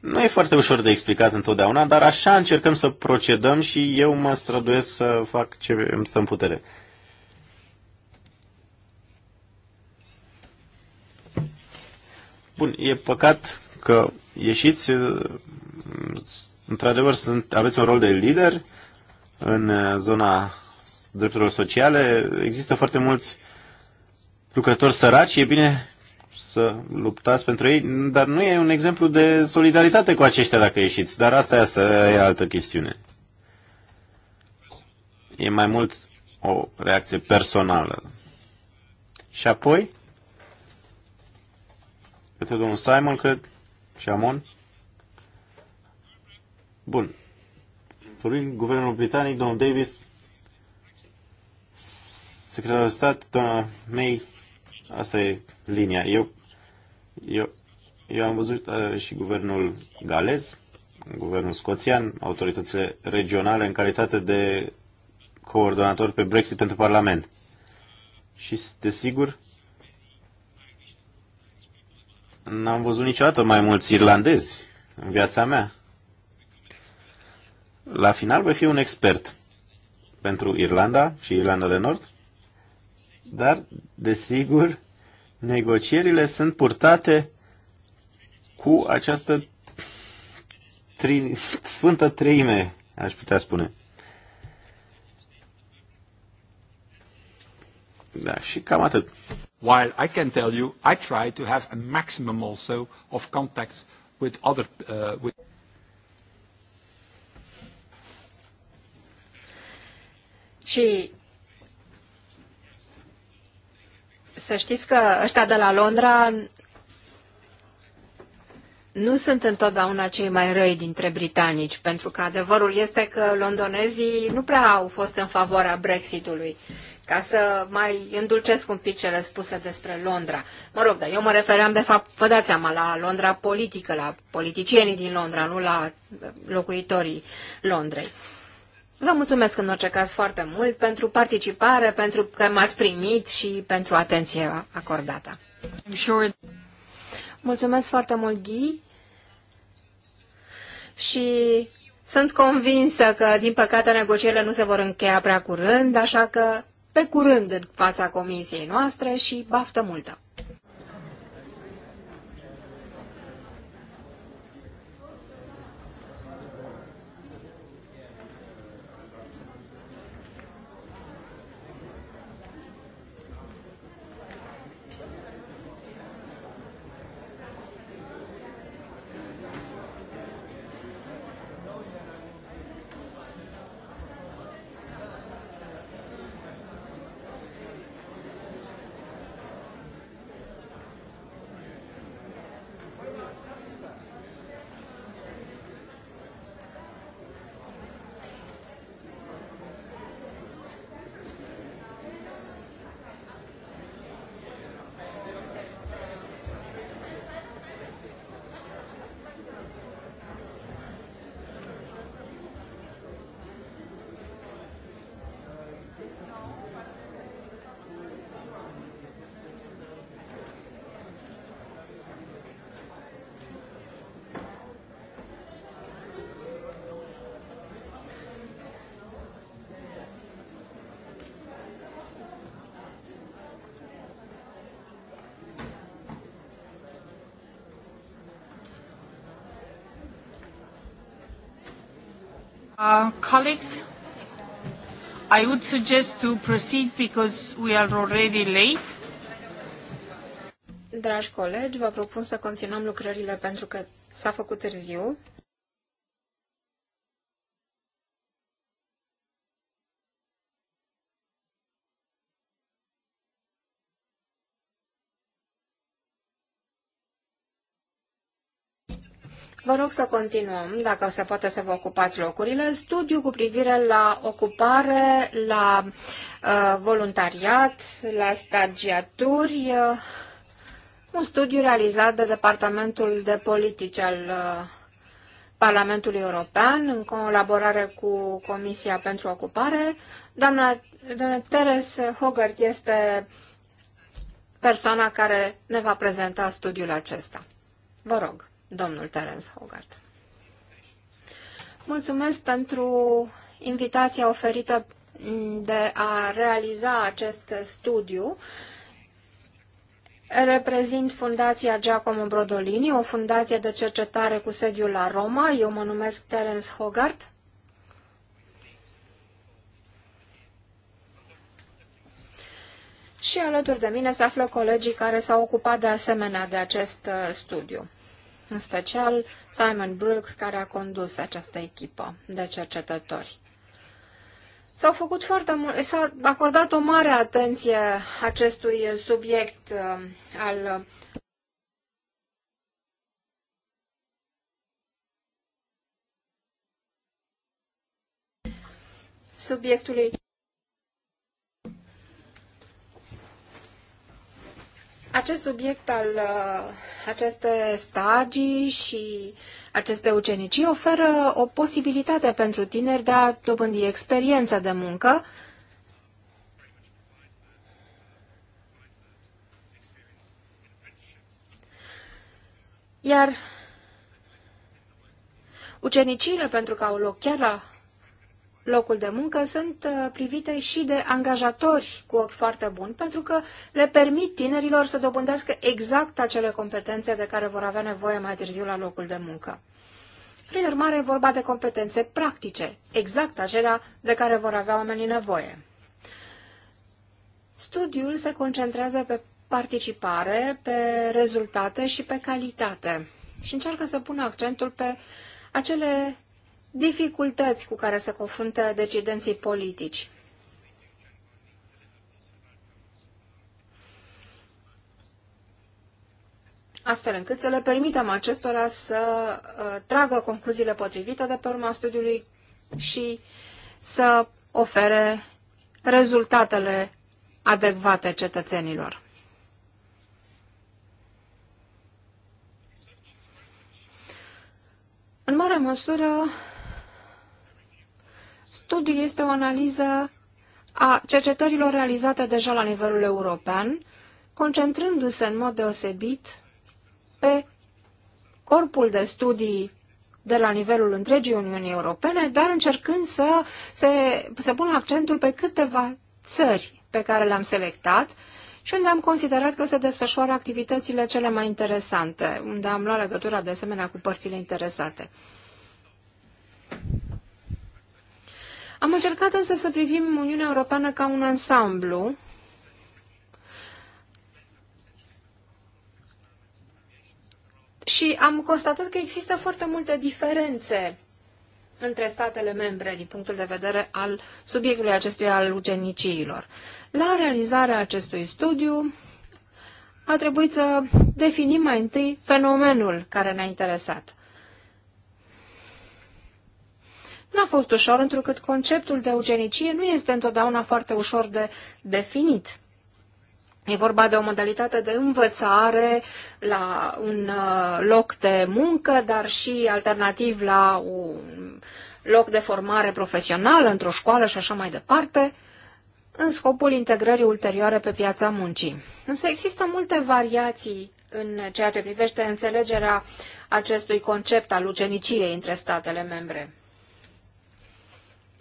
Nu e foarte ușor de explicat întotdeauna, dar așa încercăm să procedăm și eu mă străduiesc să fac ce îmi stă în putere. Bun, e păcat că ieșiți, într-adevăr sunt, aveți un rol de lider în zona drepturilor sociale, există foarte mulți lucrători săraci, e bine să luptați pentru ei, dar nu e un exemplu de solidaritate cu aceștia dacă ieșiți, dar asta e, asta e altă chestiune. E mai mult o reacție personală. Și apoi, către domnul Simon, cred, și Amon. Bun. Vorbim guvernul britanic, domnul Davis, secretarul de stat, doamna May, Asta e linia. Eu, eu, eu am văzut uh, și guvernul galez, guvernul scoțian, autoritățile regionale în calitate de coordonator pe Brexit pentru Parlament. Și, desigur, n-am văzut niciodată mai mulți irlandezi în viața mea. La final voi fi un expert pentru Irlanda și Irlanda de Nord dar, desigur, negocierile sunt purtate cu această tri... sfântă treime, aș putea spune. Da, și cam atât. While I can tell you, I try to have a maximum also of contacts with other... Uh, with Și Să știți că ăștia de la Londra nu sunt întotdeauna cei mai răi dintre britanici, pentru că adevărul este că londonezii nu prea au fost în favoarea Brexitului, ca să mai îndulcesc un pic cele spuse despre Londra. Mă rog, dar eu mă refeream, de fapt, vă dați seama, la Londra politică, la politicienii din Londra, nu la locuitorii Londrei. Vă mulțumesc în orice caz foarte mult pentru participare, pentru că m-ați primit și pentru atenție acordată. Sure. Mulțumesc foarte mult, Ghi. Și sunt convinsă că, din păcate, negocierile nu se vor încheia prea curând, așa că pe curând în fața comisiei noastre și baftă multă! Uh, colleagues, I would suggest to proceed because we are already late. Dragi colegi, vă propun să continuăm lucrările pentru că s-a făcut târziu. rog să continuăm, dacă se poate să vă ocupați locurile, studiu cu privire la ocupare, la uh, voluntariat, la stagiaturi, uh, un studiu realizat de Departamentul de Politici al uh, Parlamentului European, în colaborare cu Comisia pentru Ocupare. Doamna, doamna Teres Hogart este persoana care ne va prezenta studiul acesta. Vă rog domnul Terence Hogarth. Mulțumesc pentru invitația oferită de a realiza acest studiu. Reprezint Fundația Giacomo Brodolini, o fundație de cercetare cu sediul la Roma. Eu mă numesc Terence Hogarth. Și alături de mine se află colegii care s-au ocupat de asemenea de acest uh, studiu în special Simon Brook, care a condus această echipă de cercetători. S-au făcut foarte mult, s-a acordat o mare atenție acestui subiect uh, al subiectului Acest subiect al uh, aceste stagii și aceste ucenicii oferă o posibilitate pentru tineri de a dobândi experiență de muncă, iar ucenicile, pentru că au loc chiar la locul de muncă sunt uh, privite și de angajatori cu ochi foarte buni, pentru că le permit tinerilor să dobândească exact acele competențe de care vor avea nevoie mai târziu la locul de muncă. Prin urmare, e vorba de competențe practice, exact acelea de care vor avea oamenii nevoie. Studiul se concentrează pe participare, pe rezultate și pe calitate și încearcă să pună accentul pe acele dificultăți cu care se confruntă decidenții politici. astfel încât să le permitem acestora să uh, tragă concluziile potrivite de pe urma studiului și să ofere rezultatele adecvate cetățenilor. În mare măsură, Studiul este o analiză a cercetărilor realizate deja la nivelul european, concentrându-se în mod deosebit pe corpul de studii de la nivelul întregii Uniunii Europene, dar încercând să se să pună accentul pe câteva țări pe care le-am selectat și unde am considerat că se desfășoară activitățile cele mai interesante, unde am luat legătura de asemenea cu părțile interesate. Am încercat însă să privim Uniunea Europeană ca un ansamblu, Și am constatat că există foarte multe diferențe între statele membre din punctul de vedere al subiectului acestuia al uceniciilor. La realizarea acestui studiu a trebuit să definim mai întâi fenomenul care ne-a interesat. N-a fost ușor, întrucât conceptul de eugenicie nu este întotdeauna foarte ușor de definit. E vorba de o modalitate de învățare la un uh, loc de muncă, dar și alternativ la un loc de formare profesională, într-o școală și așa mai departe, în scopul integrării ulterioare pe piața muncii. Însă există multe variații în ceea ce privește înțelegerea acestui concept al uceniciei între statele membre.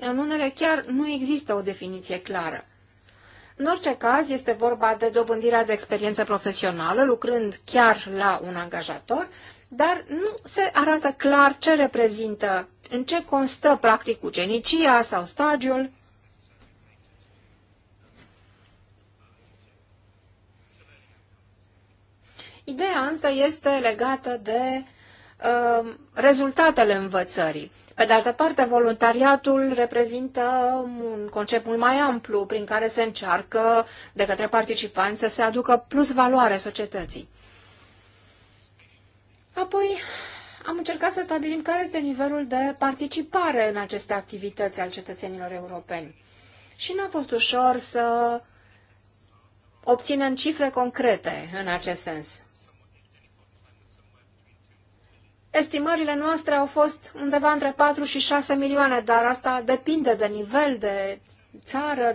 În unele chiar nu există o definiție clară. În orice caz, este vorba de dobândirea de experiență profesională, lucrând chiar la un angajator, dar nu se arată clar ce reprezintă, în ce constă practic ucenicia sau stagiul. Ideea însă este legată de Um, rezultatele învățării. Pe de altă parte, voluntariatul reprezintă un concept mult mai amplu prin care se încearcă de către participanți să se aducă plus valoare societății. Apoi, am încercat să stabilim care este nivelul de participare în aceste activități al cetățenilor europeni. Și n-a fost ușor să obținem cifre concrete în acest sens. Estimările noastre au fost undeva între 4 și 6 milioane, dar asta depinde de nivel, de țară.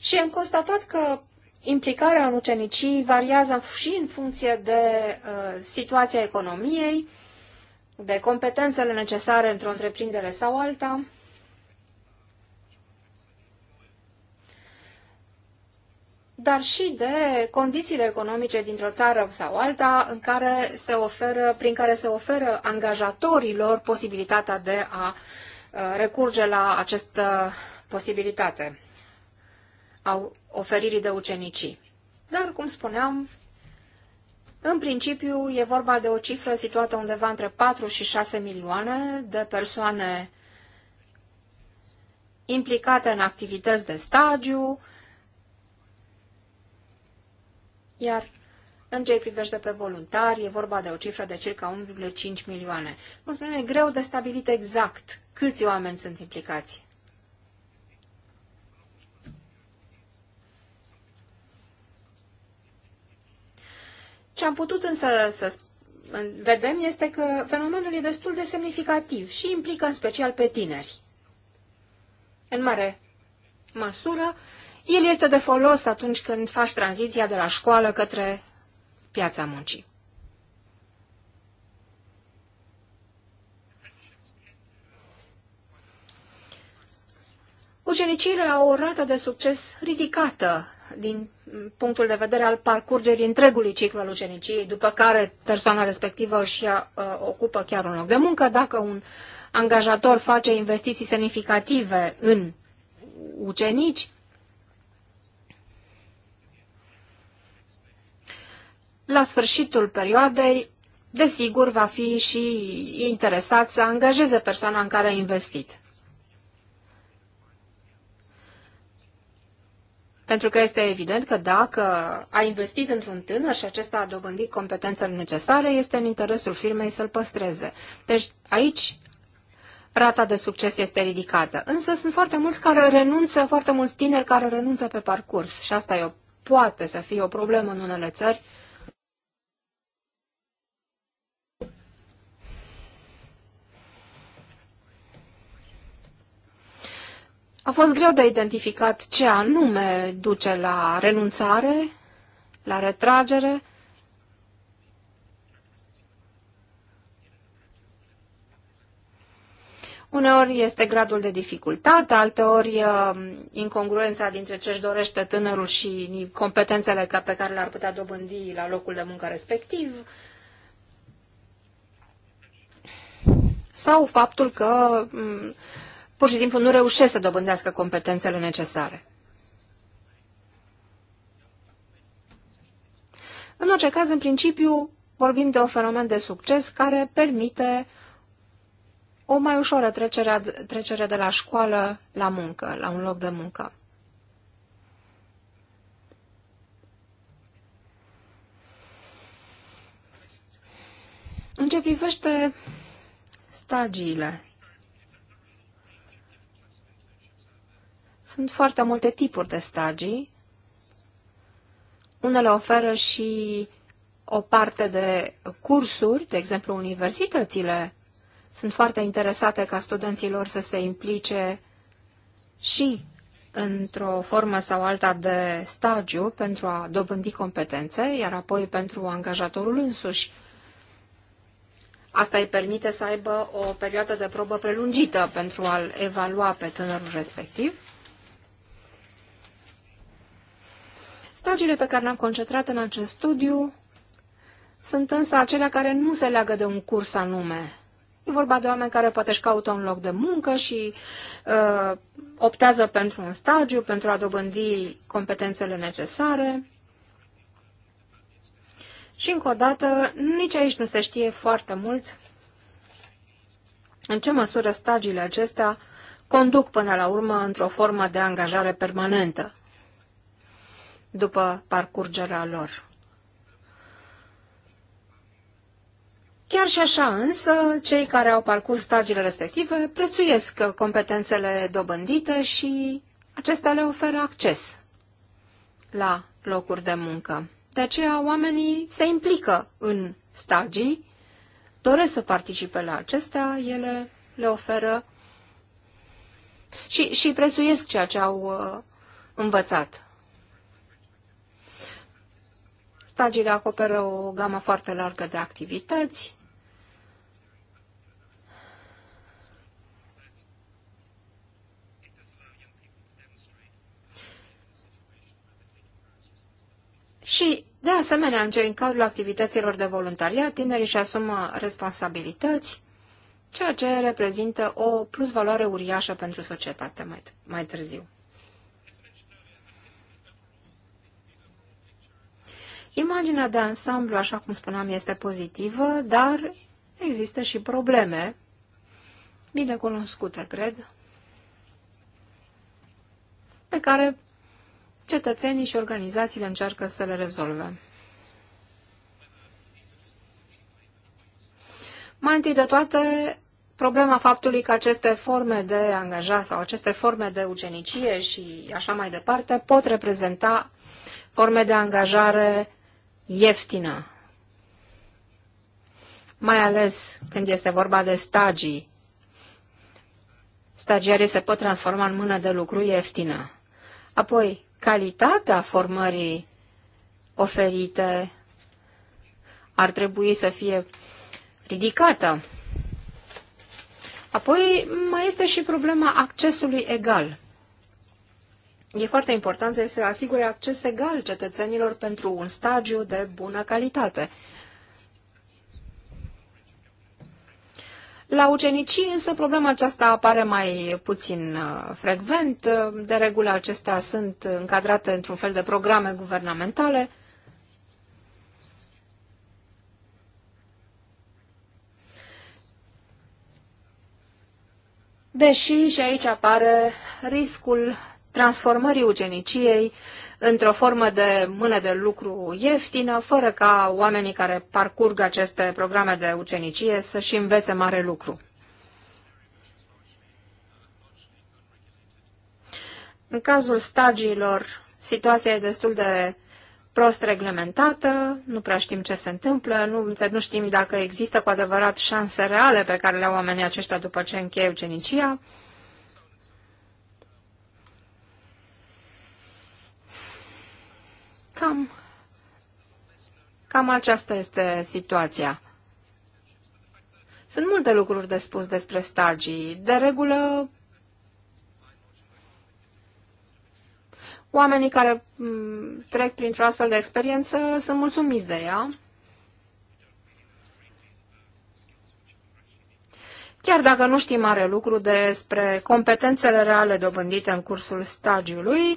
Și am constatat că implicarea în ucenicii variază și în funcție de uh, situația economiei, de competențele necesare într-o întreprindere sau alta. dar și de condițiile economice dintr-o țară sau alta în care se oferă, prin care se oferă angajatorilor posibilitatea de a uh, recurge la această posibilitate a oferirii de ucenicii. Dar, cum spuneam, în principiu e vorba de o cifră situată undeva între 4 și 6 milioane de persoane implicate în activități de stagiu, iar în ce privește pe voluntari, e vorba de o cifră de circa 1,5 milioane. Cum spunem, e greu de stabilit exact câți oameni sunt implicați. Ce am putut însă să vedem este că fenomenul e destul de semnificativ și implică în special pe tineri. În mare măsură, el este de folos atunci când faci tranziția de la școală către piața muncii. Ucenicile au o rată de succes ridicată din punctul de vedere al parcurgerii întregului ciclu al uceniciei, după care persoana respectivă își ia, uh, ocupă chiar un loc de muncă. Dacă un angajator face investiții semnificative în ucenici, la sfârșitul perioadei, desigur, va fi și interesat să angajeze persoana în care a investit. Pentru că este evident că dacă a investit într-un tânăr și acesta a dobândit competențele necesare, este în interesul firmei să-l păstreze. Deci aici rata de succes este ridicată. Însă sunt foarte mulți care renunță, foarte mulți tineri care renunță pe parcurs și asta e o, poate să fie o problemă în unele țări, A fost greu de identificat ce anume duce la renunțare, la retragere. Uneori este gradul de dificultate, alteori um, incongruența dintre ce își dorește tânărul și competențele pe care le-ar putea dobândi la locul de muncă respectiv. Sau faptul că um, pur și simplu nu reușesc să dobândească competențele necesare. În orice caz, în principiu, vorbim de un fenomen de succes care permite o mai ușoară trecere, trecere de la școală la muncă, la un loc de muncă. În ce privește stagiile, Sunt foarte multe tipuri de stagii. Unele oferă și o parte de cursuri, de exemplu universitățile sunt foarte interesate ca studenților să se implice și într-o formă sau alta de stagiu pentru a dobândi competențe, iar apoi pentru angajatorul însuși. Asta îi permite să aibă o perioadă de probă prelungită pentru a-l evalua pe tânărul respectiv. Stagiile pe care le-am concentrat în acest studiu sunt însă acelea care nu se leagă de un curs anume. E vorba de oameni care poate își caută un loc de muncă și uh, optează pentru un stagiu, pentru a dobândi competențele necesare. Și încă o dată, nici aici nu se știe foarte mult în ce măsură stagiile acestea conduc până la urmă într-o formă de angajare permanentă după parcurgerea lor. Chiar și așa însă, cei care au parcurs stagiile respective prețuiesc competențele dobândite și acestea le oferă acces la locuri de muncă. De aceea oamenii se implică în stagii, doresc să participe la acestea, ele le oferă și, și prețuiesc ceea ce au uh, învățat. Stagiile acoperă o gamă foarte largă de activități. Și, de asemenea, în, în cadrul activităților de voluntariat, tinerii își asumă responsabilități, ceea ce reprezintă o plusvaloare uriașă pentru societate mai, mai târziu. Imaginea de ansamblu, așa cum spuneam, este pozitivă, dar există și probleme bine cunoscute, cred, pe care cetățenii și organizațiile încearcă să le rezolve. Mai întâi de toate, problema faptului că aceste forme de angaja sau aceste forme de ucenicie și așa mai departe pot reprezenta forme de angajare ieftină, mai ales când este vorba de stagii. Stagiarii se pot transforma în mână de lucru ieftină. Apoi, calitatea formării oferite ar trebui să fie ridicată. Apoi mai este și problema accesului egal. E foarte important să se asigure acces egal cetățenilor pentru un stagiu de bună calitate. La ucenicii însă problema aceasta apare mai puțin uh, frecvent. Uh, de regulă acestea sunt încadrate într-un fel de programe guvernamentale. Deși și aici apare riscul transformării uceniciei într-o formă de mână de lucru ieftină, fără ca oamenii care parcurg aceste programe de ucenicie să-și învețe mare lucru. În cazul stagiilor, situația e destul de prost reglementată, nu prea știm ce se întâmplă, nu, nu știm dacă există cu adevărat șanse reale pe care le au oamenii aceștia după ce încheie ucenicia. Cam, cam aceasta este situația. Sunt multe lucruri de spus despre stagii. De regulă, oamenii care mm, trec printr-o astfel de experiență sunt mulțumiți de ea. chiar dacă nu știi mare lucru despre competențele reale dobândite în cursul stagiului,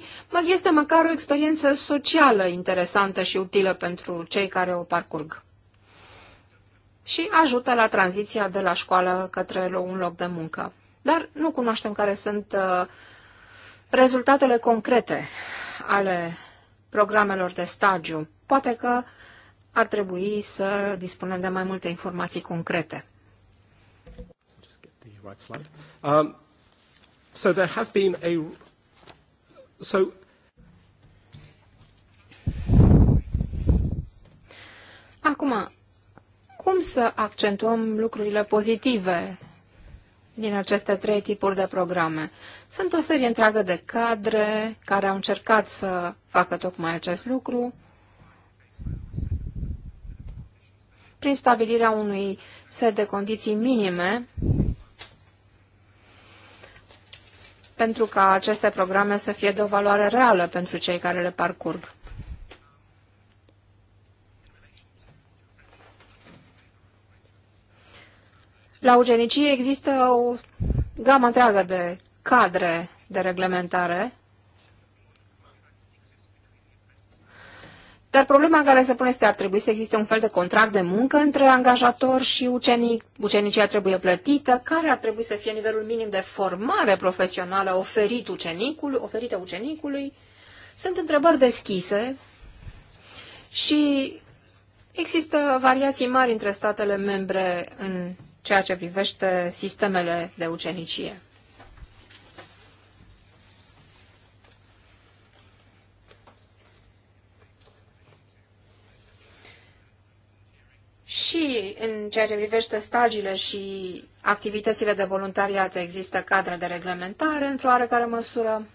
este măcar o experiență socială interesantă și utilă pentru cei care o parcurg. Și ajută la tranziția de la școală către un loc de muncă. Dar nu cunoaștem care sunt uh, rezultatele concrete ale programelor de stagiu. Poate că ar trebui să dispunem de mai multe informații concrete right slide. Um, so there have been a... So Acum, cum să accentuăm lucrurile pozitive din aceste trei tipuri de programe? Sunt o serie întreagă de cadre care au încercat să facă tocmai acest lucru prin stabilirea unui set de condiții minime pentru ca aceste programe să fie de o valoare reală pentru cei care le parcurg. La ucenicie există o gamă întreagă de cadre de reglementare Dar problema care se pune este ar trebui să existe un fel de contract de muncă între angajator și ucenic. Ucenicia trebuie plătită. Care ar trebui să fie nivelul minim de formare profesională oferit ucenicului, oferită ucenicului? Sunt întrebări deschise și există variații mari între statele membre în ceea ce privește sistemele de ucenicie. Și în ceea ce privește stagiile și activitățile de voluntariat există cadre de reglementare într-o oarecare măsură.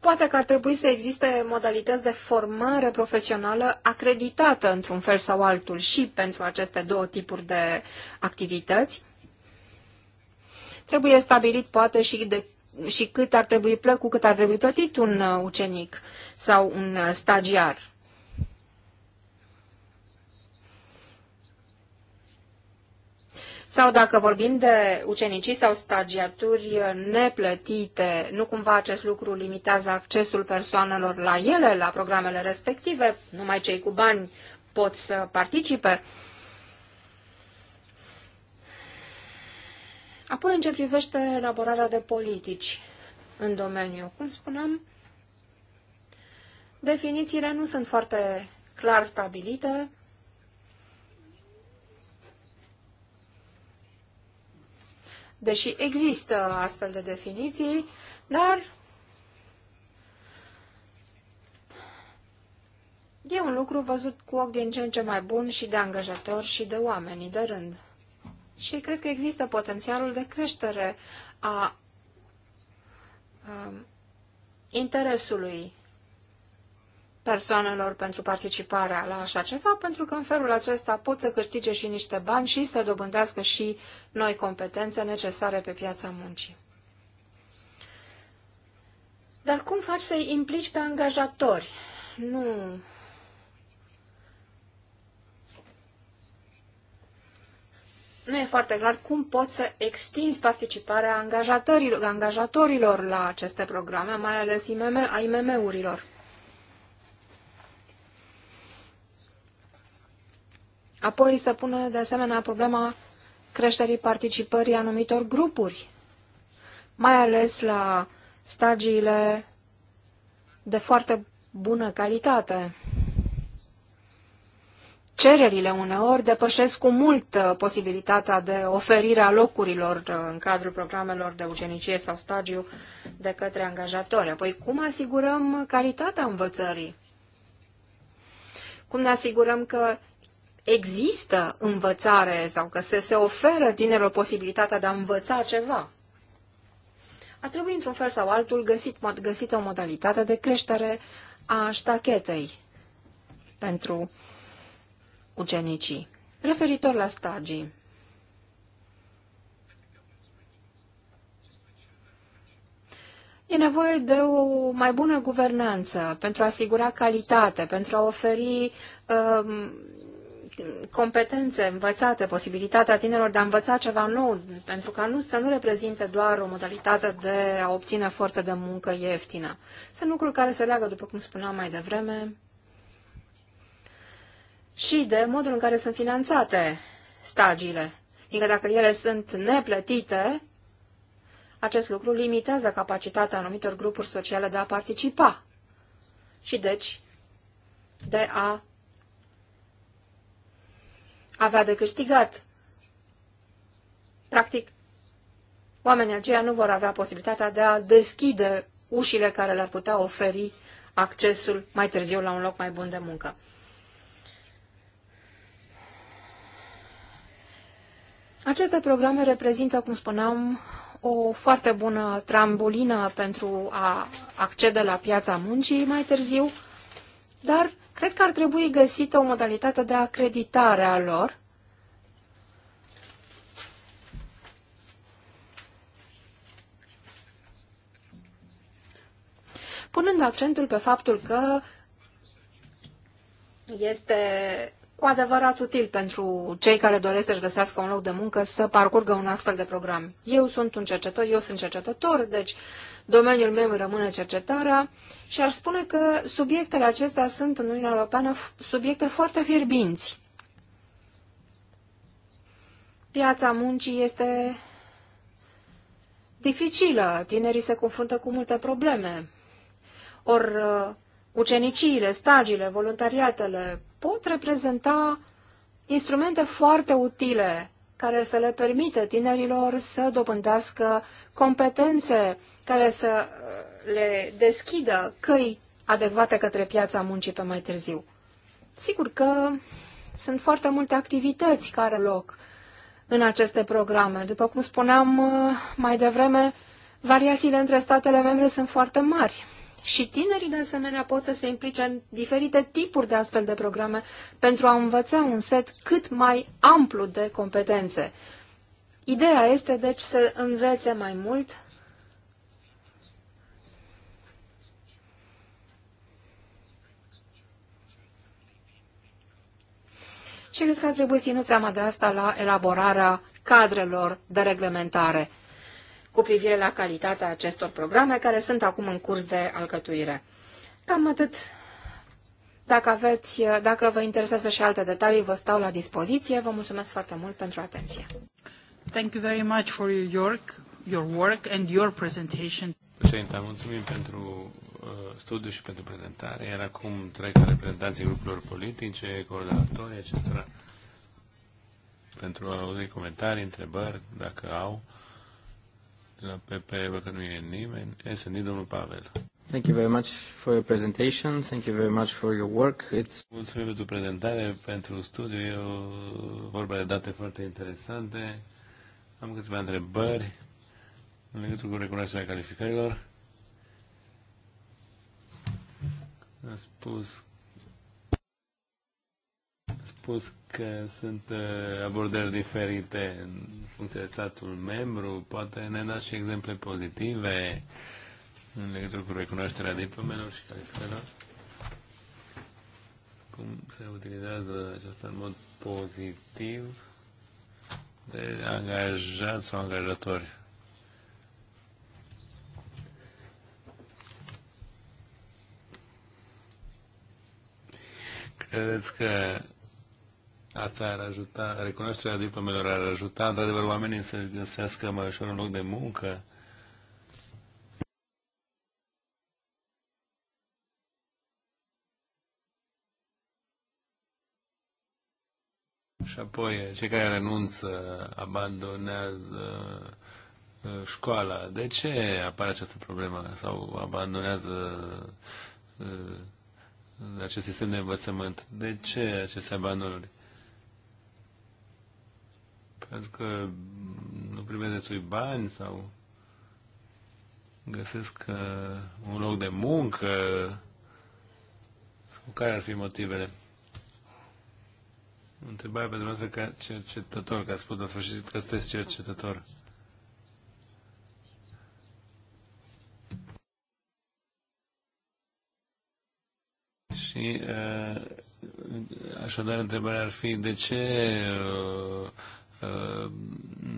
Poate că ar trebui să existe modalități de formare profesională acreditată într-un fel sau altul și pentru aceste două tipuri de activități. Trebuie stabilit poate și, de, și cât ar trebui plăcut, cât ar trebui plătit un uh, ucenic sau un uh, stagiar. Sau dacă vorbim de ucenicii sau stagiaturi neplătite, nu cumva acest lucru limitează accesul persoanelor la ele, la programele respective? Numai cei cu bani pot să participe? Apoi, în ce privește elaborarea de politici în domeniu, cum spuneam, definițiile nu sunt foarte clar stabilite, deși există astfel de definiții, dar e un lucru văzut cu ochi din ce în ce mai bun și de angajatori și de oamenii de rând. Și cred că există potențialul de creștere a, a um, interesului persoanelor pentru participarea la așa ceva, pentru că în felul acesta pot să câștige și niște bani și să dobândească și noi competențe necesare pe piața muncii. Dar cum faci să-i implici pe angajatori? Nu nu e foarte clar cum poți să extinzi participarea angajatorilor, angajatorilor la aceste programe, mai ales IMM, a IMM-urilor. Apoi se pune de asemenea problema creșterii participării anumitor grupuri, mai ales la stagiile de foarte bună calitate. Cererile uneori depășesc cu mult uh, posibilitatea de oferire a locurilor uh, în cadrul programelor de ucenicie sau stagiu de către angajatori. Apoi, cum asigurăm calitatea învățării? Cum ne asigurăm că există învățare sau că se, se oferă tinerilor posibilitatea de a învăța ceva. Ar trebui, într-un fel sau altul, găsit, găsită o modalitate de creștere a ștachetei pentru ucenicii. Referitor la stagii, E nevoie de o mai bună guvernanță pentru a asigura calitate, pentru a oferi um, competențe învățate, posibilitatea tinerilor de a învăța ceva nou, pentru ca nu, să nu reprezinte doar o modalitate de a obține forță de muncă ieftină. Sunt lucruri care se leagă, după cum spuneam mai devreme, și de modul în care sunt finanțate stagiile. Fiindcă dacă ele sunt neplătite, acest lucru limitează capacitatea anumitor grupuri sociale de a participa și deci de a avea de câștigat. Practic, oamenii aceia nu vor avea posibilitatea de a deschide ușile care le-ar putea oferi accesul mai târziu la un loc mai bun de muncă. Aceste programe reprezintă, cum spuneam, o foarte bună trambulină pentru a accede la piața muncii mai târziu, dar Cred că ar trebui găsită o modalitate de acreditare a lor. Punând accentul pe faptul că este cu adevărat util pentru cei care doresc să-și găsească un loc de muncă să parcurgă un astfel de program. Eu sunt un cercetător, eu sunt cercetător, deci uh, Domeniul meu rămâne cercetarea și aș spune că subiectele acestea sunt în Uniunea Europeană subiecte foarte fierbinți. Piața muncii este dificilă, tinerii se confruntă cu multe probleme. Ori uh, uceniciile, stagiile, voluntariatele pot reprezenta instrumente foarte utile care să le permită tinerilor să dobândească competențe, care să uh, le deschidă căi adecvate către piața muncii pe mai târziu. Sigur că sunt foarte multe activități care loc în aceste programe. După cum spuneam uh, mai devreme, variațiile între statele membre sunt foarte mari și tinerii de asemenea pot să se implice în diferite tipuri de astfel de programe pentru a învăța un set cât mai amplu de competențe. Ideea este deci să învețe mai mult și cred că ar trebui ținut seama de asta la elaborarea cadrelor de reglementare cu privire la calitatea acestor programe care sunt acum în curs de alcătuire. Cam atât. Dacă, aveți, dacă vă interesează și alte detalii, vă stau la dispoziție. Vă mulțumesc foarte mult pentru atenție. Thank you very much for your, your work and your presentation. Președinte, mulțumim pentru uh, studiu și pentru prezentare. Iar acum trec la reprezentanții grupurilor politice, coordonatorii acestora, pentru a auzi comentarii, întrebări, dacă au. De la PP, că nu e nimeni. SND, domnul Pavel. Thank you very much for your presentation. Thank you very much for your work. It's... Mulțumim pentru prezentare, pentru studiu. E o vorba de date foarte interesante. Am câteva întrebări în legătură cu recunoașterea calificărilor. A spus spus că sunt uh, abordări diferite în funcție de statul membru. Poate ne dați și exemple pozitive în legătură cu recunoașterea diplomelor și calificărilor? Cum se utilizează aceasta în mod pozitiv de angajați sau angajatori? Credeți că Asta ar ajuta, recunoașterea diplomelor ar ajuta, într-adevăr, oamenii să găsească mai ușor un loc de muncă. Și apoi, cei care renunță, abandonează uh, școala. De ce apare această problemă? Sau abandonează uh, acest sistem de învățământ? De ce aceste abandonuri? pentru că nu primește să bani sau găsesc uh, un loc de muncă, sau care ar fi motivele? Întrebarea pentru noastră ca cercetător, că a spus la sfârșit că sunteți cercetător. Și uh, așadar întrebarea ar fi de ce uh, Ehm,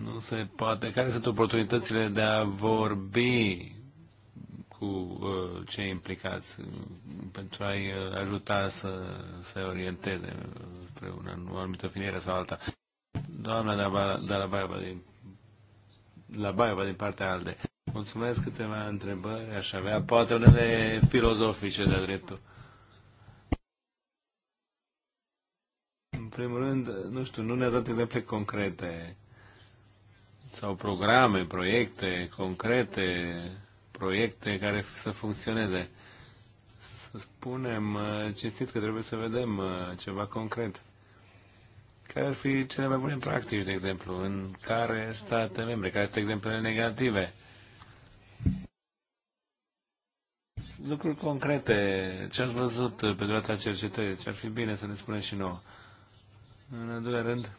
nu se poate. Care sunt oportunitățile de a vorbi cu uh, cei implicați uh, pentru a-i uh, ajuta să se orienteze spre una, o anumită finire sau alta? Doamna de la Baiova, din, la Baiova, din partea ALDE. Mulțumesc câteva întrebări, aș avea poate unele filozofice de-a dreptul. primul rând, nu știu, nu ne-a dat exemple concrete sau programe, proiecte concrete, proiecte care să funcționeze. Să spunem uh, cinstit că trebuie să vedem uh, ceva concret. Care ar fi cele mai bune practici, de exemplu, în care state membre, care sunt exemplele negative? Lucruri concrete, ce ați văzut uh, pe durata cercetării, ce ar fi bine să ne spuneți și nouă. În al doilea rând,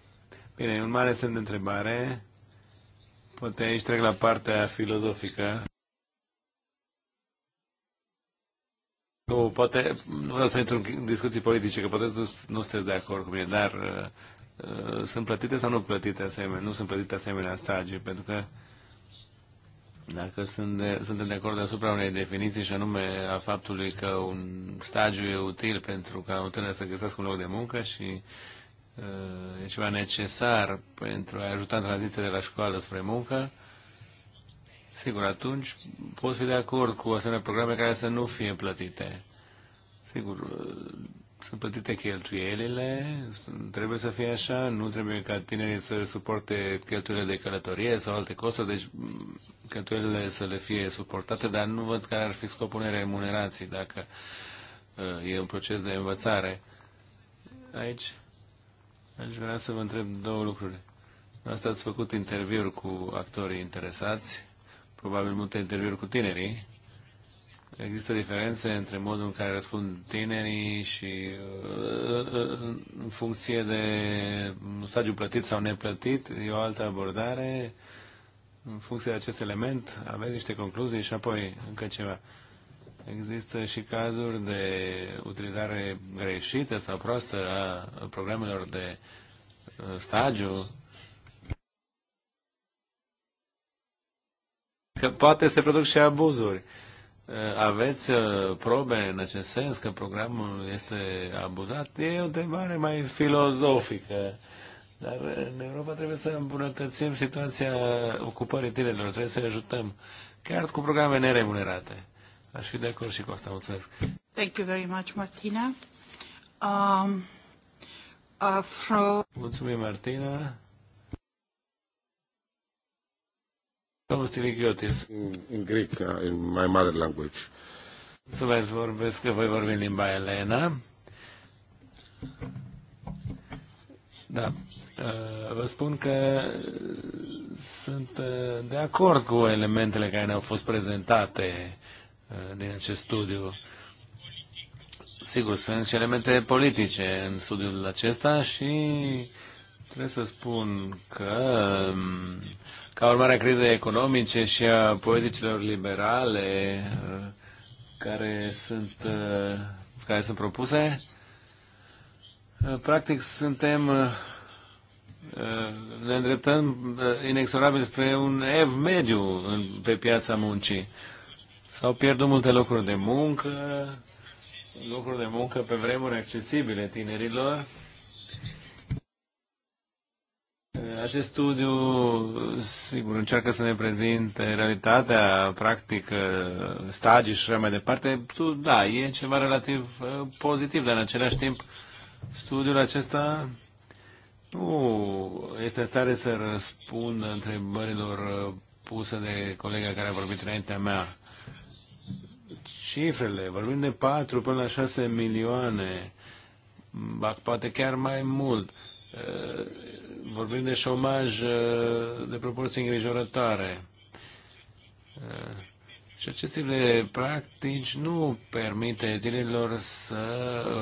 bine, e un mare semn de întrebare. Poate aici trec la partea filozofică. Nu, poate, nu vreau să intru în discuții politice, că poate nu sunteți de acord cu mine, dar uh, uh, sunt plătite sau nu plătite asemenea? Nu sunt plătite asemenea stagii, pentru că dacă sunt de, suntem de acord asupra unei definiții și anume a faptului că un stagiu e util pentru ca un tânăr să găsească un loc de muncă și Uh, e ceva necesar pentru a ajuta în tranziția de la școală spre muncă, sigur, atunci poți fi de acord cu asemenea programe care să nu fie plătite. Sigur, uh, sunt plătite cheltuielile, trebuie să fie așa, nu trebuie ca tinerii să suporte cheltuielile de călătorie sau alte costuri, deci cheltuielile să le fie suportate, dar nu văd care ar fi scopul unei remunerații dacă uh, e un proces de învățare. Aici Aș vrea să vă întreb două lucruri. Asta ați făcut interviuri cu actorii interesați, probabil multe interviuri cu tinerii. Există diferențe între modul în care răspund tinerii și uh, uh, uh, în funcție de stagiu plătit sau neplătit, e o altă abordare. În funcție de acest element, aveți niște concluzii și apoi încă ceva. Există și cazuri de utilizare greșită sau proastă a programelor de uh, stagiu. Că poate se produc și abuzuri. Uh, aveți uh, probe în acest sens că programul este abuzat? E o întrebare mai filozofică. Dar în Europa trebuie să îmbunătățim situația ocupării tinerilor, trebuie să-i ajutăm, chiar cu programe neremunerate. Aș fi de acord și cu asta, mulțumesc. Thank you very much, Martina. Um, uh, fro- Mulțumim, Martina. Domnul Stilichiotis. În grec, in my mother language. Mulțumesc, vorbesc că voi vorbi în limba elena. Da. Uh, vă spun că uh, sunt uh, de acord cu elementele care ne-au fost prezentate Uh, din acest studiu. Sigur, sunt și elemente politice în studiul acesta și trebuie să spun că um, ca urmare a crizei economice și a politicilor liberale uh, care sunt, uh, care sunt propuse, practic suntem ne îndreptăm inexorabil spre un ev mediu pe piața muncii sau au pierdut multe locuri de muncă, locuri de muncă pe vremuri accesibile tinerilor. Acest studiu, sigur, încearcă să ne prezinte realitatea, practică, stagii și așa mai departe. Da, e ceva relativ uh, pozitiv, dar în același timp studiul acesta nu este tare să răspundă întrebărilor uh, puse de colega care a vorbit înaintea mea cifrele, vorbim de 4 până la 6 milioane, poate chiar mai mult. Eh, vorbim de șomaj eh, de proporții îngrijorătoare. Eh, și aceste practici nu permite tinerilor să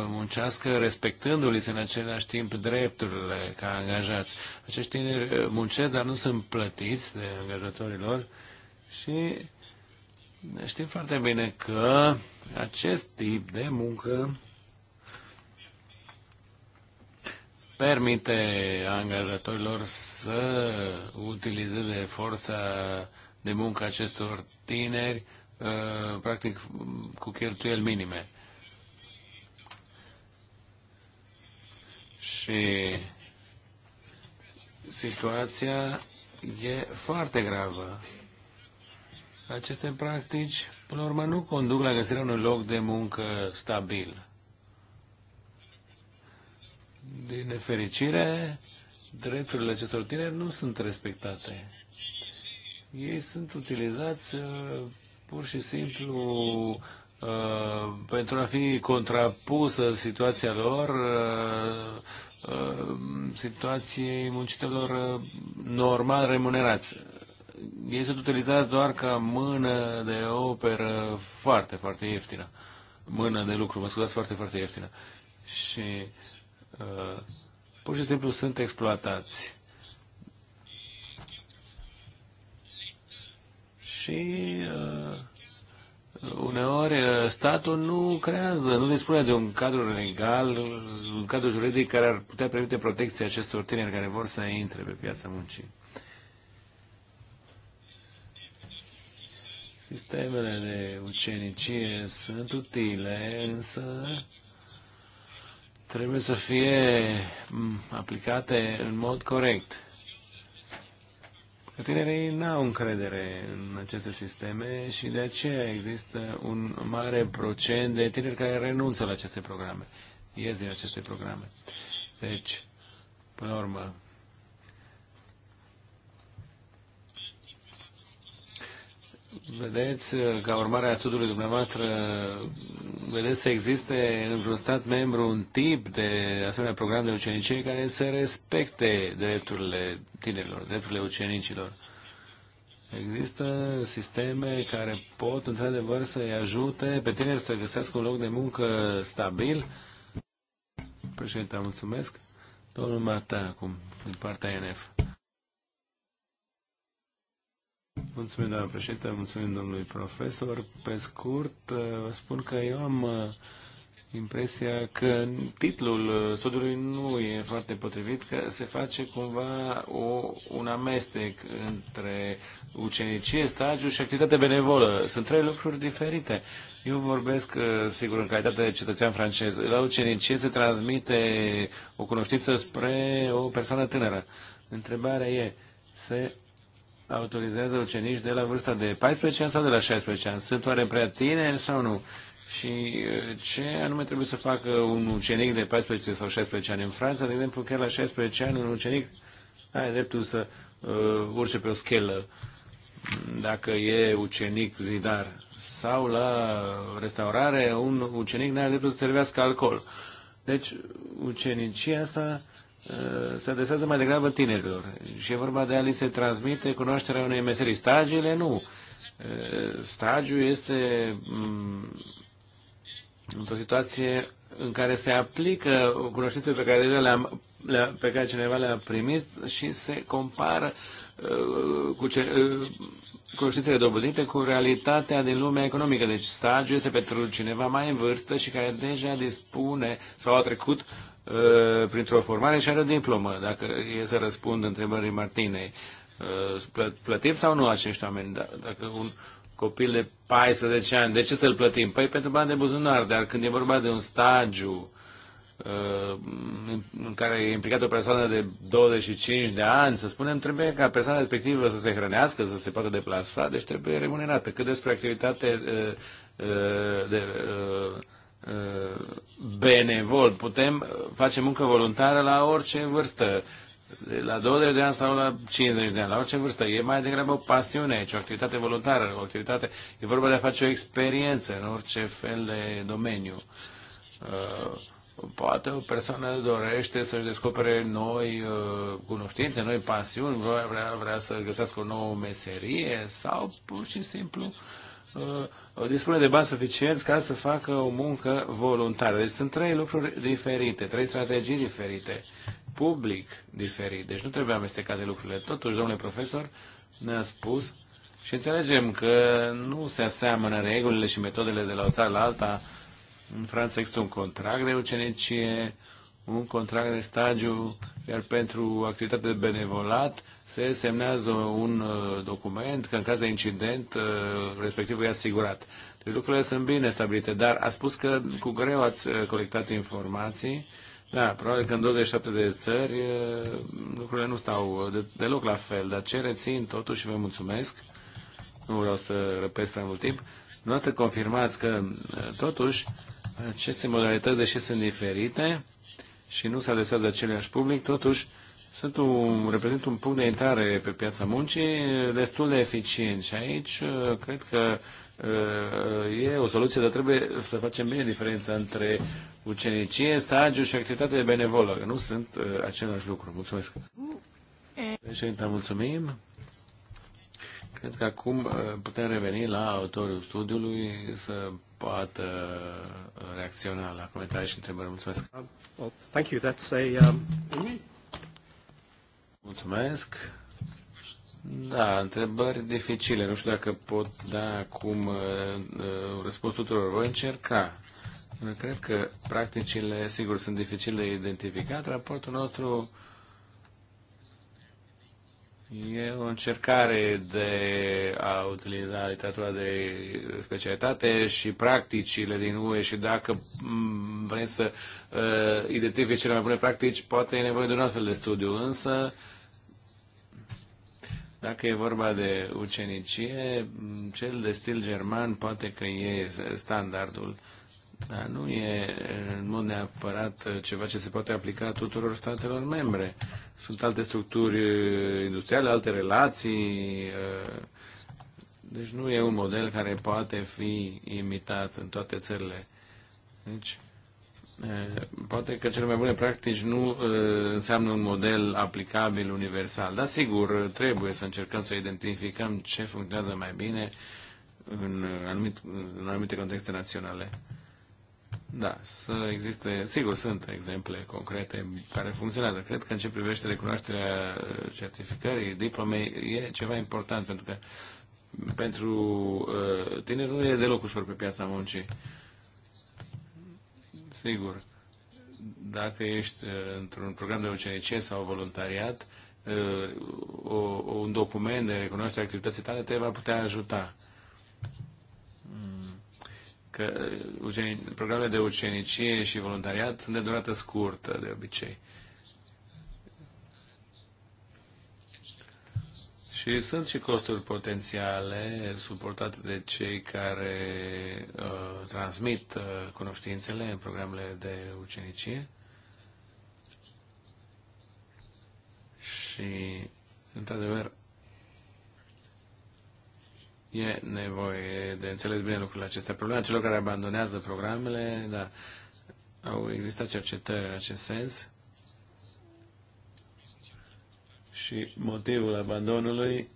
muncească respectându-li în același timp drepturile ca angajați. Acești tineri muncesc, dar nu sunt plătiți de angajatorilor și Știm foarte bine că acest tip de muncă permite angajatorilor să utilizeze forța de muncă acestor tineri, uh, practic cu cheltuieli minime. Și situația e foarte gravă. Aceste practici, până la urmă, nu conduc la găsirea unui loc de muncă stabil. Din nefericire, drepturile acestor tineri nu sunt respectate. Ei sunt utilizați uh, pur și simplu uh, pentru a fi contrapusă situația lor uh, situației muncitorilor normal remunerați ei sunt utilizați doar ca mână de operă foarte, foarte ieftină. Mână de lucru, mă scuzați, foarte, foarte ieftină. Și uh, pur și simplu sunt exploatați. Și uh, uneori uh, statul nu creează, nu dispune de un cadru legal, un cadru juridic care ar putea permite protecția acestor tineri care vor să intre pe piața muncii. Sistemele de ucenicie sunt utile, însă trebuie să fie aplicate în mod corect. Tinerii nu au încredere în aceste sisteme și de aceea există un mare procent de tineri care renunță la aceste programe, ies din aceste programe. Deci, până la urmă, Vedeți, ca urmare a studiului dumneavoastră, vedeți să existe în vreun stat membru un tip de asemenea program de ucenicie care să respecte drepturile tinerilor, drepturile ucenicilor. Există sisteme care pot, într-adevăr, să-i ajute pe tineri să găsească un loc de muncă stabil. Președinte, mulțumesc. Domnul Marta, acum, din partea NF. Mulțumim, doamna președinte, mulțumim domnului profesor. Pe scurt, eh, vă spun că eu am eh, impresia că titlul eh, studiului nu e foarte potrivit, că se face cumva o, un amestec între ucenicie, stagiu și activitate benevolă. Sunt trei lucruri diferite. Eu vorbesc, sigur, în calitate de cetățean francez. La ucenicie se transmite o cunoștință spre o persoană tânără. Întrebarea e, se autorizează ucenici de la vârsta de 14 ani sau de la 16 ani? Sunt oare prea tineri sau nu? Și uh, ce anume trebuie să facă un ucenic de 14 sau 16 ani? În Franța, de exemplu, chiar la 16 ani un ucenic are dreptul să uh, urce pe o schelă dacă e ucenic zidar sau la restaurare un ucenic nu are dreptul să servească alcool. Deci ucenicia asta Eh, se adresează mai degrabă tinerilor. Și e vorba de a li se transmite cunoașterea unei meserii. Stagiile nu. Eh, stagiul este mm, într-o situație în care se aplică cunoștințe pe care le-am le pe care cineva le-a primit și se compară uh, cu ce, uh, cunoștințele dobândite cu realitatea din lumea economică. Deci stagiul este pentru cineva mai în vârstă și care deja dispune sau a trecut Uh, printr-o formare și are o diplomă, dacă e să răspund întrebării Martinei. Uh, plătim sau nu acești oameni? Da, dacă un copil de 14 ani, de ce să-l plătim? Păi pentru bani de buzunar, dar când e vorba de un stagiu uh, în care e implicată o persoană de 25 de ani, să spunem, trebuie ca persoana respectivă să se hrănească, să se poată deplasa, deci trebuie remunerată. Cât despre activitate de, de, de Eh, benevol. Putem eh, face muncă voluntară la orice vârstă. La 20 de ani sau la 50 de ani, la orice vârstă. E mai degrabă o pasiune aici, o activitate voluntară, o activitate... E vorba de a face o experiență în orice fel de domeniu. Eh, poate o persoană dorește să-și descopere noi cunoștințe, noi pasiuni, vrea, vrea să găsească o nouă meserie sau pur și simplu uh, Uh, dispune de bani suficienți ca să facă o muncă voluntară. Deci sunt trei lucruri diferite, trei strategii diferite, public diferit. Deci nu trebuie amestecate lucrurile. Totuși, domnule profesor, ne-a spus și înțelegem că nu se aseamănă regulile și metodele de la o țară la alta. În Franța există un contract de ucenicie, un contract de stagiu, iar pentru activitate de benevolat se semnează un uh, document că în caz de incident uh, respectivul e asigurat. Deci lucrurile sunt bine stabilite, dar a spus că cu greu ați uh, colectat informații. Da, probabil că în 27 de țări lucrurile nu stau de, deloc la fel, dar ce rețin totuși vă mulțumesc, nu vreau să repet prea mult timp, dumneavoastră confirmați că totuși aceste modalități, deși sunt diferite, și nu se adresează aceleași public, totuși sunt un, reprezint un punct de intrare pe piața muncii destul de eficient și aici uh, cred că uh, e o soluție, dar trebuie să facem bine diferența între ucenicie, stagiu și activitate de benevolă, nu sunt uh, același lucru. Mulțumesc. Mm. Președinte, mulțumim. Cred că acum uh, putem reveni la autorul studiului să poată uh, reacționa la comentarii și întrebări. Mulțumesc. Um, well, thank you. That's a, um... Mulțumesc. Da, întrebări dificile. Nu știu dacă pot da acum uh, răspuns tuturor. Voi încerca. Cred că practicile, sigur, sunt dificil de identificat. Raportul nostru E o încercare de a utiliza literatura de specialitate și practicile din UE și dacă mm, vrem să uh, identifice cele mai bune practici, poate e nevoie de un astfel de studiu, însă dacă e vorba de ucenicie, mm, cel de stil german poate că e standardul uh, da, nu e în mod neapărat uh, ceva ce se poate aplica tuturor statelor membre. Sunt alte structuri uh, industriale, alte relații. Uh, deci nu e un model care poate fi imitat în toate țările. Deci, poate că cele mai bune practici nu înseamnă un model aplicabil universal. Dar sigur, trebuie să încercăm să identificăm ce funcționează mai bine în, anumit, în anumite contexte naționale. Da, să existe, sigur, sunt exemple concrete care funcționează. Cred că în ce privește recunoașterea uh, certificării, diplomei, e ceva important, pentru că pentru uh, tineri nu e deloc ușor pe piața muncii. Sigur, dacă ești uh, într-un program de ucenicie sau voluntariat, o, un document de recunoaștere a activității tale te va putea ajuta. Mm că uh, programele de ucenicie și voluntariat sunt de durată scurtă de obicei. Și sunt și costuri potențiale suportate de cei care uh, transmit uh, cunoștințele în programele de ucenicie. Și, într-adevăr, E nevoie de înțeles bine lucrurile acestea. Problema celor care abandonează programele, da, au existat cercetări în acest sens și motivul abandonului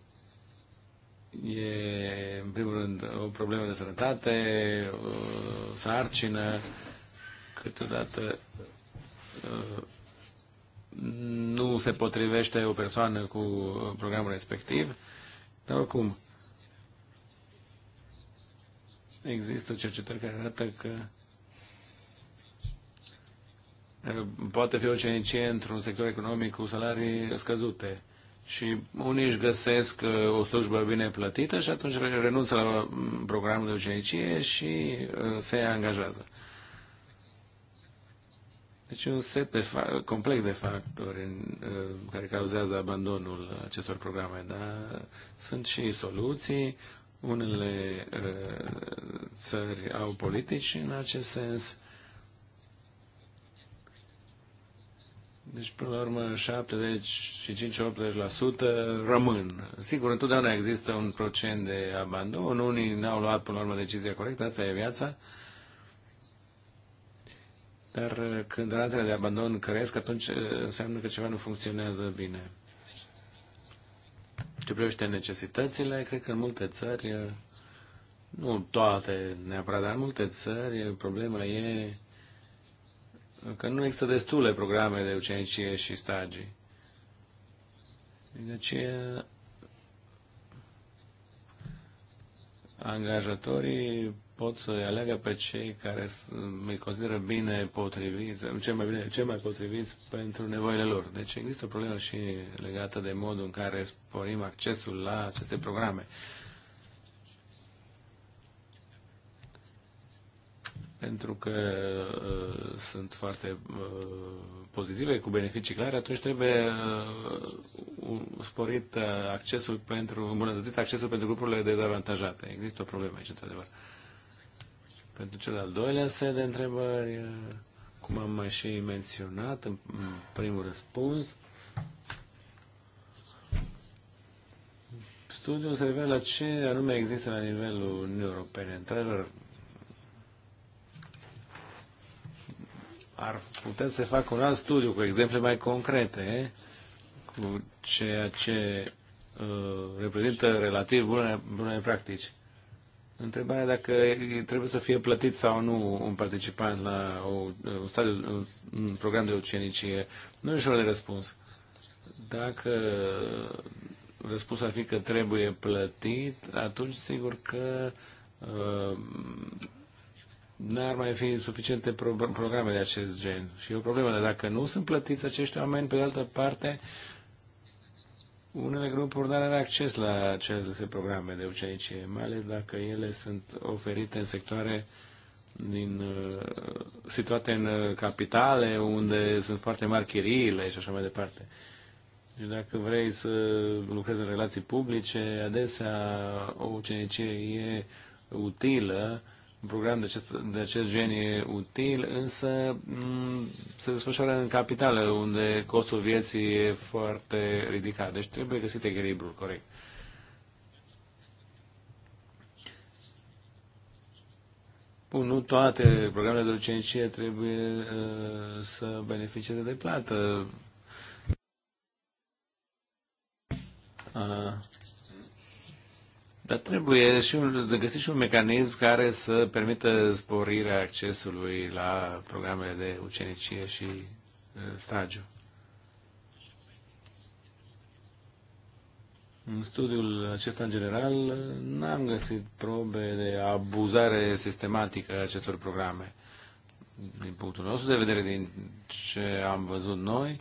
e, în primul rând, o problemă de sănătate, o sarcină, câteodată uh, nu se potrivește o persoană cu programul respectiv, dar oricum, Există cercetări care arată că poate fi o cenicie într-un sector economic cu salarii scăzute. Și unii își găsesc o slujbă bine plătită și atunci renunță la programul de ucenicie și se angajează. Deci un set de complex de factori în, care cauzează abandonul acestor programe, dar sunt și soluții. Unele uh, țări au politici în acest sens. Deci, până la urmă, 75 și 80% rămân. Sigur, întotdeauna există un procent de abandon. Unii n-au luat, până la urmă, decizia corectă. Asta e viața. Dar uh, când ratele de abandon cresc, atunci uh, înseamnă că ceva nu funcționează bine. Ce privește necesitățile, cred că în multe țări, nu toate neapărat, dar în multe țări problema e că nu există destule programe de ucenicie și stagii. Deci angajatorii pot să aleagă pe cei care îi consideră bine potriviți, cel mai, bine, cel mai potriviți pentru nevoile lor. Deci există o problemă și legată de modul în care sporim accesul la aceste programe. Pentru că uh, sunt foarte uh, pozitive, cu beneficii clare, atunci trebuie uh, sporit uh, accesul pentru, îmbunătățit accesul pentru grupurile de avantajate. Există o problemă aici, într-adevăr. Uh, pentru cel al doilea set de întrebări, eh, cum am mai și menționat în primul răspuns, studiul se referă la ce anume există la nivelul Uniunii Europene. Întrebări ar putea să facă un alt studiu cu exemple mai concrete, cu ceea ce uh, reprezintă relativ bune, bune practici. Întrebarea dacă trebuie să fie plătit sau nu un participant la o, un, stadiu, un program de ucenicie, nu e ușor de răspuns. Dacă răspunsul ar fi că trebuie plătit, atunci sigur că uh, n-ar mai fi suficiente pro- programe de acest gen. Și e o problemă, dar dacă nu sunt plătiți acești oameni, pe de altă parte, uh, unele grupuri nu are acces la aceste programe de ucenicie, mai ales dacă ele sunt oferite în sectoare din, uh, situate în uh, capitale, unde sunt foarte mari chiriile și așa mai departe. Deci dacă vrei să lucrezi în relații publice, adesea o ucenicie e utilă un program de acest, de acest gen e util, însă se desfășoară în capitală, unde costul vieții e foarte ridicat. Deci trebuie găsit echilibrul corect. Bun, nu toate programele de docencie trebuie uh, să beneficieze de plată. Uh, dar trebuie și un, de găsit și un mecanism care să permită sporirea accesului la programele de ucenicie și uh, stagiu. În studiul acesta în general n-am găsit probe de abuzare sistematică a acestor programe. Din punctul nostru de vedere, din ce am văzut noi,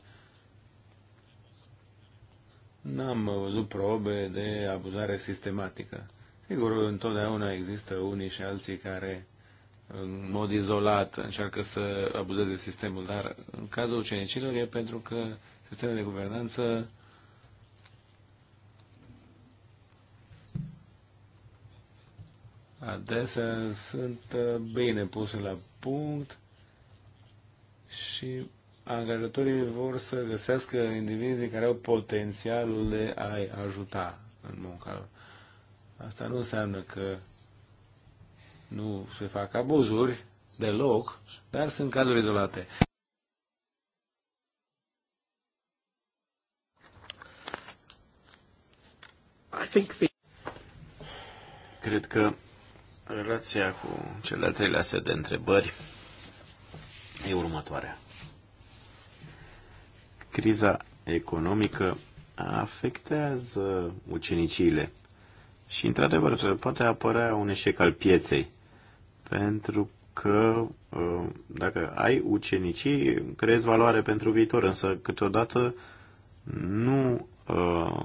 n-am văzut probe de abuzare sistematică. Sigur, întotdeauna există unii și alții care în mod izolat încearcă să abuzeze sistemul, dar în cazul ucenicilor e pentru că sistemul de guvernanță adesea sunt uh, bine puse la punct și angajatorii vor să găsească indivizii care au potențialul de a-i ajuta în munca lor. Asta nu înseamnă că nu se fac abuzuri deloc, dar sunt cazuri izolate. Cred că relația cu cele trei lase de întrebări e următoarea criza economică afectează uceniciile și, într-adevăr, poate apărea un eșec al pieței, pentru că uh, dacă ai ucenicii, creezi valoare pentru viitor, însă câteodată nu uh,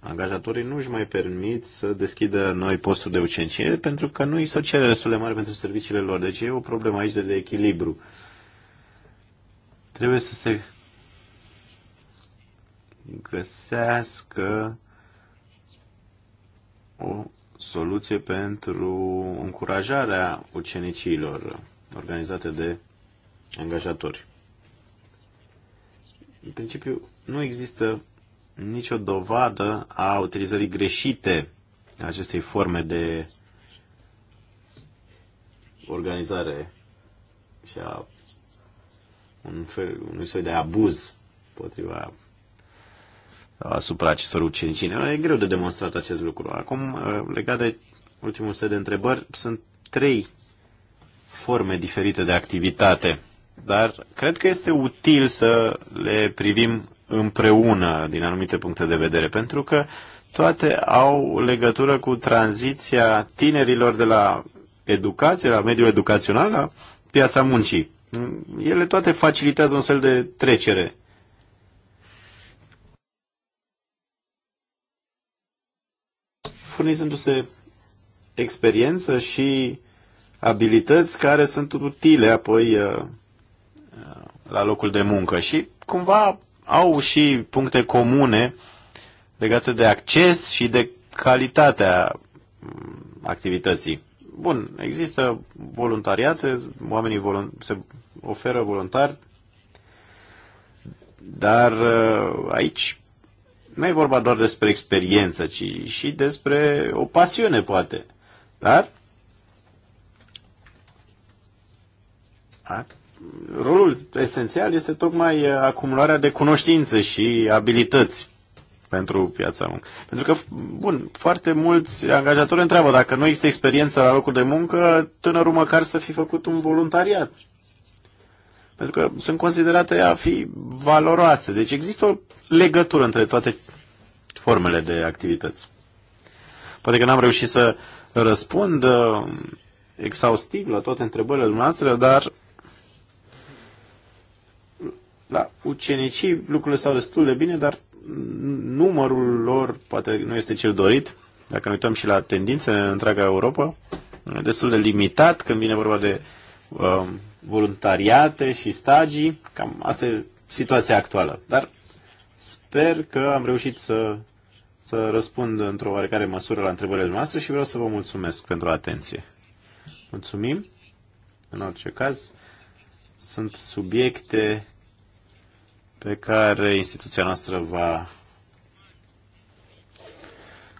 angajatorii nu își mai permit să deschidă noi posturi de ucenicie pentru că nu îi se cere destul de mare pentru serviciile lor. Deci e o problemă aici de, de echilibru. Trebuie să se găsească o soluție pentru încurajarea ucenicilor organizate de angajatori. În principiu, nu există nicio dovadă a utilizării greșite a acestei forme de organizare și a un fel, unui soi de abuz potriva asupra acestor ucenicii. E greu de demonstrat acest lucru. Acum, uh, legat de ultimul set de întrebări, sunt trei forme diferite de activitate, dar cred că este util să le privim împreună din anumite puncte de vedere, pentru că toate au legătură cu tranziția tinerilor de la educație, la mediul educațional, la piața muncii. Ele toate facilitează un fel de trecere furnizându-se experiență și abilități care sunt utile apoi uh, uh, la locul de muncă și cumva au și puncte comune legate de acces și de calitatea mm, activității. Bun, există voluntariate, oamenii volun- se oferă voluntari, dar uh, aici nu e vorba doar despre experiență, ci și despre o pasiune, poate. Dar rolul esențial este tocmai acumularea de cunoștințe și abilități pentru piața muncă. Pentru că, bun, foarte mulți angajatori întreabă, dacă nu există experiență la locul de muncă, tânărul măcar să fi făcut un voluntariat pentru că sunt considerate a fi valoroase. Deci există o legătură între toate formele de activități. Poate că n-am reușit să răspund uh, exhaustiv la toate întrebările dumneavoastră, dar la ucenicii lucrurile stau destul de bine, dar numărul lor poate nu este cel dorit. Dacă ne uităm și la tendințe în întreaga Europa, e destul de limitat când vine vorba de uh, Um, voluntariate și stagii. Cam asta e situația actuală. Dar sper că am reușit să, să răspund într-o oarecare măsură la întrebările noastre și vreau să vă mulțumesc pentru atenție. Mulțumim. În orice caz, sunt subiecte pe care instituția noastră va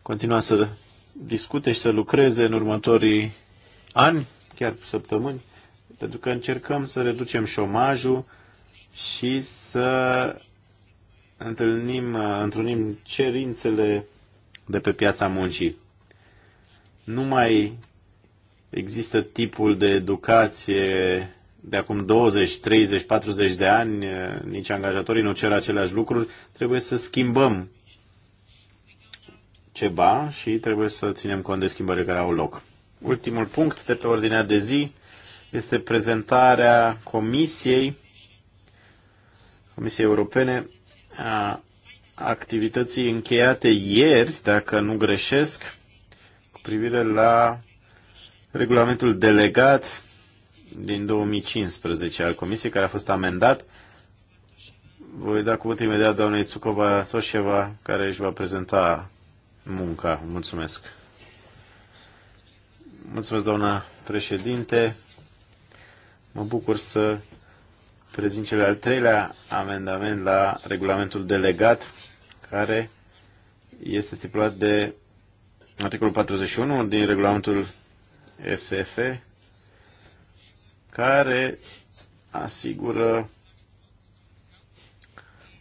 continua să discute și să lucreze în următorii ani, chiar săptămâni pentru că încercăm să reducem șomajul și să întâlnim, întâlnim cerințele de pe piața muncii. Nu mai există tipul de educație de acum 20, 30, 40 de ani, nici angajatorii nu cer aceleași lucruri, trebuie să schimbăm ceva și trebuie să ținem cont de schimbările care au loc. Ultimul punct de pe ordinea de zi este prezentarea Comisiei, Comisiei Europene a activității încheiate ieri, dacă nu greșesc, cu privire la regulamentul delegat din 2015 al Comisiei, care a fost amendat. Voi da cuvântul imediat doamnei Tsukova Toșeva, care își va prezenta munca. Mulțumesc. Mulțumesc, doamna președinte. Mă bucur să prezint cel al treilea amendament la regulamentul delegat, care este stipulat de articolul 41 din regulamentul SF, care asigură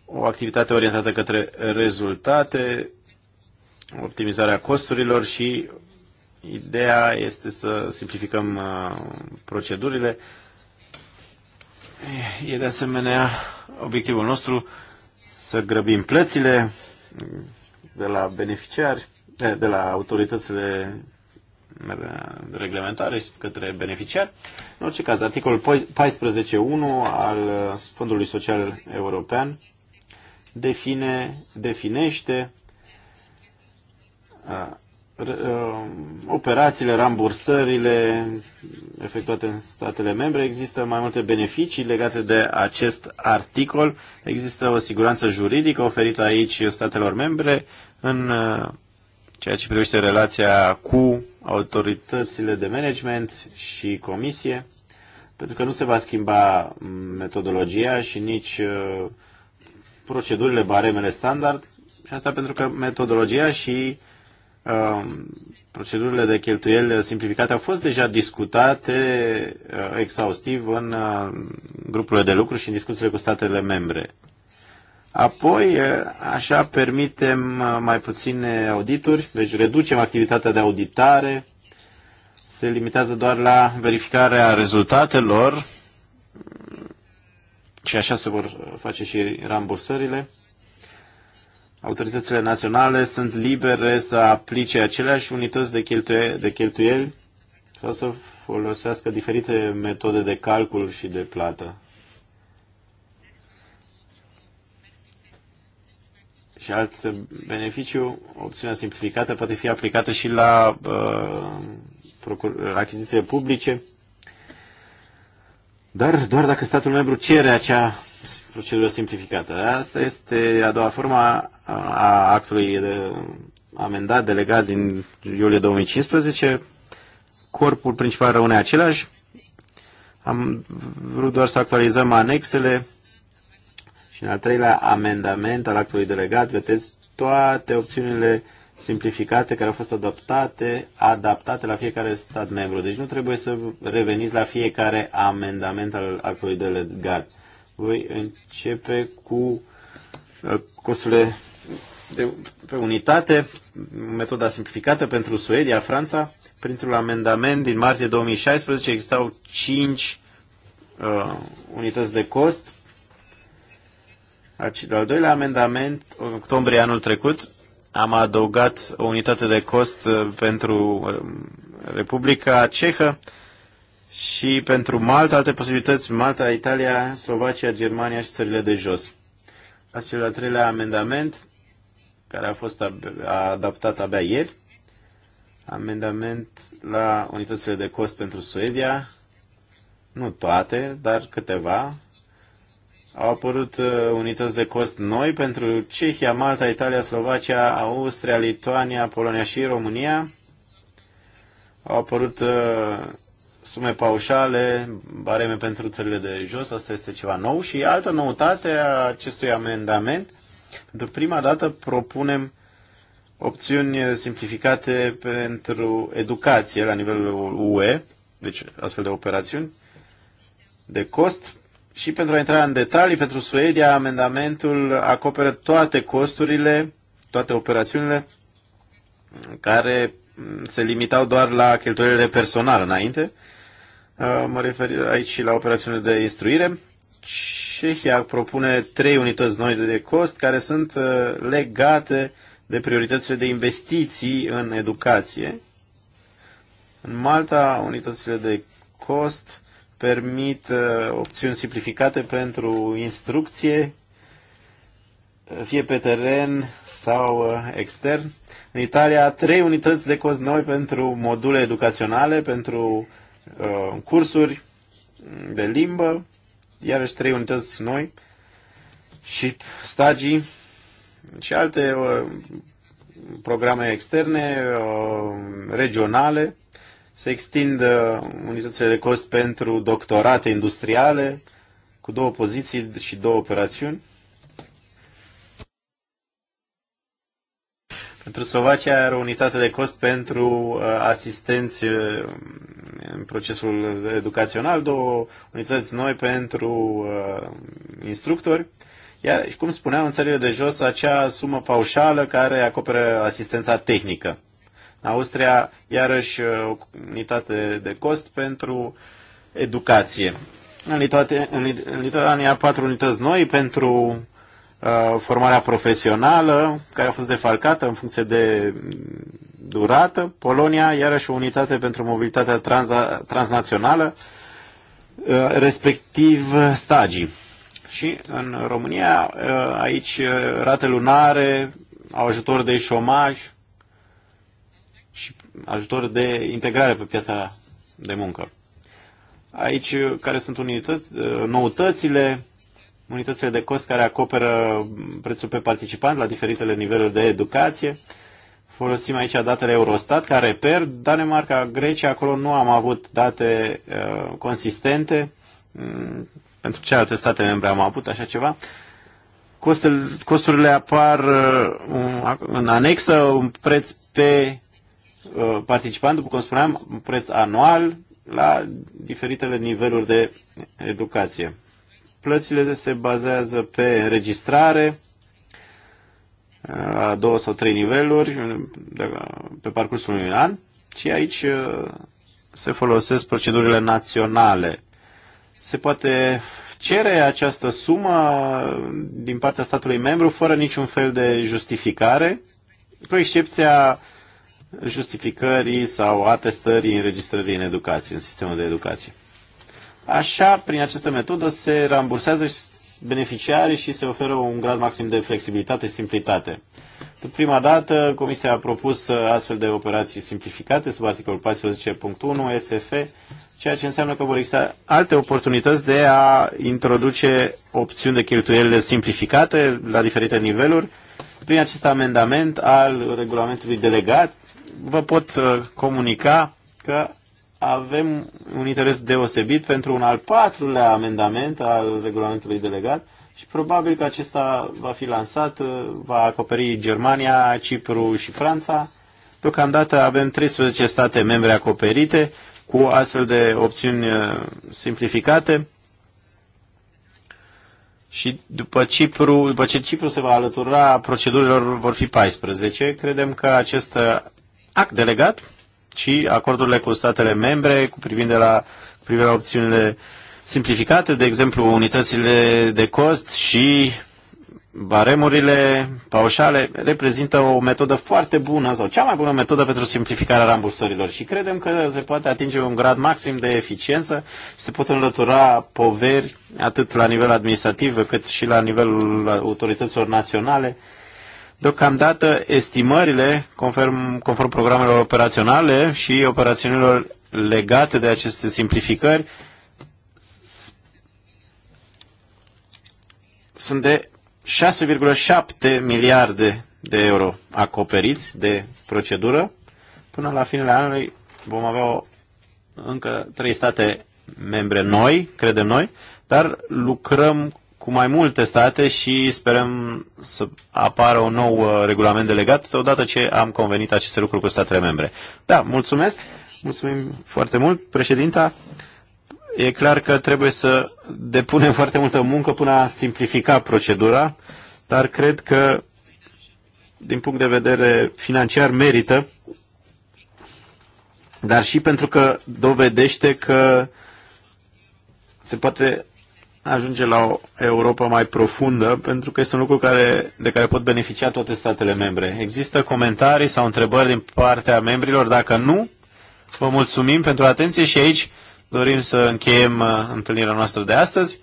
o activitate orientată către rezultate, optimizarea costurilor și ideea este să simplificăm uh, procedurile, E de asemenea obiectivul nostru să grăbim plățile de la beneficiari, de la autoritățile reglementare și către beneficiari. În orice caz, articolul 14.1 al Fondului Social European define, definește Uh, operațiile, rambursările efectuate în statele membre. Există mai multe beneficii legate de acest articol. Există o siguranță juridică oferită aici statelor membre în uh, ceea ce privește relația cu autoritățile de management și comisie, pentru că nu se va schimba metodologia și nici uh, procedurile, baremele standard, și asta pentru că metodologia și Um, procedurile de cheltuieli simplificate au fost deja discutate uh, exhaustiv în uh, grupurile de lucru și în discuțiile cu statele membre. Apoi, uh, așa permitem mai puține audituri, deci reducem activitatea de auditare, se limitează doar la verificarea rezultatelor și așa se vor face și rambursările autoritățile naționale sunt libere să aplice aceleași unități de, cheltuie, de cheltuieli sau să folosească diferite metode de calcul și de plată. Și alt beneficiu, opțiunea simplificată poate fi aplicată și la uh, achizițiile publice, dar doar dacă statul membru cere acea procedură simplificată. Asta este a doua formă a actului de amendat delegat din iulie 2015. Corpul principal rămâne același. Am vrut doar să actualizăm anexele și în al treilea amendament al actului delegat, vedeți toate opțiunile simplificate care au fost adoptate, adaptate la fiecare stat membru. Deci nu trebuie să reveniți la fiecare amendament al actului delegat. Voi începe cu uh, costurile de, pe unitate, metoda simplificată pentru Suedia, Franța. Printr-un amendament din martie 2016 existau 5 uh, unități de cost. Al doilea amendament, în octombrie anul trecut, am adăugat o unitate de cost uh, pentru uh, Republica Cehă și pentru Malta alte posibilități, Malta, Italia, Slovacia, Germania și țările de jos. Astfel, al treilea amendament, care a fost ab- a adaptat abia ieri, amendament la unitățile de cost pentru Suedia, nu toate, dar câteva, au apărut uh, unități de cost noi pentru Cehia, Malta, Italia, Slovacia, Austria, Lituania, Polonia și România. Au apărut uh, sume paușale, bareme pentru țările de jos, asta este ceva nou. Și altă noutate a acestui amendament, pentru prima dată propunem opțiuni simplificate pentru educație la nivelul UE, deci astfel de operațiuni de cost. Și pentru a intra în detalii, pentru Suedia, amendamentul acoperă toate costurile, toate operațiunile care se limitau doar la cheltuielile personale înainte. Uh, mă refer aici și la operațiune de instruire. Cehia propune trei unități noi de cost care sunt uh, legate de prioritățile de investiții în educație. În Malta, unitățile de cost permit uh, opțiuni simplificate pentru instrucție, fie pe teren sau extern. În Italia, trei unități de cost noi pentru module educaționale, pentru uh, cursuri de limbă, iarăși trei unități noi și stagii și alte uh, programe externe, uh, regionale. Se extind uh, unitățile de cost pentru doctorate industriale, cu două poziții și două operațiuni. Pentru Slovacia are o unitate de cost pentru uh, asistenți uh, în procesul educațional, două unități noi pentru uh, instructori. Iar, cum spuneam, în țările de jos, acea sumă paușală care acoperă asistența tehnică. În Austria, iarăși, o unitate de cost pentru educație. În, Lituania, patru unități noi pentru Uh, formarea profesională, care a fost defalcată în funcție de durată, Polonia, iarăși o unitate pentru mobilitatea trans- transnațională, uh, respectiv stagii. Și în România, uh, aici, rate lunare, ajutor de șomaj și ajutor de integrare pe piața de muncă. Aici, care sunt unități, noutățile, unitățile de cost care acoperă prețul pe participant la diferitele niveluri de educație. Folosim aici datele Eurostat ca reper. Danemarca, Grecia, acolo nu am avut date uh, consistente. Mm, pentru celelalte state membre am avut așa ceva. Costel, costurile apar uh, în anexă, un preț pe uh, participant, după cum spuneam, un preț anual la diferitele niveluri de educație. Plățile se bazează pe registrare la două sau trei niveluri pe parcursul unui an și aici uh, se folosesc procedurile naționale. Se poate cere această sumă din partea statului membru fără niciun fel de justificare, cu excepția justificării sau atestării înregistrării în educație, în sistemul de educație. Așa, prin această metodă se rambursează beneficiarii și se oferă un grad maxim de flexibilitate, simplitate. De prima dată, Comisia a propus astfel de operații simplificate sub articolul 14.1 SF, ceea ce înseamnă că vor exista alte oportunități de a introduce opțiuni de cheltuieli simplificate la diferite niveluri. Prin acest amendament al regulamentului delegat, vă pot uh, comunica că avem un interes deosebit pentru un al patrulea amendament al regulamentului delegat și probabil că acesta va fi lansat, uh, va acoperi Germania, Cipru și Franța. Deocamdată avem 13 state membre acoperite cu astfel de opțiuni uh, simplificate. Și după, Cipru, după ce Cipru se va alătura, procedurilor vor fi 14. Credem că acest uh, act delegat ci acordurile cu statele membre cu privire la, cu privire la opțiunile simplificate, de exemplu unitățile de cost și baremurile paușale reprezintă o metodă foarte bună sau cea mai bună metodă pentru simplificarea rambursărilor și credem că se poate atinge un grad maxim de eficiență și se pot înlătura poveri atât la nivel administrativ cât și la nivelul autorităților naționale Deocamdată, estimările, conform, conform programelor operaționale și operațiunilor legate de aceste simplificări, sunt de 6,7 miliarde de euro acoperiți de procedură. Până la finele anului vom avea o, încă trei state membre noi, credem noi, dar lucrăm cu mai multe state și sperăm să apară un nou uh, regulament delegat odată ce am convenit aceste lucruri cu statele membre. Da, mulțumesc, mulțumim foarte mult, președinta. E clar că trebuie să depunem foarte multă muncă până a simplifica procedura, dar cred că din punct de vedere financiar merită, dar și pentru că dovedește că se poate ajunge la o Europa mai profundă, pentru că este un lucru care, de care pot beneficia toate statele membre. Există comentarii sau întrebări din partea membrilor? Dacă nu, vă mulțumim pentru atenție și aici dorim să încheiem uh, întâlnirea noastră de astăzi.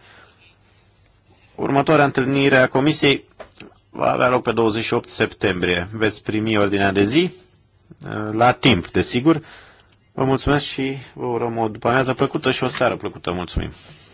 Următoarea întâlnire a Comisiei va avea loc pe 28 septembrie. Veți primi ordinea de zi, uh, la timp, desigur. Vă mulțumesc și vă urăm o după amiază plăcută și o seară plăcută. Mulțumim!